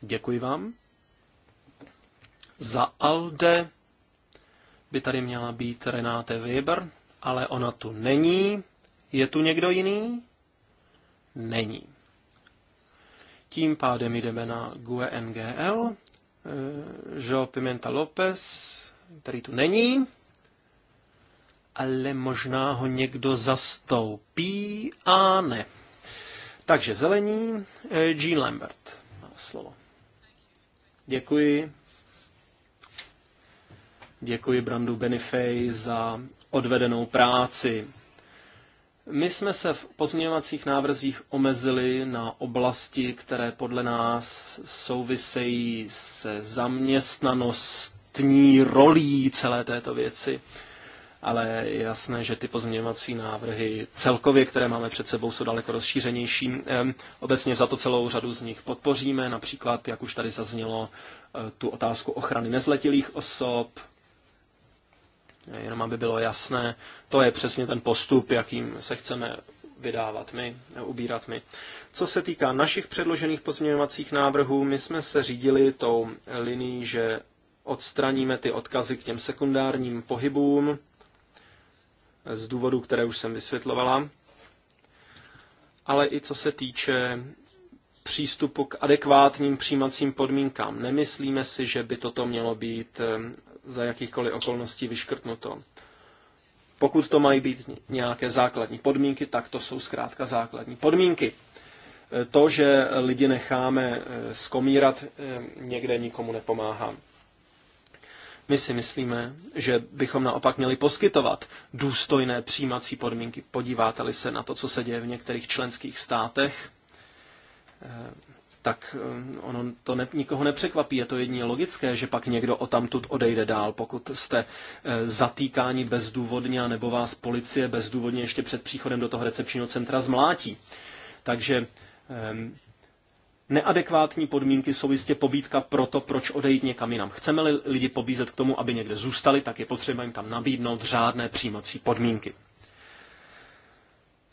Děkuji vám. Za Alde by tady měla být Renáte Weber, ale ona tu není. Je tu někdo jiný? Není. Tím pádem jdeme na GUE NGL. Eh, jo Pimenta López, který tu není, ale možná ho někdo zastoupí a ne. Takže zelení, eh, Jean Lambert má slovo. Děkuji. Děkuji Brandu Benifej za odvedenou práci. My jsme se v pozměňovacích návrzích omezili na oblasti, které podle nás souvisejí se zaměstnanostní rolí celé této věci ale je jasné, že ty pozměňovací návrhy celkově, které máme před sebou, jsou daleko rozšířenější. Obecně za to celou řadu z nich podpoříme, například, jak už tady zaznělo, e, tu otázku ochrany nezletilých osob, jenom aby bylo jasné, to je přesně ten postup, jakým se chceme vydávat my, e, ubírat my. Co se týká našich předložených pozměňovacích návrhů, my jsme se řídili tou linií, že odstraníme ty odkazy k těm sekundárním pohybům, z důvodů, které už jsem vysvětlovala, ale i co se týče přístupu k adekvátním přijímacím podmínkám. Nemyslíme si, že by toto mělo být eh, za jakýchkoliv okolností vyškrtnuto. Pokud to mají být nějaké základní podmínky, tak to jsou zkrátka základní podmínky. Eh, to, že lidi necháme eh, skomírat, někde nikomu nepomáhá. My si myslíme, že bychom naopak měli poskytovat důstojné přijímací podmínky. Podíváte-li se na to, co se děje v některých členských státech, eh, tak eh, ono to ne, nikoho nepřekvapí. Je to jedině logické, že pak někdo o tamtud odejde dál. Pokud jste eh, zatýkáni bezdůvodně, nebo vás policie bezdůvodně ještě před příchodem do toho recepčního centra zmlátí. Takže Neadekvátní podmínky jsou jistě pobídka pro to, proč odejít někam jinam. Chceme-li lidi pobízet k tomu, aby někde zůstali, tak je potřeba jim tam nabídnout řádné přijímací podmínky.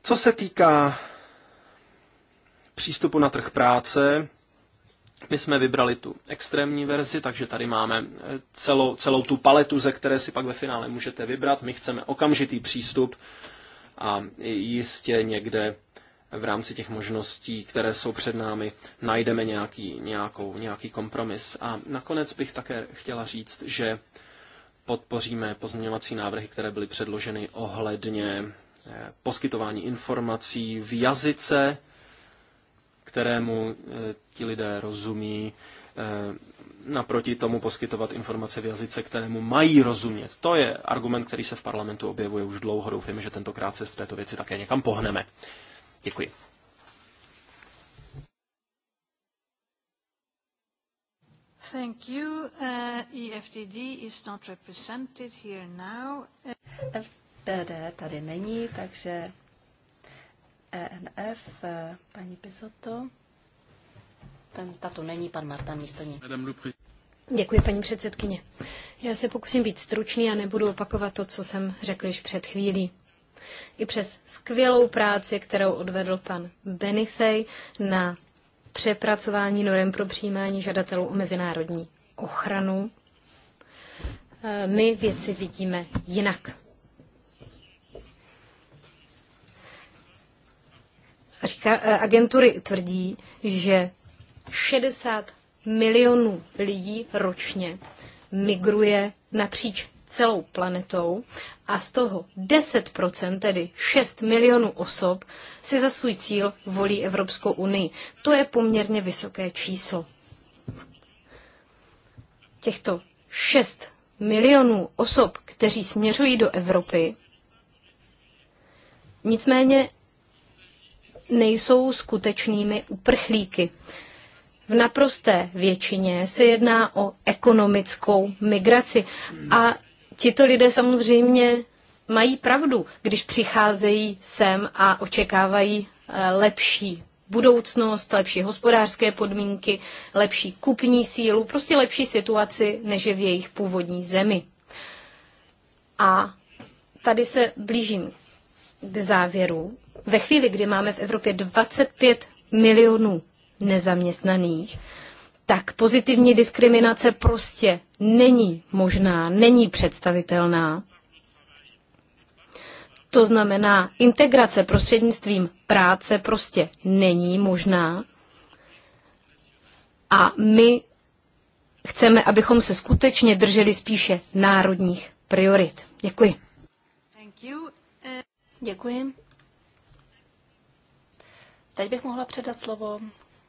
Co se týká přístupu na trh práce, my jsme vybrali tu extrémní verzi, takže tady máme eh, celou, celou tu paletu, ze které si pak ve finále můžete vybrat. My chceme okamžitý přístup a jistě někde v rámci těch možností, které jsou před námi, najdeme nějaký, nějakou, nějaký kompromis. A nakonec bych také chtěla říct, že podpoříme pozměňovací návrhy, které byly předloženy ohledně eh, poskytování informací v jazyce, kterému eh, ti lidé rozumí, eh, naproti tomu poskytovat informace v jazyce, kterému mají rozumět. To je argument, který se v parlamentu objevuje už dlouho. Doufejme, že tentokrát se v této věci také někam pohneme. Děkuji. Thank you. Uh, EFDD is not represented here now. E FDD tady není, takže ENF, uh, eh, paní Pisoto. Ten tato není, pan Martin Místoní. Děkuji, paní předsedkyně. Já se pokusím být stručný a nebudu opakovat to, co jsem řekl již před chvílí. I přes skvělou práci, kterou odvedl pan Benifej na přepracování norem pro přijímání žadatelů o mezinárodní ochranu, e, my věci vidíme jinak. Říká, e, agentury tvrdí, že 60 milionů lidí ročně migruje napříč celou planetou a z toho 10%, tedy 6 milionů osob, si za svůj cíl volí Evropskou unii. To je poměrně vysoké číslo. Těchto 6 milionů osob, kteří směřují do Evropy, nicméně nejsou skutečnými uprchlíky. V naprosté většině se jedná o ekonomickou migraci a tito lidé samozřejmě mají pravdu, když přicházejí sem a očekávají eh, lepší budoucnost, lepší hospodářské podmínky, lepší kupní sílu, prostě lepší situaci, než je v jejich původní zemi. A tady se blížím k závěru. Ve chvíli, kdy máme v Evropě 25 milionů nezaměstnaných, tak pozitivní diskriminace prostě není možná, není představitelná. To znamená, integrace prostřednictvím práce prostě není možná. A my chceme, abychom se skutečně drželi spíše národních priorit. Děkuji. Eh, děkuji. Teď bych mohla předat slovo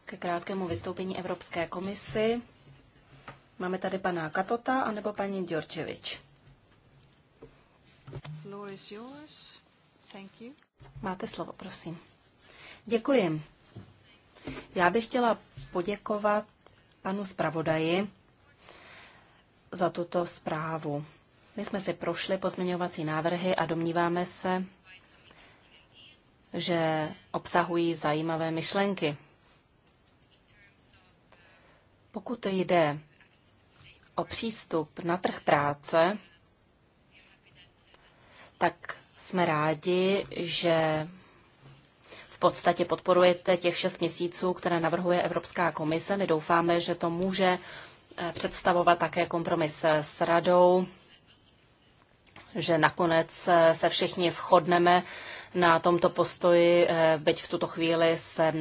ke krátkému vystoupení Evropské komisy. Máme tady pana Katota anebo paní Djorčevič. Máte slovo, prosím. Děkuji. Já bych chtěla poděkovat panu zpravodaji za tuto zprávu. My jsme si prošli pozměňovací návrhy a domníváme se, že obsahují zajímavé myšlenky. Pokud jde o přístup na trh práce, tak jsme rádi, že v podstatě podporujete těch šest měsíců, které navrhuje Evropská komise. My doufáme, že to může eh, představovat také kompromis s radou, že nakonec eh, se všichni shodneme na tomto postoji, eh, byť v tuto chvíli se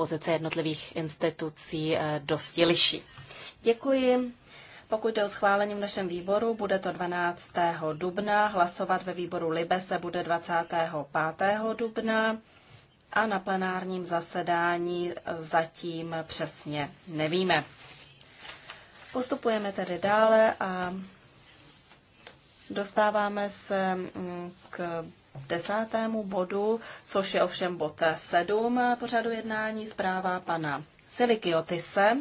pozice jednotlivých institucí eh, dosti liší. Děkuji. Pokud jde o schválení v našem výboru, bude to 12. dubna. Hlasovat ve výboru Libe se bude 25. dubna a na plenárním zasedání zatím přesně nevíme. Postupujeme tedy dále a dostáváme se mm, k desátému bodu, což je ovšem bod 7 pořadu jednání, zpráva pana Silikiotise.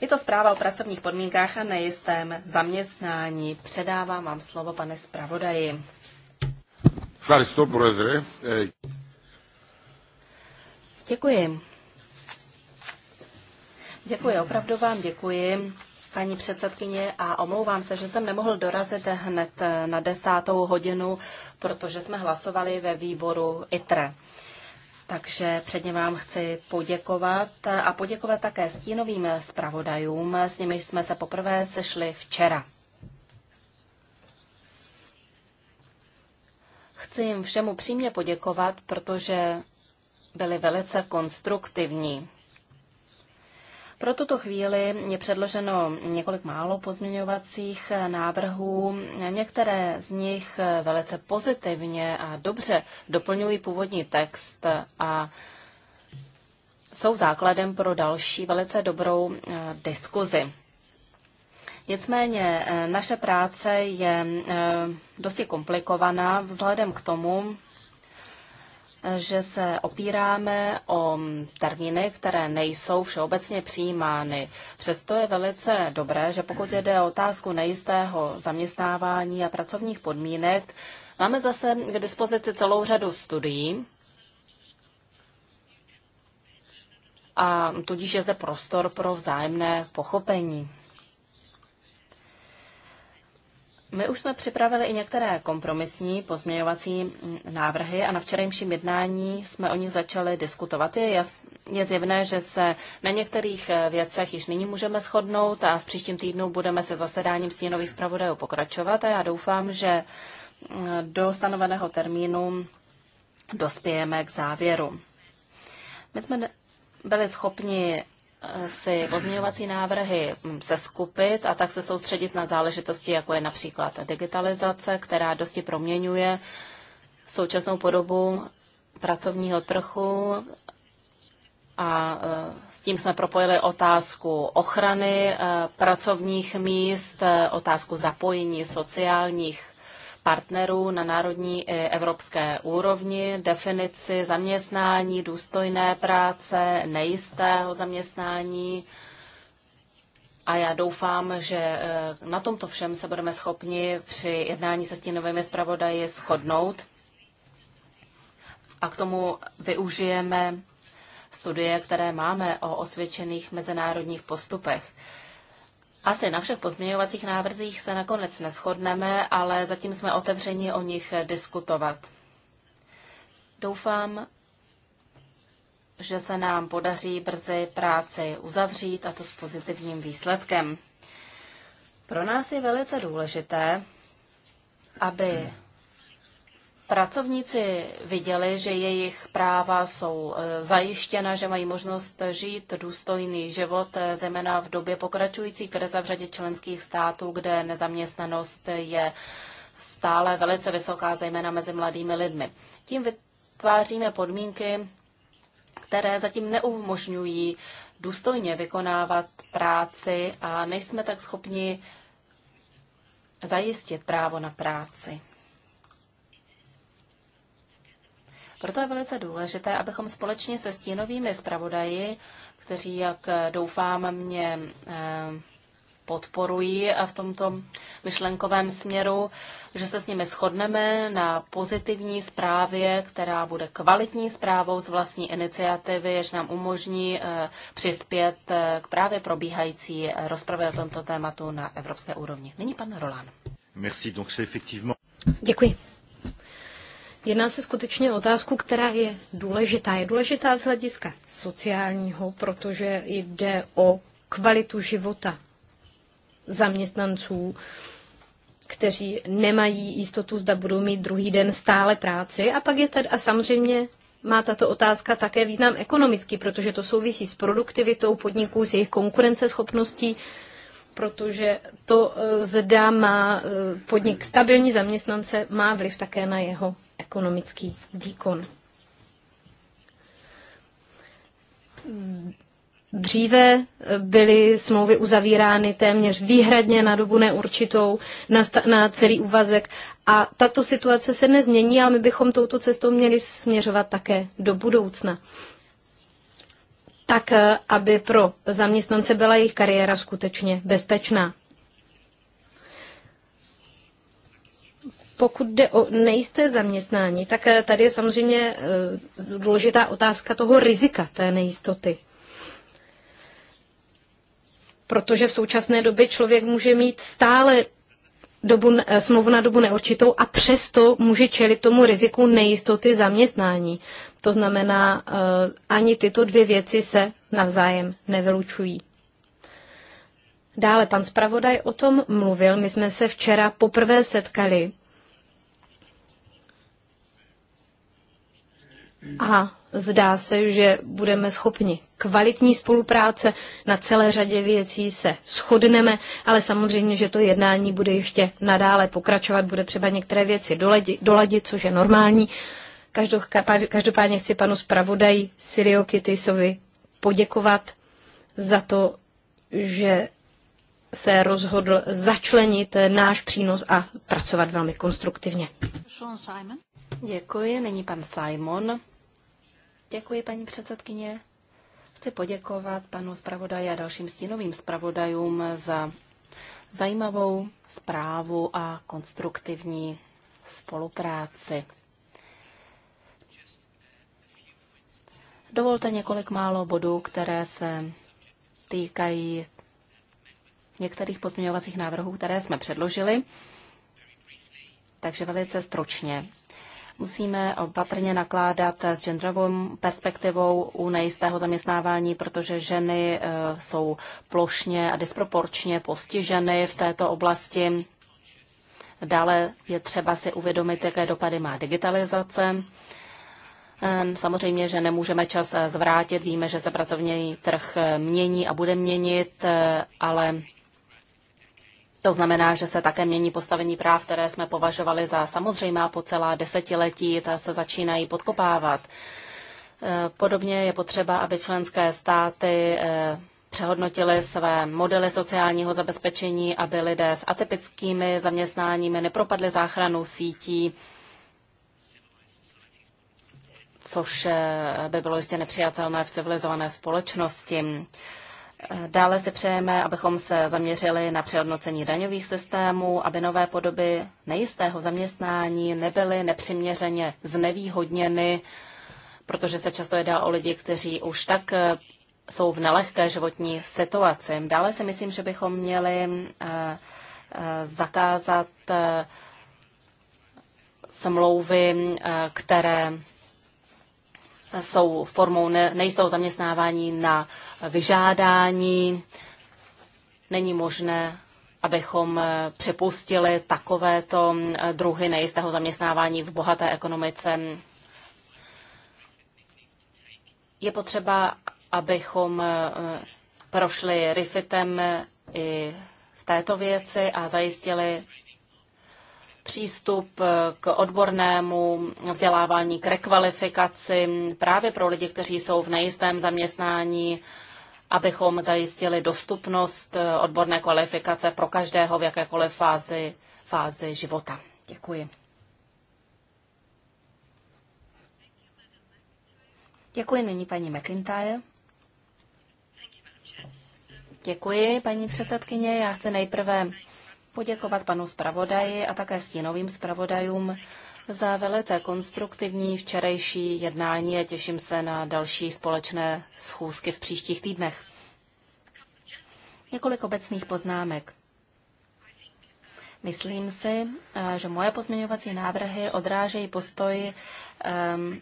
Je to zpráva o pracovních podmínkách a nejistém zaměstnání. Předávám vám slovo, pane zpravodaji. Děkuji. Děkuji, opravdu vám děkuji paní předsedkyně, a omlouvám se, že jsem nemohl dorazit hned na desátou hodinu, protože jsme hlasovali ve výboru ITRE. Takže předně vám chci poděkovat a poděkovat také stínovým zpravodajům, s nimi jsme se poprvé sešli včera. Chci jim všemu přímě poděkovat, protože byli velice konstruktivní. Pro tuto chvíli je předloženo několik málo pozměňovacích návrhů. Některé z nich velice pozitivně a dobře doplňují původní text a jsou základem pro další velice dobrou eh, diskuzi. Nicméně eh, naše práce je eh, dosti komplikovaná vzhledem k tomu, že se opíráme o termíny, které nejsou všeobecně přijímány. Přesto je velice dobré, že pokud jde o otázku nejistého zaměstnávání a pracovních podmínek, máme zase k dispozici celou řadu studií, a tudíž je zde prostor pro vzájemné pochopení. My už jsme připravili i některé kompromisní pozměňovací návrhy a na včerejším jednání jsme o nich začali diskutovat. Je, jas, je zjevné, že se na některých eh, věcech již nyní můžeme shodnout a v příštím týdnu budeme se zasedáním stínových zpravodajů pokračovat a já doufám, že eh, do stanoveného termínu dospějeme k závěru. My jsme byli schopni si pozměňovací návrhy mm, se skupit a tak se soustředit na záležitosti, jako je například digitalizace, která dosti proměňuje současnou podobu pracovního trhu a e, s tím jsme propojili otázku ochrany e, pracovních míst, e, otázku zapojení sociálních partnerů na národní i evropské úrovni, definici zaměstnání, důstojné práce, nejistého zaměstnání. A já doufám, že eh, na tomto všem se budeme schopni při jednání se stínovými zpravodaji shodnout. A k tomu využijeme studie, které máme o osvědčených mezinárodních postupech. Asi na všech pozměňovacích návrzích se nakonec neschodneme, ale zatím jsme otevřeni o nich diskutovat. Doufám, že se nám podaří brzy práci uzavřít a to s pozitivním výsledkem. Pro nás je velice důležité, aby pracovníci viděli, že jejich práva jsou e, zajištěna, že mají možnost žít důstojný život, e, zejména v době pokračující krize v řadě členských států, kde nezaměstnanost je stále velice vysoká, zejména mezi mladými lidmi. Tím vytváříme podmínky, které zatím neumožňují důstojně vykonávat práci a nejsme tak schopni zajistit právo na práci. Proto je velice důležité, abychom společně se stínovými zpravodaji, kteří, jak doufám, mě eh, podporují a v tomto myšlenkovém směru, že se s nimi shodneme na pozitivní zprávě, která bude kvalitní zprávou z vlastní iniciativy, jež nám umožní eh, přispět eh, k právě probíhající rozpravě o tomto tématu na evropské úrovni. Nyní pan Roland. Merci, donc c'est effectivement... Děkuji. Jedná se skutečně o otázku, která je důležitá. Je důležitá z hlediska sociálního, protože jde o kvalitu života zaměstnanců, kteří nemají jistotu, zda budou mít druhý den stále práci. A pak je tady, a samozřejmě má tato otázka také význam ekonomický, protože to souvisí s produktivitou podniků, s jejich konkurenceschopností protože to eh, zda má eh, podnik stabilní zaměstnance, má vliv také na jeho ekonomický výkon. Dříve eh, byly smlouvy uzavírány téměř výhradně na dobu neurčitou, na, na celý úvazek a tato situace se nezmění, ale my bychom touto cestou měli směřovat také do budoucna tak eh, aby pro zaměstnance byla jejich kariéra skutečně bezpečná. Pokud jde o nejisté zaměstnání, tak eh, tady je samozřejmě eh, důležitá otázka toho rizika té nejistoty. Protože v současné době člověk může mít stále dobu, eh, smlouvu na dobu neurčitou a přesto může čelit tomu riziku nejistoty zaměstnání. To znamená, eh, ani tyto dvě věci se navzájem nevylučují. Dále pan zpravodaj o tom mluvil. My jsme se včera poprvé setkali A zdá se, že budeme schopni kvalitní spolupráce, na celé řadě věcí se shodneme, ale samozřejmě, že to jednání bude ještě nadále pokračovat, bude třeba některé věci doladit, doladit což je normální. Každopádně chci panu zpravodaji Sirio Kytisovi poděkovat za to, že se rozhodl začlenit náš přínos a pracovat velmi konstruktivně. Sean Simon. Děkuji, není pan Simon. Děkuji, paní předsedkyně. Chci poděkovat panu zpravodaji a dalším stínovým zpravodajům za zajímavou zprávu a konstruktivní spolupráci. Dovolte několik málo bodů, které se týkají některých pozměňovacích návrhů, které jsme předložili. Takže velice stručně. Musíme opatrně nakládat s genderovou perspektivou u nejistého zaměstnávání, protože ženy eh, jsou plošně a disproporčně postiženy v této oblasti. Dále je třeba si uvědomit, jaké dopady má digitalizace. Eh, samozřejmě, že nemůžeme čas eh, zvrátit, víme, že se pracovní trh mění a bude měnit, ale to znamená, že se také mění postavení práv, které jsme považovali za samozřejmá po celá desetiletí, ta se začínají podkopávat. E, podobně je potřeba, aby členské státy e, přehodnotili své modely sociálního zabezpečení, aby lidé s atypickými zaměstnáními nepropadli záchranu sítí, což e, by bylo jistě nepřijatelné v civilizované společnosti. Dále si přejeme, abychom se zaměřili na přehodnocení daňových systémů, aby nové podoby nejistého zaměstnání nebyly nepřiměřeně znevýhodněny, protože se často jedná o lidi, kteří už tak eh, jsou v nelehké životní situaci. Dále si myslím, že bychom měli eh, eh, zakázat smlouvy, které jsou formou nejistého zaměstnávání na vyžádání není možné abychom eh, přepustili takovéto eh, druhy nejistého zaměstnávání v bohaté ekonomice. Je potřeba, abychom eh, prošli rifitem i v této věci a zajistili přístup k odbornému vzdělávání, k rekvalifikaci právě pro lidi, kteří jsou v nejistém zaměstnání abychom zajistili dostupnost eh, odborné kvalifikace pro každého v jakékoliv fázi, fázi života. Děkuji. Děkuji nyní paní McIntyre. Děkuji, paní předsedkyně. Já chci nejprve poděkovat panu zpravodaji a také stínovým zpravodajům za velice konstruktivní včerejší jednání a těším se na další společné schůzky v příštích týdnech. Několik obecných poznámek. Myslím si, eh, že moje pozměňovací návrhy odrážejí postoj um,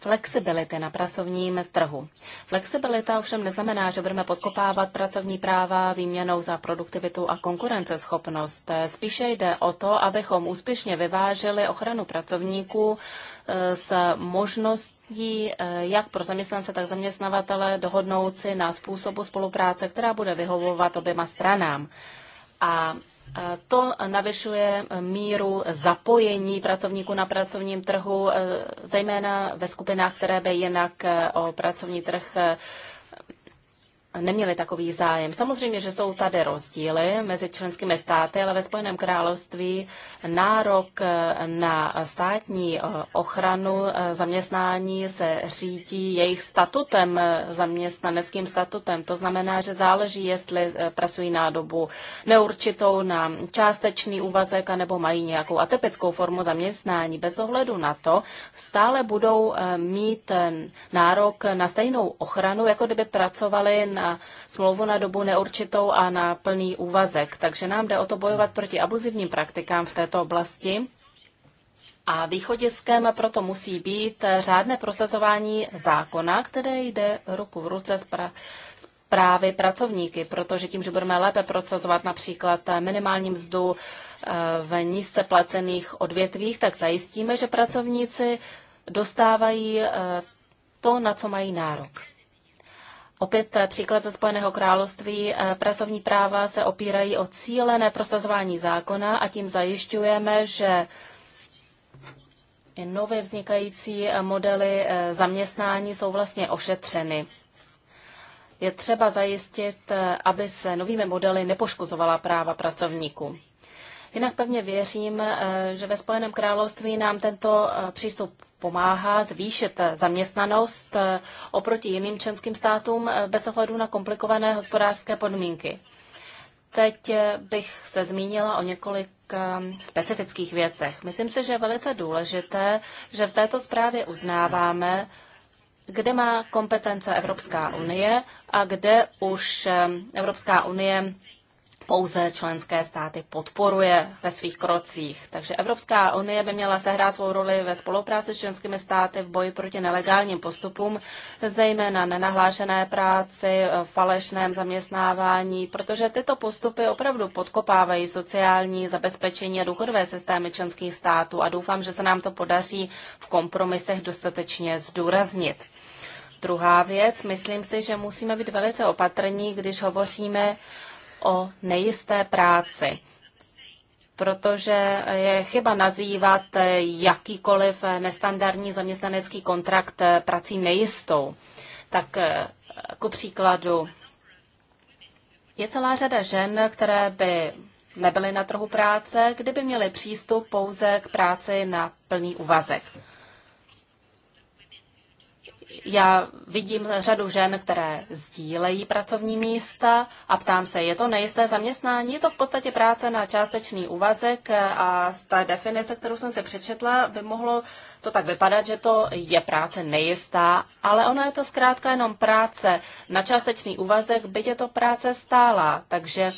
flexibility na pracovním trhu. Flexibilita ovšem neznamená, že budeme podkopávat pracovní práva výměnou za produktivitu a konkurenceschopnost. Spíše jde o to, abychom úspěšně vyváželi ochranu pracovníků eh, s možností eh, jak pro zaměstnance, tak zaměstnavatele dohodnout si na způsobu spolupráce, která bude vyhovovat oběma stranám. A to navyšuje míru zapojení pracovníků na pracovním trhu, e, zejména ve skupinách, které by jinak e, o pracovní trh e, neměli takový zájem. Samozřejmě, že jsou tady rozdíly mezi členskými státy, ale ve Spojeném království nárok eh, na státní eh, ochranu eh, zaměstnání se řídí jejich statutem, zaměstnaneckým statutem. To znamená, že záleží, jestli pracují na dobu neurčitou, na částečný úvazek, anebo mají nějakou atypickou formu zaměstnání. Bez ohledu na to stále budou mít nárok na stejnou ochranu, jako kdyby pracovali na smlouvu na dobu neurčitou a na plný úvazek. Takže nám jde o to bojovat proti abuzivním praktikám v této oblasti. A východiskem proto musí být řádné prosazování zákona, které jde ruku v ruce s, pra- právě pracovníky, protože tím, že budeme lépe procesovat například minimální mzdu eh, v nízce placených odvětvích, tak zajistíme, že pracovníci dostávají eh, to, na co mají nárok. Opět eh, příklad ze Spojeného království. Eh, pracovní práva se opírají o cílené prosazování zákona a tím zajišťujeme, že nově vznikající eh, modely zaměstnání jsou vlastně ošetřeny. Je třeba zajistit, aby se novými modely nepoškozovala práva pracovníků. Jinak pevně věřím, eh, že ve Spojeném království nám tento eh, přístup pomáhá zvýšit zaměstnanost eh, oproti jiným členským státům bez ohledu na komplikované hospodářské podmínky. Teď bych se zmínila o několik specifických věcech. Myslím si, že je velice důležité, že v této zprávě uznáváme, kde má kompetence Evropská unie a kde už Evropská unie pouze členské státy podporuje ve svých krocích. Takže Evropská unie by měla sehrát svou roli ve spolupráci s členskými státy v boji proti nelegálním postupům, zejména nenahlášené práci, falešném zaměstnávání, protože tyto postupy opravdu podkopávají sociální zabezpečení a důchodové systémy členských států a doufám, že se nám to podaří v kompromisech dostatečně zdůraznit. Druhá věc, myslím si, že musíme být velice opatrní, když hovoříme o nejisté práci protože je chyba nazývat jakýkoliv nestandardní zaměstnanecký kontrakt prací nejistou. Tak eh, ku příkladu, je celá řada žen, které by nebyly na trhu práce, kdyby měly přístup pouze k práci na plný úvazek. Já vidím řadu žen, které sdílejí pracovní místa a ptám se, je to nejisté zaměstnání? Je to v podstatě práce na částečný úvazek a z té definice, kterou jsem si přečetla, by mohlo to tak vypadat, že to je práce nejistá, ale ono je to zkrátka jenom práce na částečný úvazek, byť je to práce stála. Takže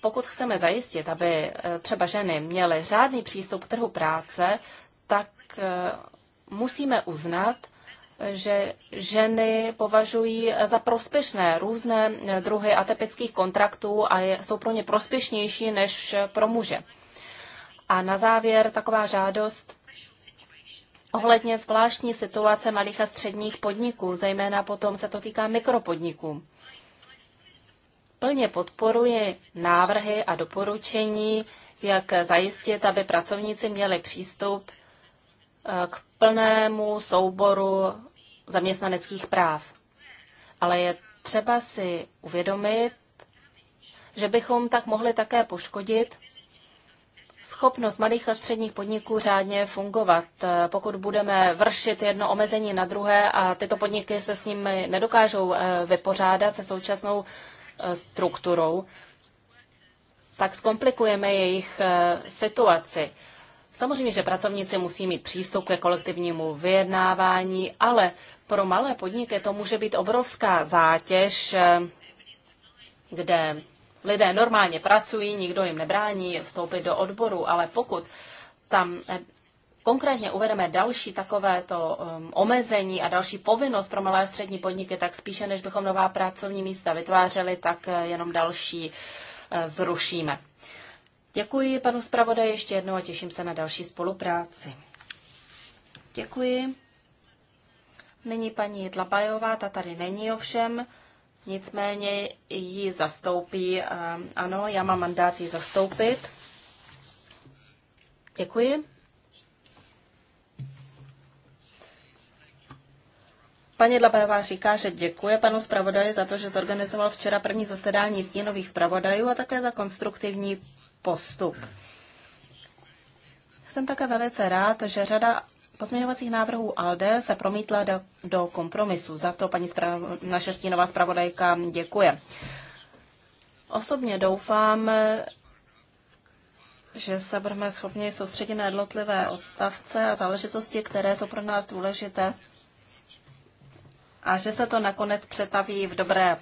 pokud chceme zajistit, aby eh, třeba ženy měly řádný přístup k trhu práce, tak eh, musíme uznat, že ženy považují za prospěšné různé druhy atypických kontraktů a jsou pro ně prospěšnější než pro muže. A na závěr taková žádost ohledně zvláštní situace malých a středních podniků, zejména potom se to týká mikropodniků. Plně podporuji návrhy a doporučení, jak zajistit, aby pracovníci měli přístup eh, k plnému souboru zaměstnaneckých práv. Ale je třeba si uvědomit, že bychom tak mohli také poškodit schopnost malých a středních podniků řádně fungovat. Pokud budeme vršit jedno omezení na druhé a tyto podniky se s nimi nedokážou eh, vypořádat se současnou eh, strukturou, tak zkomplikujeme jejich eh, situaci. Samozřejmě, že pracovníci musí mít přístup ke kolektivnímu vyjednávání, ale pro malé podniky to může být obrovská zátěž, eh, kde lidé normálně pracují, nikdo jim nebrání vstoupit do odboru, ale pokud tam eh, konkrétně uvedeme další takovéto ehm, omezení a další povinnost pro malé a střední podniky, tak spíše než bychom nová pracovní místa vytvářeli, tak eh, jenom další zrušíme. Děkuji panu zpravodaji ještě jednou a těším se na další spolupráci. Děkuji. Nyní paní Dlabajová, ta tady není ovšem, nicméně ji zastoupí. Eh, ano, já mám mandát ji zastoupit. Děkuji. Paní Dlabajová říká, že děkuje panu zpravodaji za to, že zorganizoval včera první zasedání stínových zpravodajů a také za konstruktivní postup. Jsem také velice rád, že řada pozměňovacích návrhů ALDE se promítla do, do kompromisu. Za to paní spra- naše stínová zpravodajka děkuje. Osobně doufám, že se budeme schopni soustředit na jednotlivé odstavce a záležitosti, které jsou pro nás důležité a že se to nakonec přetaví v dobré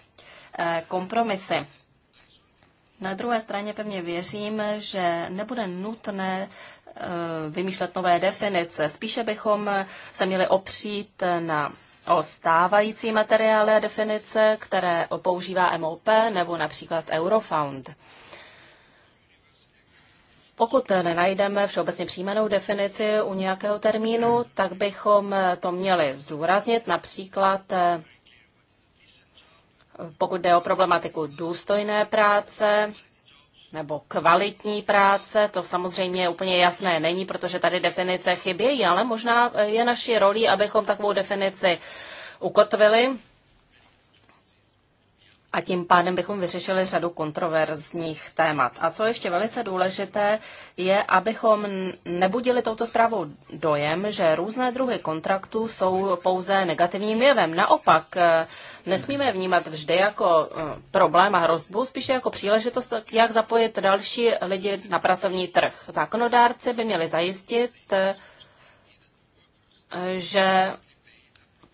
eh, kompromisy. Na druhé straně pevně věřím, že nebude nutné Eh, vymýšlet nové definice. Spíše bychom se měli opřít na o stávající materiály a definice, které používá MOP nebo například Eurofound. Pokud nenajdeme všeobecně přijímanou definici u nějakého termínu, tak bychom to měli zdůraznit, například eh, pokud jde o problematiku důstojné práce, nebo kvalitní práce, to samozřejmě úplně jasné není, protože tady definice chybějí, ale možná je naší rolí, abychom takovou definici ukotvili a tím pádem bychom vyřešili řadu kontroverzních témat. A co ještě velice důležité, je, abychom nebudili touto zprávou dojem, že různé druhy kontraktů jsou pouze negativním jevem. Naopak, e, nesmíme vnímat vždy jako e, problém a hrozbu, spíše jako příležitost, jak zapojit další lidi na pracovní trh. Zákonodárci by měli zajistit, e, že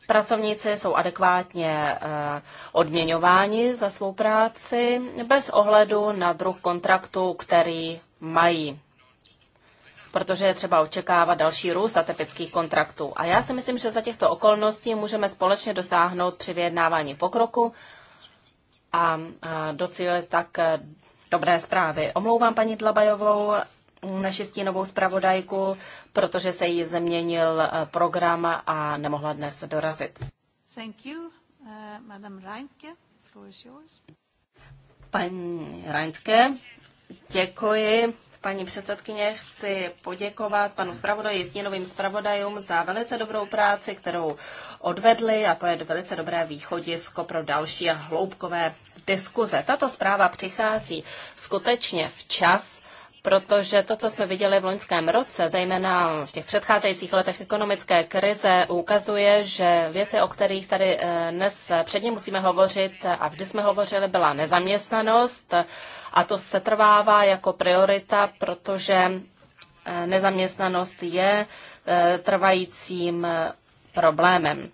pracovníci jsou adekvátně eh, odměňováni za svou práci bez ohledu na druh kontraktu, který mají protože je třeba očekávat další růst atypických kontraktů. A já si myslím, že za těchto okolností můžeme společně dosáhnout při vyjednávání pokroku a docílit tak eh, dobré zprávy. Omlouvám paní Dlabajovou naši stínovou zpravodajku, protože se jí změnil eh, program a nemohla dnes dorazit. Thank you, eh, Madame yours. Paní Reinke, děkuji. Paní předsedkyně, chci poděkovat panu zpravodaji, stínovým zpravodajům za velice dobrou práci, kterou odvedli a to je velice dobré východisko pro další a hloubkové diskuze. Tato zpráva přichází skutečně včas protože to, co jsme viděli v loňském roce, zejména v těch předcházejících letech ekonomické krize, ukazuje, že věci, o kterých tady eh, dnes předně musíme hovořit a vždy jsme hovořili, byla nezaměstnanost a to se trvává jako priorita, protože eh, nezaměstnanost je eh, trvajícím problémem.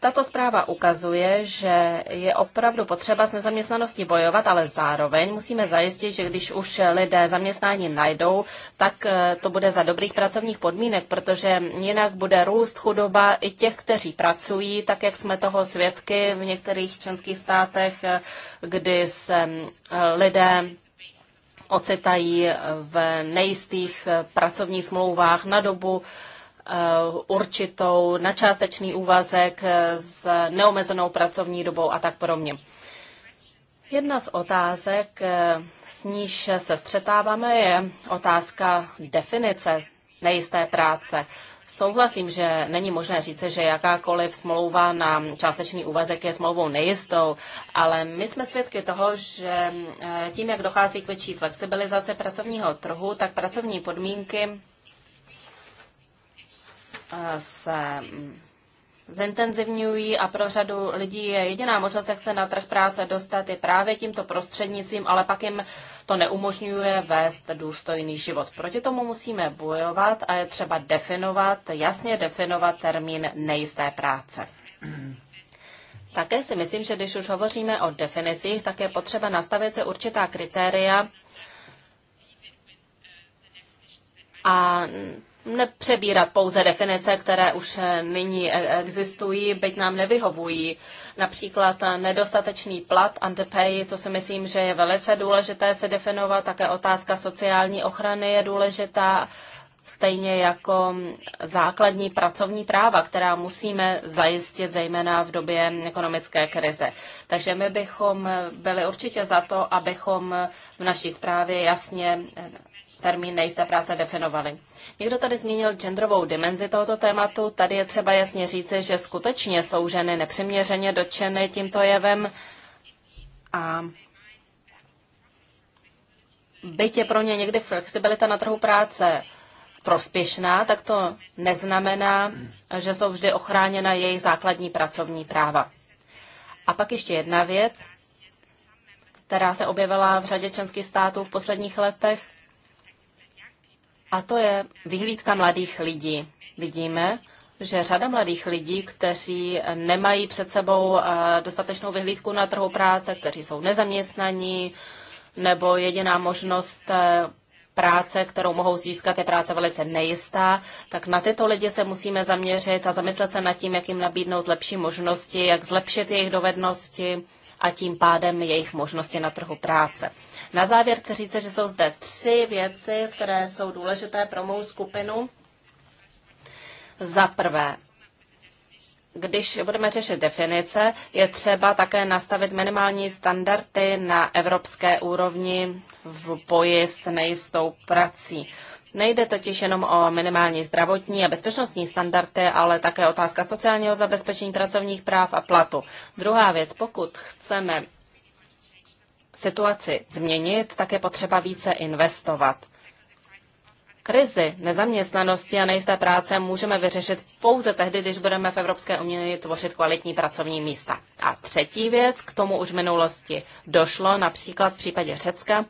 Tato zpráva ukazuje, že je opravdu potřeba s nezaměstnaností bojovat, ale zároveň musíme zajistit, že když už lidé zaměstnání najdou, tak eh, to bude za dobrých pracovních podmínek, protože jinak bude růst chudoba i těch, kteří pracují, tak jak jsme toho svědky v některých členských státech, eh, kdy se eh, lidé ocitají v nejistých pracovních smlouvách na dobu Eh, určitou na částečný úvazek eh, s neomezenou pracovní dobou a tak podobně. Jedna z otázek, eh, s níž se střetáváme, je otázka definice nejisté práce. Souhlasím, že není možné říct, že jakákoliv smlouva na částečný úvazek je smlouvou nejistou, ale my jsme svědky toho, že tím, jak dochází k větší flexibilizaci pracovního trhu, tak pracovní podmínky se mm, zintenzivňují a pro řadu lidí je jediná možnost, jak se na trh práce dostat, je právě tímto prostřednicím, ale pak jim to neumožňuje vést důstojný život. Proti tomu musíme bojovat a je třeba definovat, jasně definovat termín nejisté práce. Také si myslím, že když už hovoříme o definicích, tak je potřeba nastavit se určitá kritéria a nepřebírat pouze definice, které už eh, nyní eh, existují, byť nám nevyhovují. Například eh, nedostatečný plat, underpay, to si myslím, že je velice důležité se definovat, také otázka sociální ochrany je důležitá, stejně jako mm, základní pracovní práva, která musíme zajistit zejména v době ekonomické krize. Takže my bychom byli určitě za to, abychom v naší zprávě jasně termín nejisté práce definovali. Někdo tady zmínil genderovou dimenzi tohoto tématu. Tady je třeba jasně říci, že skutečně jsou ženy nepřiměřeně dotčeny tímto jevem a byť je pro ně někdy flexibilita na trhu práce prospěšná, tak to neznamená, že jsou vždy ochráněna jejich základní pracovní práva. A pak ještě jedna věc, která se objevila v řadě členských států v posledních letech. A to je vyhlídka mladých lidí. Vidíme, že řada mladých lidí, kteří nemají před sebou eh, dostatečnou vyhlídku na trhu práce, kteří jsou nezaměstnaní, nebo jediná možnost eh, práce, kterou mohou získat, je práce velice nejistá, tak na tyto lidi se musíme zaměřit a zamyslet se nad tím, jak jim nabídnout lepší možnosti, jak zlepšit jejich dovednosti, a tím pádem jejich možnosti na trhu práce. Na závěr chci říct, že jsou zde tři věci, které jsou důležité pro mou skupinu. Za prvé, když budeme řešit definice, je třeba také nastavit minimální standardy na evropské úrovni v boji s nejistou prací. Nejde totiž jenom o minimální zdravotní a bezpečnostní standardy, ale také otázka sociálního zabezpečení pracovních práv a platu. Druhá věc, pokud chceme situaci změnit, tak je potřeba více investovat. Krizi nezaměstnanosti a nejisté práce můžeme vyřešit pouze tehdy, když budeme v Evropské unii tvořit kvalitní pracovní místa. A třetí věc, k tomu už v minulosti došlo, například v případě Řecka,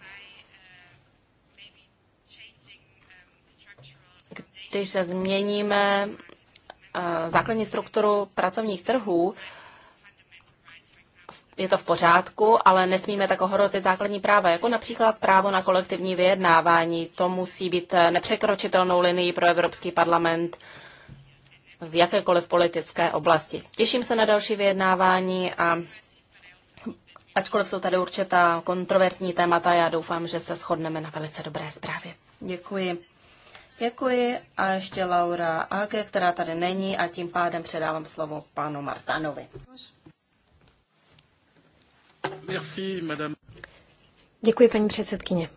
když změníme eh, základní strukturu pracovních trhů, je to v pořádku, ale nesmíme tak ohrozit základní práva, jako například právo na kolektivní vyjednávání. To musí být eh, nepřekročitelnou linií pro Evropský parlament v jakékoliv politické oblasti. Těším se na další vyjednávání a ačkoliv jsou tady určitá kontroverzní témata, já doufám, že se shodneme na velice dobré zprávě. Děkuji. Děkuji a ještě Laura Age, která tady není a tím pádem předávám slovo panu Martanovi. Merci, madame. Děkuji, paní předsedkyně.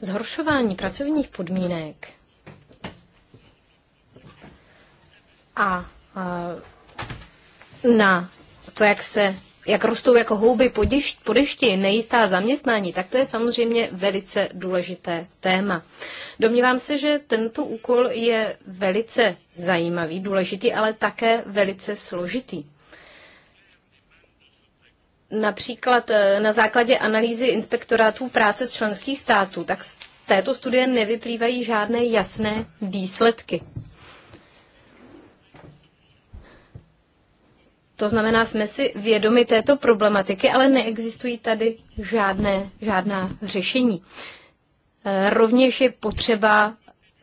Zhoršování pracovních podmínek a na to, jak se jak rostou jako houby po, po dešti, nejistá zaměstnání, tak to je samozřejmě velice důležité téma. Domnívám se, že tento úkol je velice zajímavý, důležitý, ale také velice složitý. Například eh, na základě analýzy inspektorátů práce z členských států, tak z této studie nevyplývají žádné jasné výsledky. To znamená, jsme si vědomi této problematiky, ale neexistují tady žádné, žádná řešení. Eh, rovněž je potřeba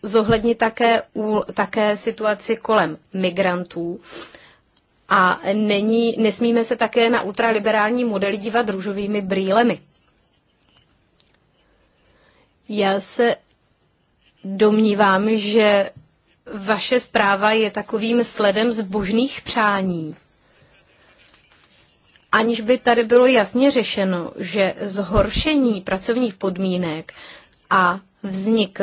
zohlednit také, u, také situaci kolem migrantů. A není, nesmíme se také na ultraliberální modely dívat růžovými brýlemi. Já se domnívám, že vaše zpráva je takovým sledem zbožných přání aniž by tady bylo jasně řešeno, že zhoršení pracovních podmínek a vznik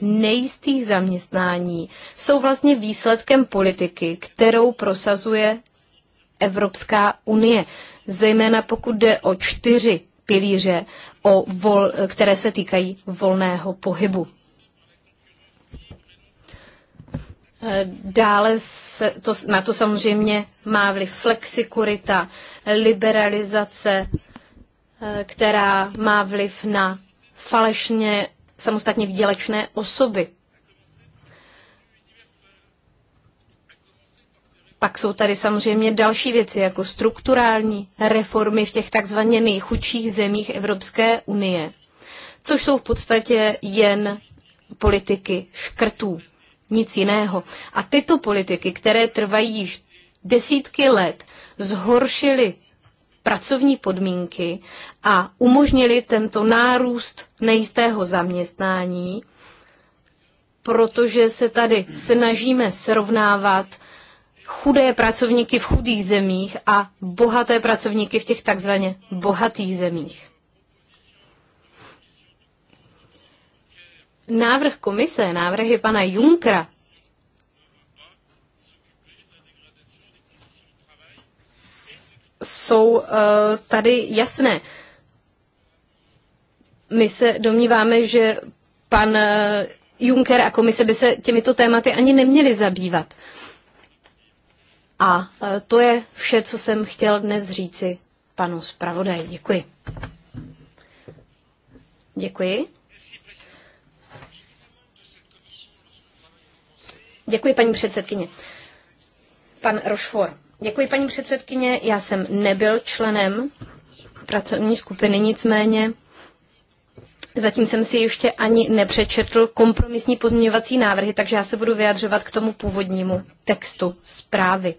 nejistých zaměstnání jsou vlastně výsledkem politiky, kterou prosazuje Evropská unie, zejména pokud jde o čtyři pilíře, o vol, které se týkají volného pohybu. Dále se to, na to samozřejmě má vliv flexikurita, liberalizace, eh, která má vliv na falešně samostatně výdělečné osoby. Pak jsou tady samozřejmě další věci, jako strukturální reformy v těch takzvaně nejchudších zemích Evropské unie, což jsou v podstatě jen politiky škrtů nic jiného. A tyto politiky, které trvají již desítky let, zhoršily pracovní podmínky a umožnili tento nárůst nejistého zaměstnání, protože se tady snažíme srovnávat chudé pracovníky v chudých zemích a bohaté pracovníky v těch takzvaně bohatých zemích. návrh komise, návrhy pana Junkra, jsou eh, tady jasné. My se domníváme, že pan eh, Juncker a komise by se těmito tématy ani neměli zabývat. A eh, to je vše, co jsem chtěl dnes říci panu zpravodaji. Děkuji. Děkuji. Děkuji, paní předsedkyně. Pan Rošfor. Děkuji, paní předsedkyně. Já jsem nebyl členem pracovní skupiny, nicméně zatím jsem si ještě ani nepřečetl kompromisní pozměňovací návrhy, takže já se budu vyjadřovat k tomu původnímu textu zprávy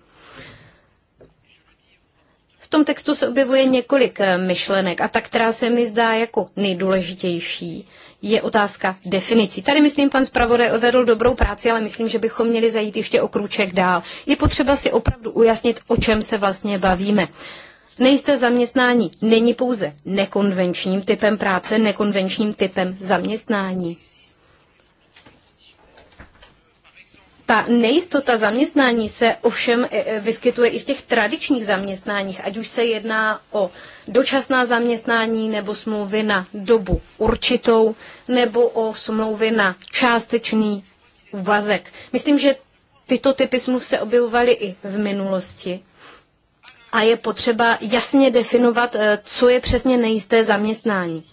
tom textu se objevuje několik eh, myšlenek a ta, která se mi zdá jako nejdůležitější, je otázka definicí. Tady, myslím, pan zpravodaj odvedl dobrou práci, ale myslím, že bychom měli zajít ještě o krůček dál. Je potřeba si opravdu ujasnit, o čem se vlastně bavíme. Nejisté zaměstnání není pouze nekonvenčním typem práce, nekonvenčním typem zaměstnání. Ta nejistota zaměstnání se ovšem e, e, vyskytuje i v těch tradičních zaměstnáních, ať už se jedná o dočasná zaměstnání nebo smlouvy na dobu určitou nebo o smlouvy na částečný úvazek. Myslím, že tyto typy smluv se objevovaly i v minulosti. A je potřeba jasně definovat, e, co je přesně nejisté zaměstnání.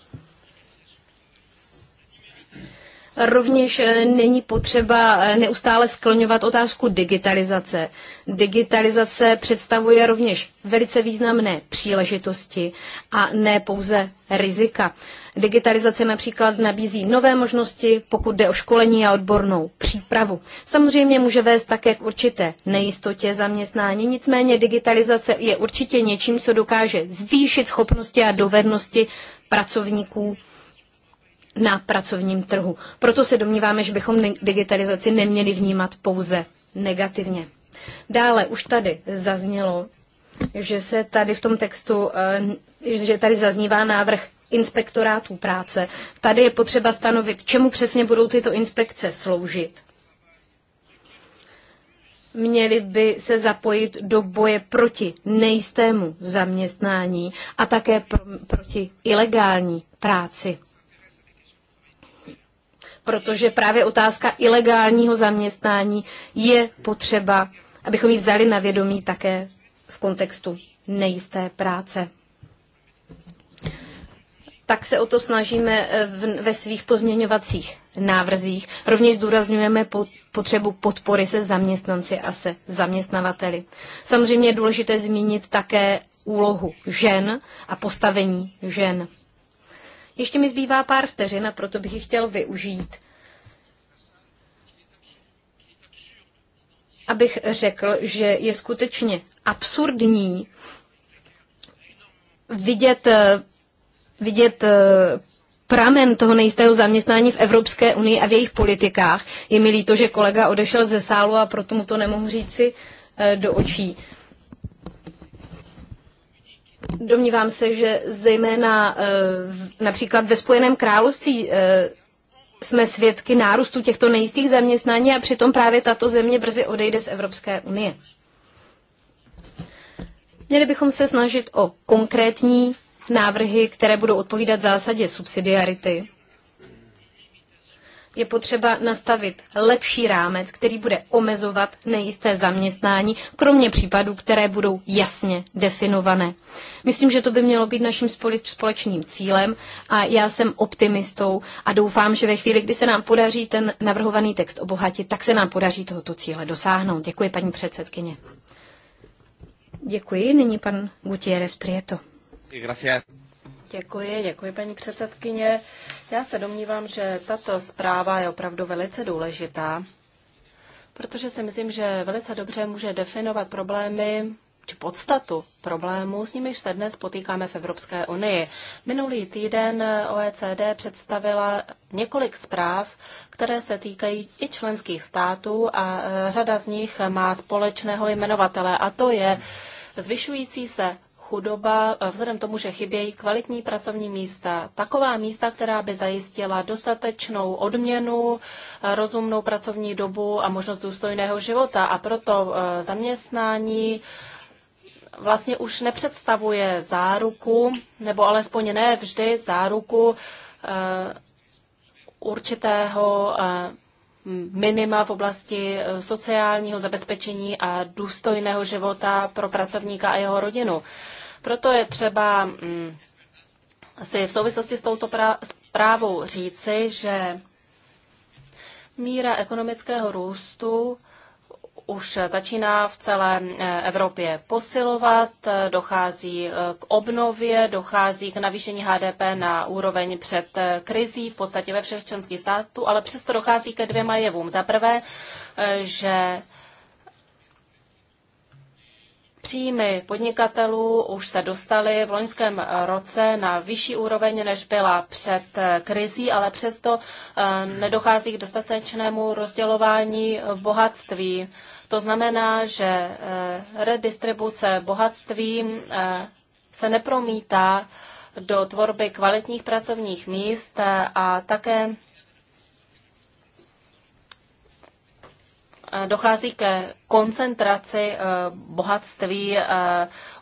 Rovněž eh, není potřeba eh, neustále skloňovat otázku digitalizace. Digitalizace představuje rovněž velice významné příležitosti a ne pouze rizika. Digitalizace například nabízí nové možnosti, pokud jde o školení a odbornou přípravu. Samozřejmě může vést také k určité nejistotě zaměstnání, nicméně digitalizace je určitě něčím, co dokáže zvýšit schopnosti a dovednosti pracovníků na pracovním trhu. Proto se domníváme, že bychom digitalizaci neměli vnímat pouze negativně. Dále už tady zaznělo, že se tady v tom textu, eh, že tady zaznívá návrh inspektorátů práce. Tady je potřeba stanovit, čemu přesně budou tyto inspekce sloužit. Měli by se zapojit do boje proti nejistému zaměstnání a také pro, proti ilegální práci protože právě otázka ilegálního zaměstnání je potřeba, abychom ji vzali na vědomí také v kontextu nejisté práce. Tak se o to snažíme eh, v, ve svých pozměňovacích návrzích. Rovněž zdůrazňujeme potřebu podpory se zaměstnanci a se zaměstnavateli. Samozřejmě je důležité zmínit také úlohu žen a postavení žen. Ještě mi zbývá pár vteřin a proto bych ji chtěl využít. Abych řekl, že je skutečně absurdní vidět, vidět eh, pramen toho nejistého zaměstnání v Evropské unii a v jejich politikách. Je mi líto, že kolega odešel ze sálu a proto mu to nemohu říci eh, do očí. Domnívám se, že zejména eh, například ve Spojeném království eh, jsme svědky nárůstu těchto nejistých zaměstnání a přitom právě tato země brzy odejde z Evropské unie. Měli bychom se snažit o konkrétní návrhy, které budou odpovídat zásadě subsidiarity je potřeba nastavit lepší rámec, který bude omezovat nejisté zaměstnání, kromě případů, které budou jasně definované. Myslím, že to by mělo být naším společným cílem a já jsem optimistou a doufám, že ve chvíli, kdy se nám podaří ten navrhovaný text obohatit, tak se nám podaří tohoto cíle dosáhnout. Děkuji, paní předsedkyně. Děkuji. Nyní pan Gutierrez Prieto. Gracias. Děkuji, děkuji paní předsedkyně. Já se domnívám, že tato zpráva je opravdu velice důležitá, protože si myslím, že velice dobře může definovat problémy či podstatu problémů, s nimiž se dnes potýkáme v Evropské unii. Minulý týden OECD představila několik zpráv, které se týkají i členských států a e, řada z nich má společného jmenovatele a to je zvyšující se chudoba eh, vzhledem tomu, že chybějí kvalitní pracovní místa. Taková místa, která by zajistila dostatečnou odměnu, eh, rozumnou pracovní dobu a možnost důstojného života. A proto eh, zaměstnání vlastně už nepředstavuje záruku, nebo alespoň ne vždy záruku určitého minima v oblasti sociálního zabezpečení a důstojného života pro pracovníka a jeho rodinu. Proto je třeba mm, si v souvislosti s touto zprávou říci, že míra ekonomického růstu už začíná v celé e, Evropě posilovat, e, dochází e, k obnově, dochází k navýšení HDP na úroveň před krizí v podstatě ve všech členských států, ale přesto dochází ke dvěma jevům. Za prvé, že Příjmy podnikatelů už se dostaly v loňském roce na vyšší úroveň, než byla před eh, krizí, ale přesto eh, nedochází k dostatečnému rozdělování bohatství. To znamená, že eh, redistribuce bohatství se nepromítá do tvorby kvalitních pracovních míst a také dochází ke koncentraci e, bohatství e,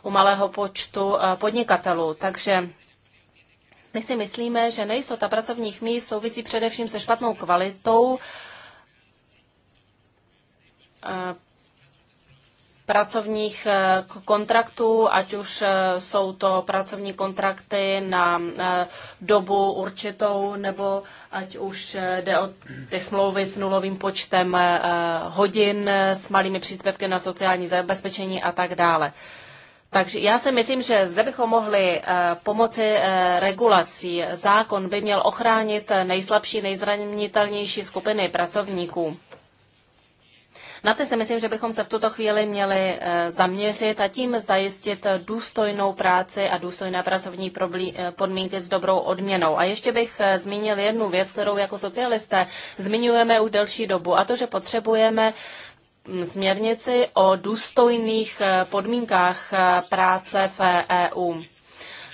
u malého počtu e, podnikatelů. Takže my si myslíme, že nejistota pracovních míst souvisí především se špatnou kvalitou pracovních eh, kontraktů, ať už eh, jsou to pracovní kontrakty na eh, dobu určitou, nebo ať už jde o ty smlouvy s nulovým počtem hodin, s malými příspěvky na sociální zabezpečení a tak dále. Takže já si myslím, že zde bychom mohli pomoci regulací. Zákon by měl ochránit nejslabší, nejzranitelnější skupiny pracovníků. Na ty si myslím, že bychom se v tuto chvíli měli eh, zaměřit a tím zajistit důstojnou práci a důstojné pracovní eh, podmínky s dobrou odměnou. A ještě bych eh, zmínil jednu věc, kterou jako socialisté zmiňujeme už delší dobu, a to, že potřebujeme mm, směrnici o důstojných podmínkách práce v EU.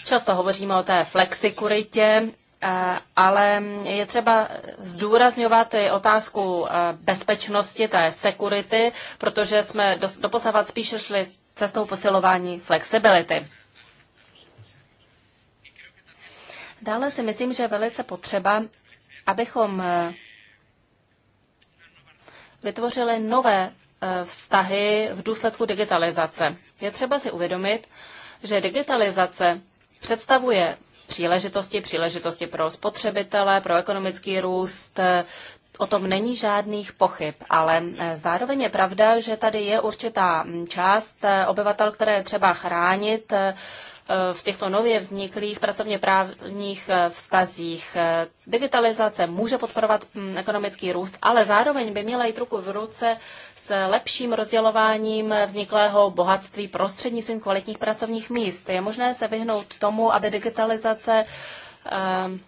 Často hovoříme o té flexikuritě, Eh, ale je třeba zdůrazňovat i otázku eh, bezpečnosti, té security, protože jsme doposavat spíše šli cestou posilování flexibility. Dále si myslím, že je velice potřeba, abychom eh, vytvořili nové vztahy v důsledku digitalizace. Je třeba si uvědomit, že digitalizace představuje příležitosti, příležitosti pro spotřebitele, pro ekonomický růst. O tom není žádných pochyb, ale eh, zároveň je pravda, že tady je určitá mm, část eh, obyvatel, které třeba chránit eh, Eh, v těchto nově vzniklých pracovně právních eh, vztazích. Eh, digitalizace může podporovat hm, ekonomický růst, ale zároveň by měla jít ruku v ruce s lepším rozdělováním vzniklého bohatství prostřednictvím kvalitních pracovních míst. Je možné se vyhnout tomu, aby digitalizace ehm,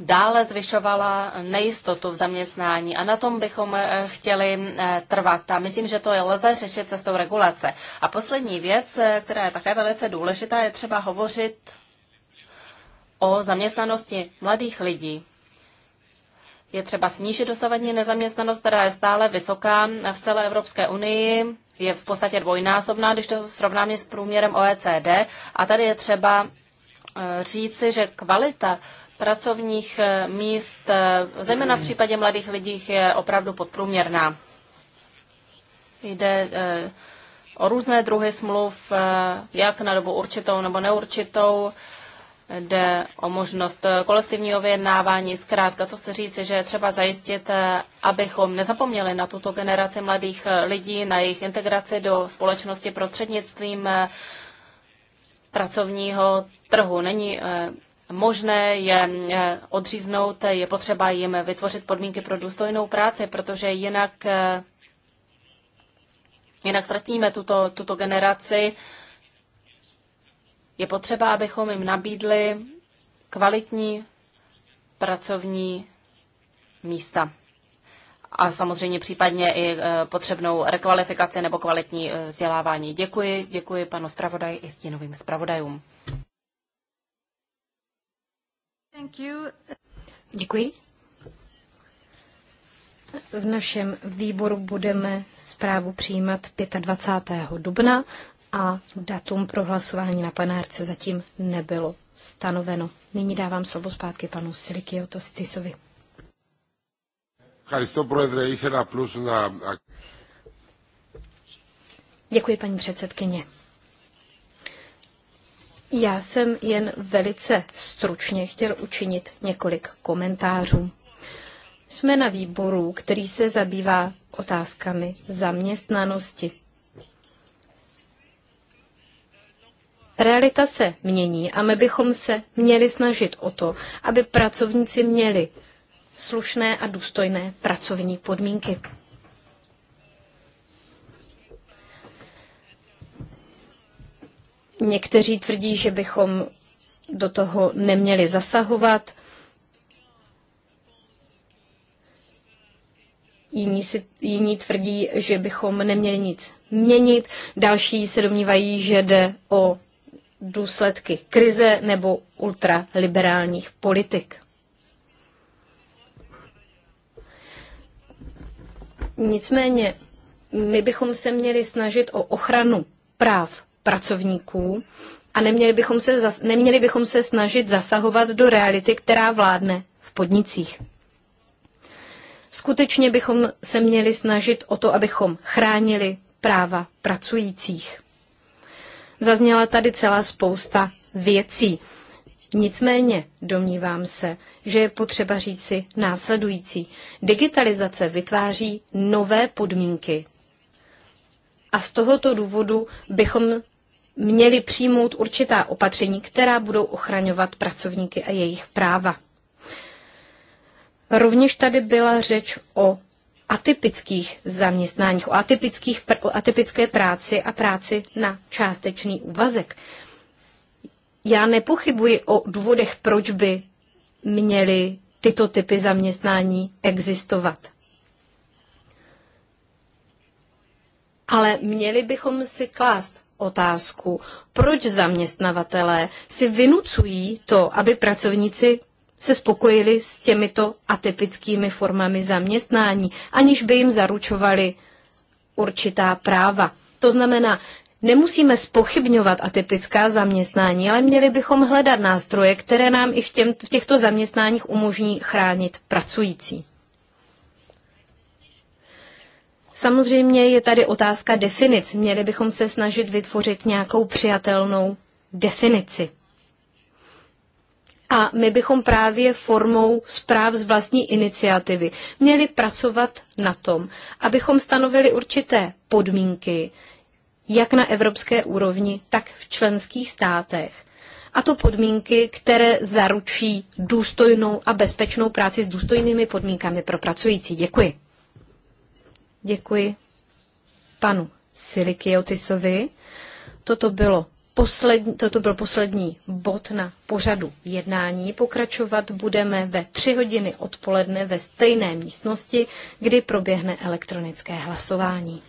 dále zvyšovala nejistotu v zaměstnání a na tom bychom eh, chtěli eh, trvat. A myslím, že to je lze řešit cestou regulace. A poslední věc, eh, která je také velice důležitá, je třeba hovořit o zaměstnanosti mladých lidí. Je třeba snížit dosavadní nezaměstnanost, která je stále vysoká v celé Evropské unii, je v podstatě dvojnásobná, když to srovnáme s průměrem OECD. A tady je třeba říci, že kvalita pracovních eh, míst, eh, zejména v případě mladých lidí, je opravdu podprůměrná. Jde eh, o různé druhy smluv, jak na dobu určitou nebo neurčitou. Jde o možnost kolektivního vyjednávání. Zkrátka, co chci říct, že je třeba zajistit, abychom nezapomněli na tuto generaci mladých lidí, na jejich integraci do společnosti prostřednictvím pracovního trhu. Není možné je eh, odříznout, je potřeba jim vytvořit podmínky pro důstojnou práci, protože jinak, eh, jinak ztratíme tuto, tuto generaci. Je potřeba, abychom jim nabídli kvalitní pracovní místa a samozřejmě případně i eh, potřebnou rekvalifikaci nebo kvalitní vzdělávání. Děkuji, děkuji panu zpravodaji i stínovým zpravodajům. Děkuji. V našem výboru budeme zprávu přijímat 25. dubna a datum pro hlasování na panárce zatím nebylo stanoveno. Nyní dávám slovo zpátky panu Silikioto Stisovi. Děkuji, paní předsedkyně. Já jsem jen velice stručně chtěl učinit několik komentářů. Jsme na výboru, který se zabývá otázkami zaměstnanosti. Realita se mění a my bychom se měli snažit o to, aby pracovníci měli slušné a důstojné pracovní podmínky. Někteří tvrdí, že bychom do toho neměli zasahovat. Jiní, si, jiní tvrdí, že bychom neměli nic měnit. Další se domnívají, že jde o důsledky krize nebo ultraliberálních politik. Nicméně my bychom se měli snažit o ochranu práv pracovníků a neměli bychom, se, neměli bychom se snažit zasahovat do reality, která vládne v podnicích. Skutečně bychom se měli snažit o to, abychom chránili práva pracujících. Zazněla tady celá spousta věcí. Nicméně domnívám se, že je potřeba říci následující. Digitalizace vytváří nové podmínky. A z tohoto důvodu bychom měli přijmout určitá opatření, která budou ochraňovat pracovníky a jejich práva. Rovněž tady byla řeč o atypických zaměstnáních, o, atypických, o atypické práci a práci na částečný úvazek. Já nepochybuji o důvodech, proč by měly tyto typy zaměstnání existovat. Ale měli bychom si klást otázku, proč zaměstnavatelé si vynucují to, aby pracovníci se spokojili s těmito atypickými formami zaměstnání, aniž by jim zaručovali určitá práva. To znamená, nemusíme spochybňovat atypická zaměstnání, ale měli bychom hledat nástroje, které nám i v, těm, v těchto zaměstnáních umožní chránit pracující. Samozřejmě je tady otázka definic. Měli bychom se snažit vytvořit nějakou přijatelnou definici. A my bychom právě formou zpráv z vlastní iniciativy měli pracovat na tom, abychom stanovili určité podmínky, jak na evropské úrovni, tak v členských státech. A to podmínky, které zaručí důstojnou a bezpečnou práci s důstojnými podmínkami pro pracující. Děkuji. Děkuji panu Silikiotisovi. Toto bylo poslední, toto byl poslední bod na pořadu jednání. Pokračovat budeme ve tři hodiny odpoledne ve stejné místnosti, kdy proběhne elektronické hlasování.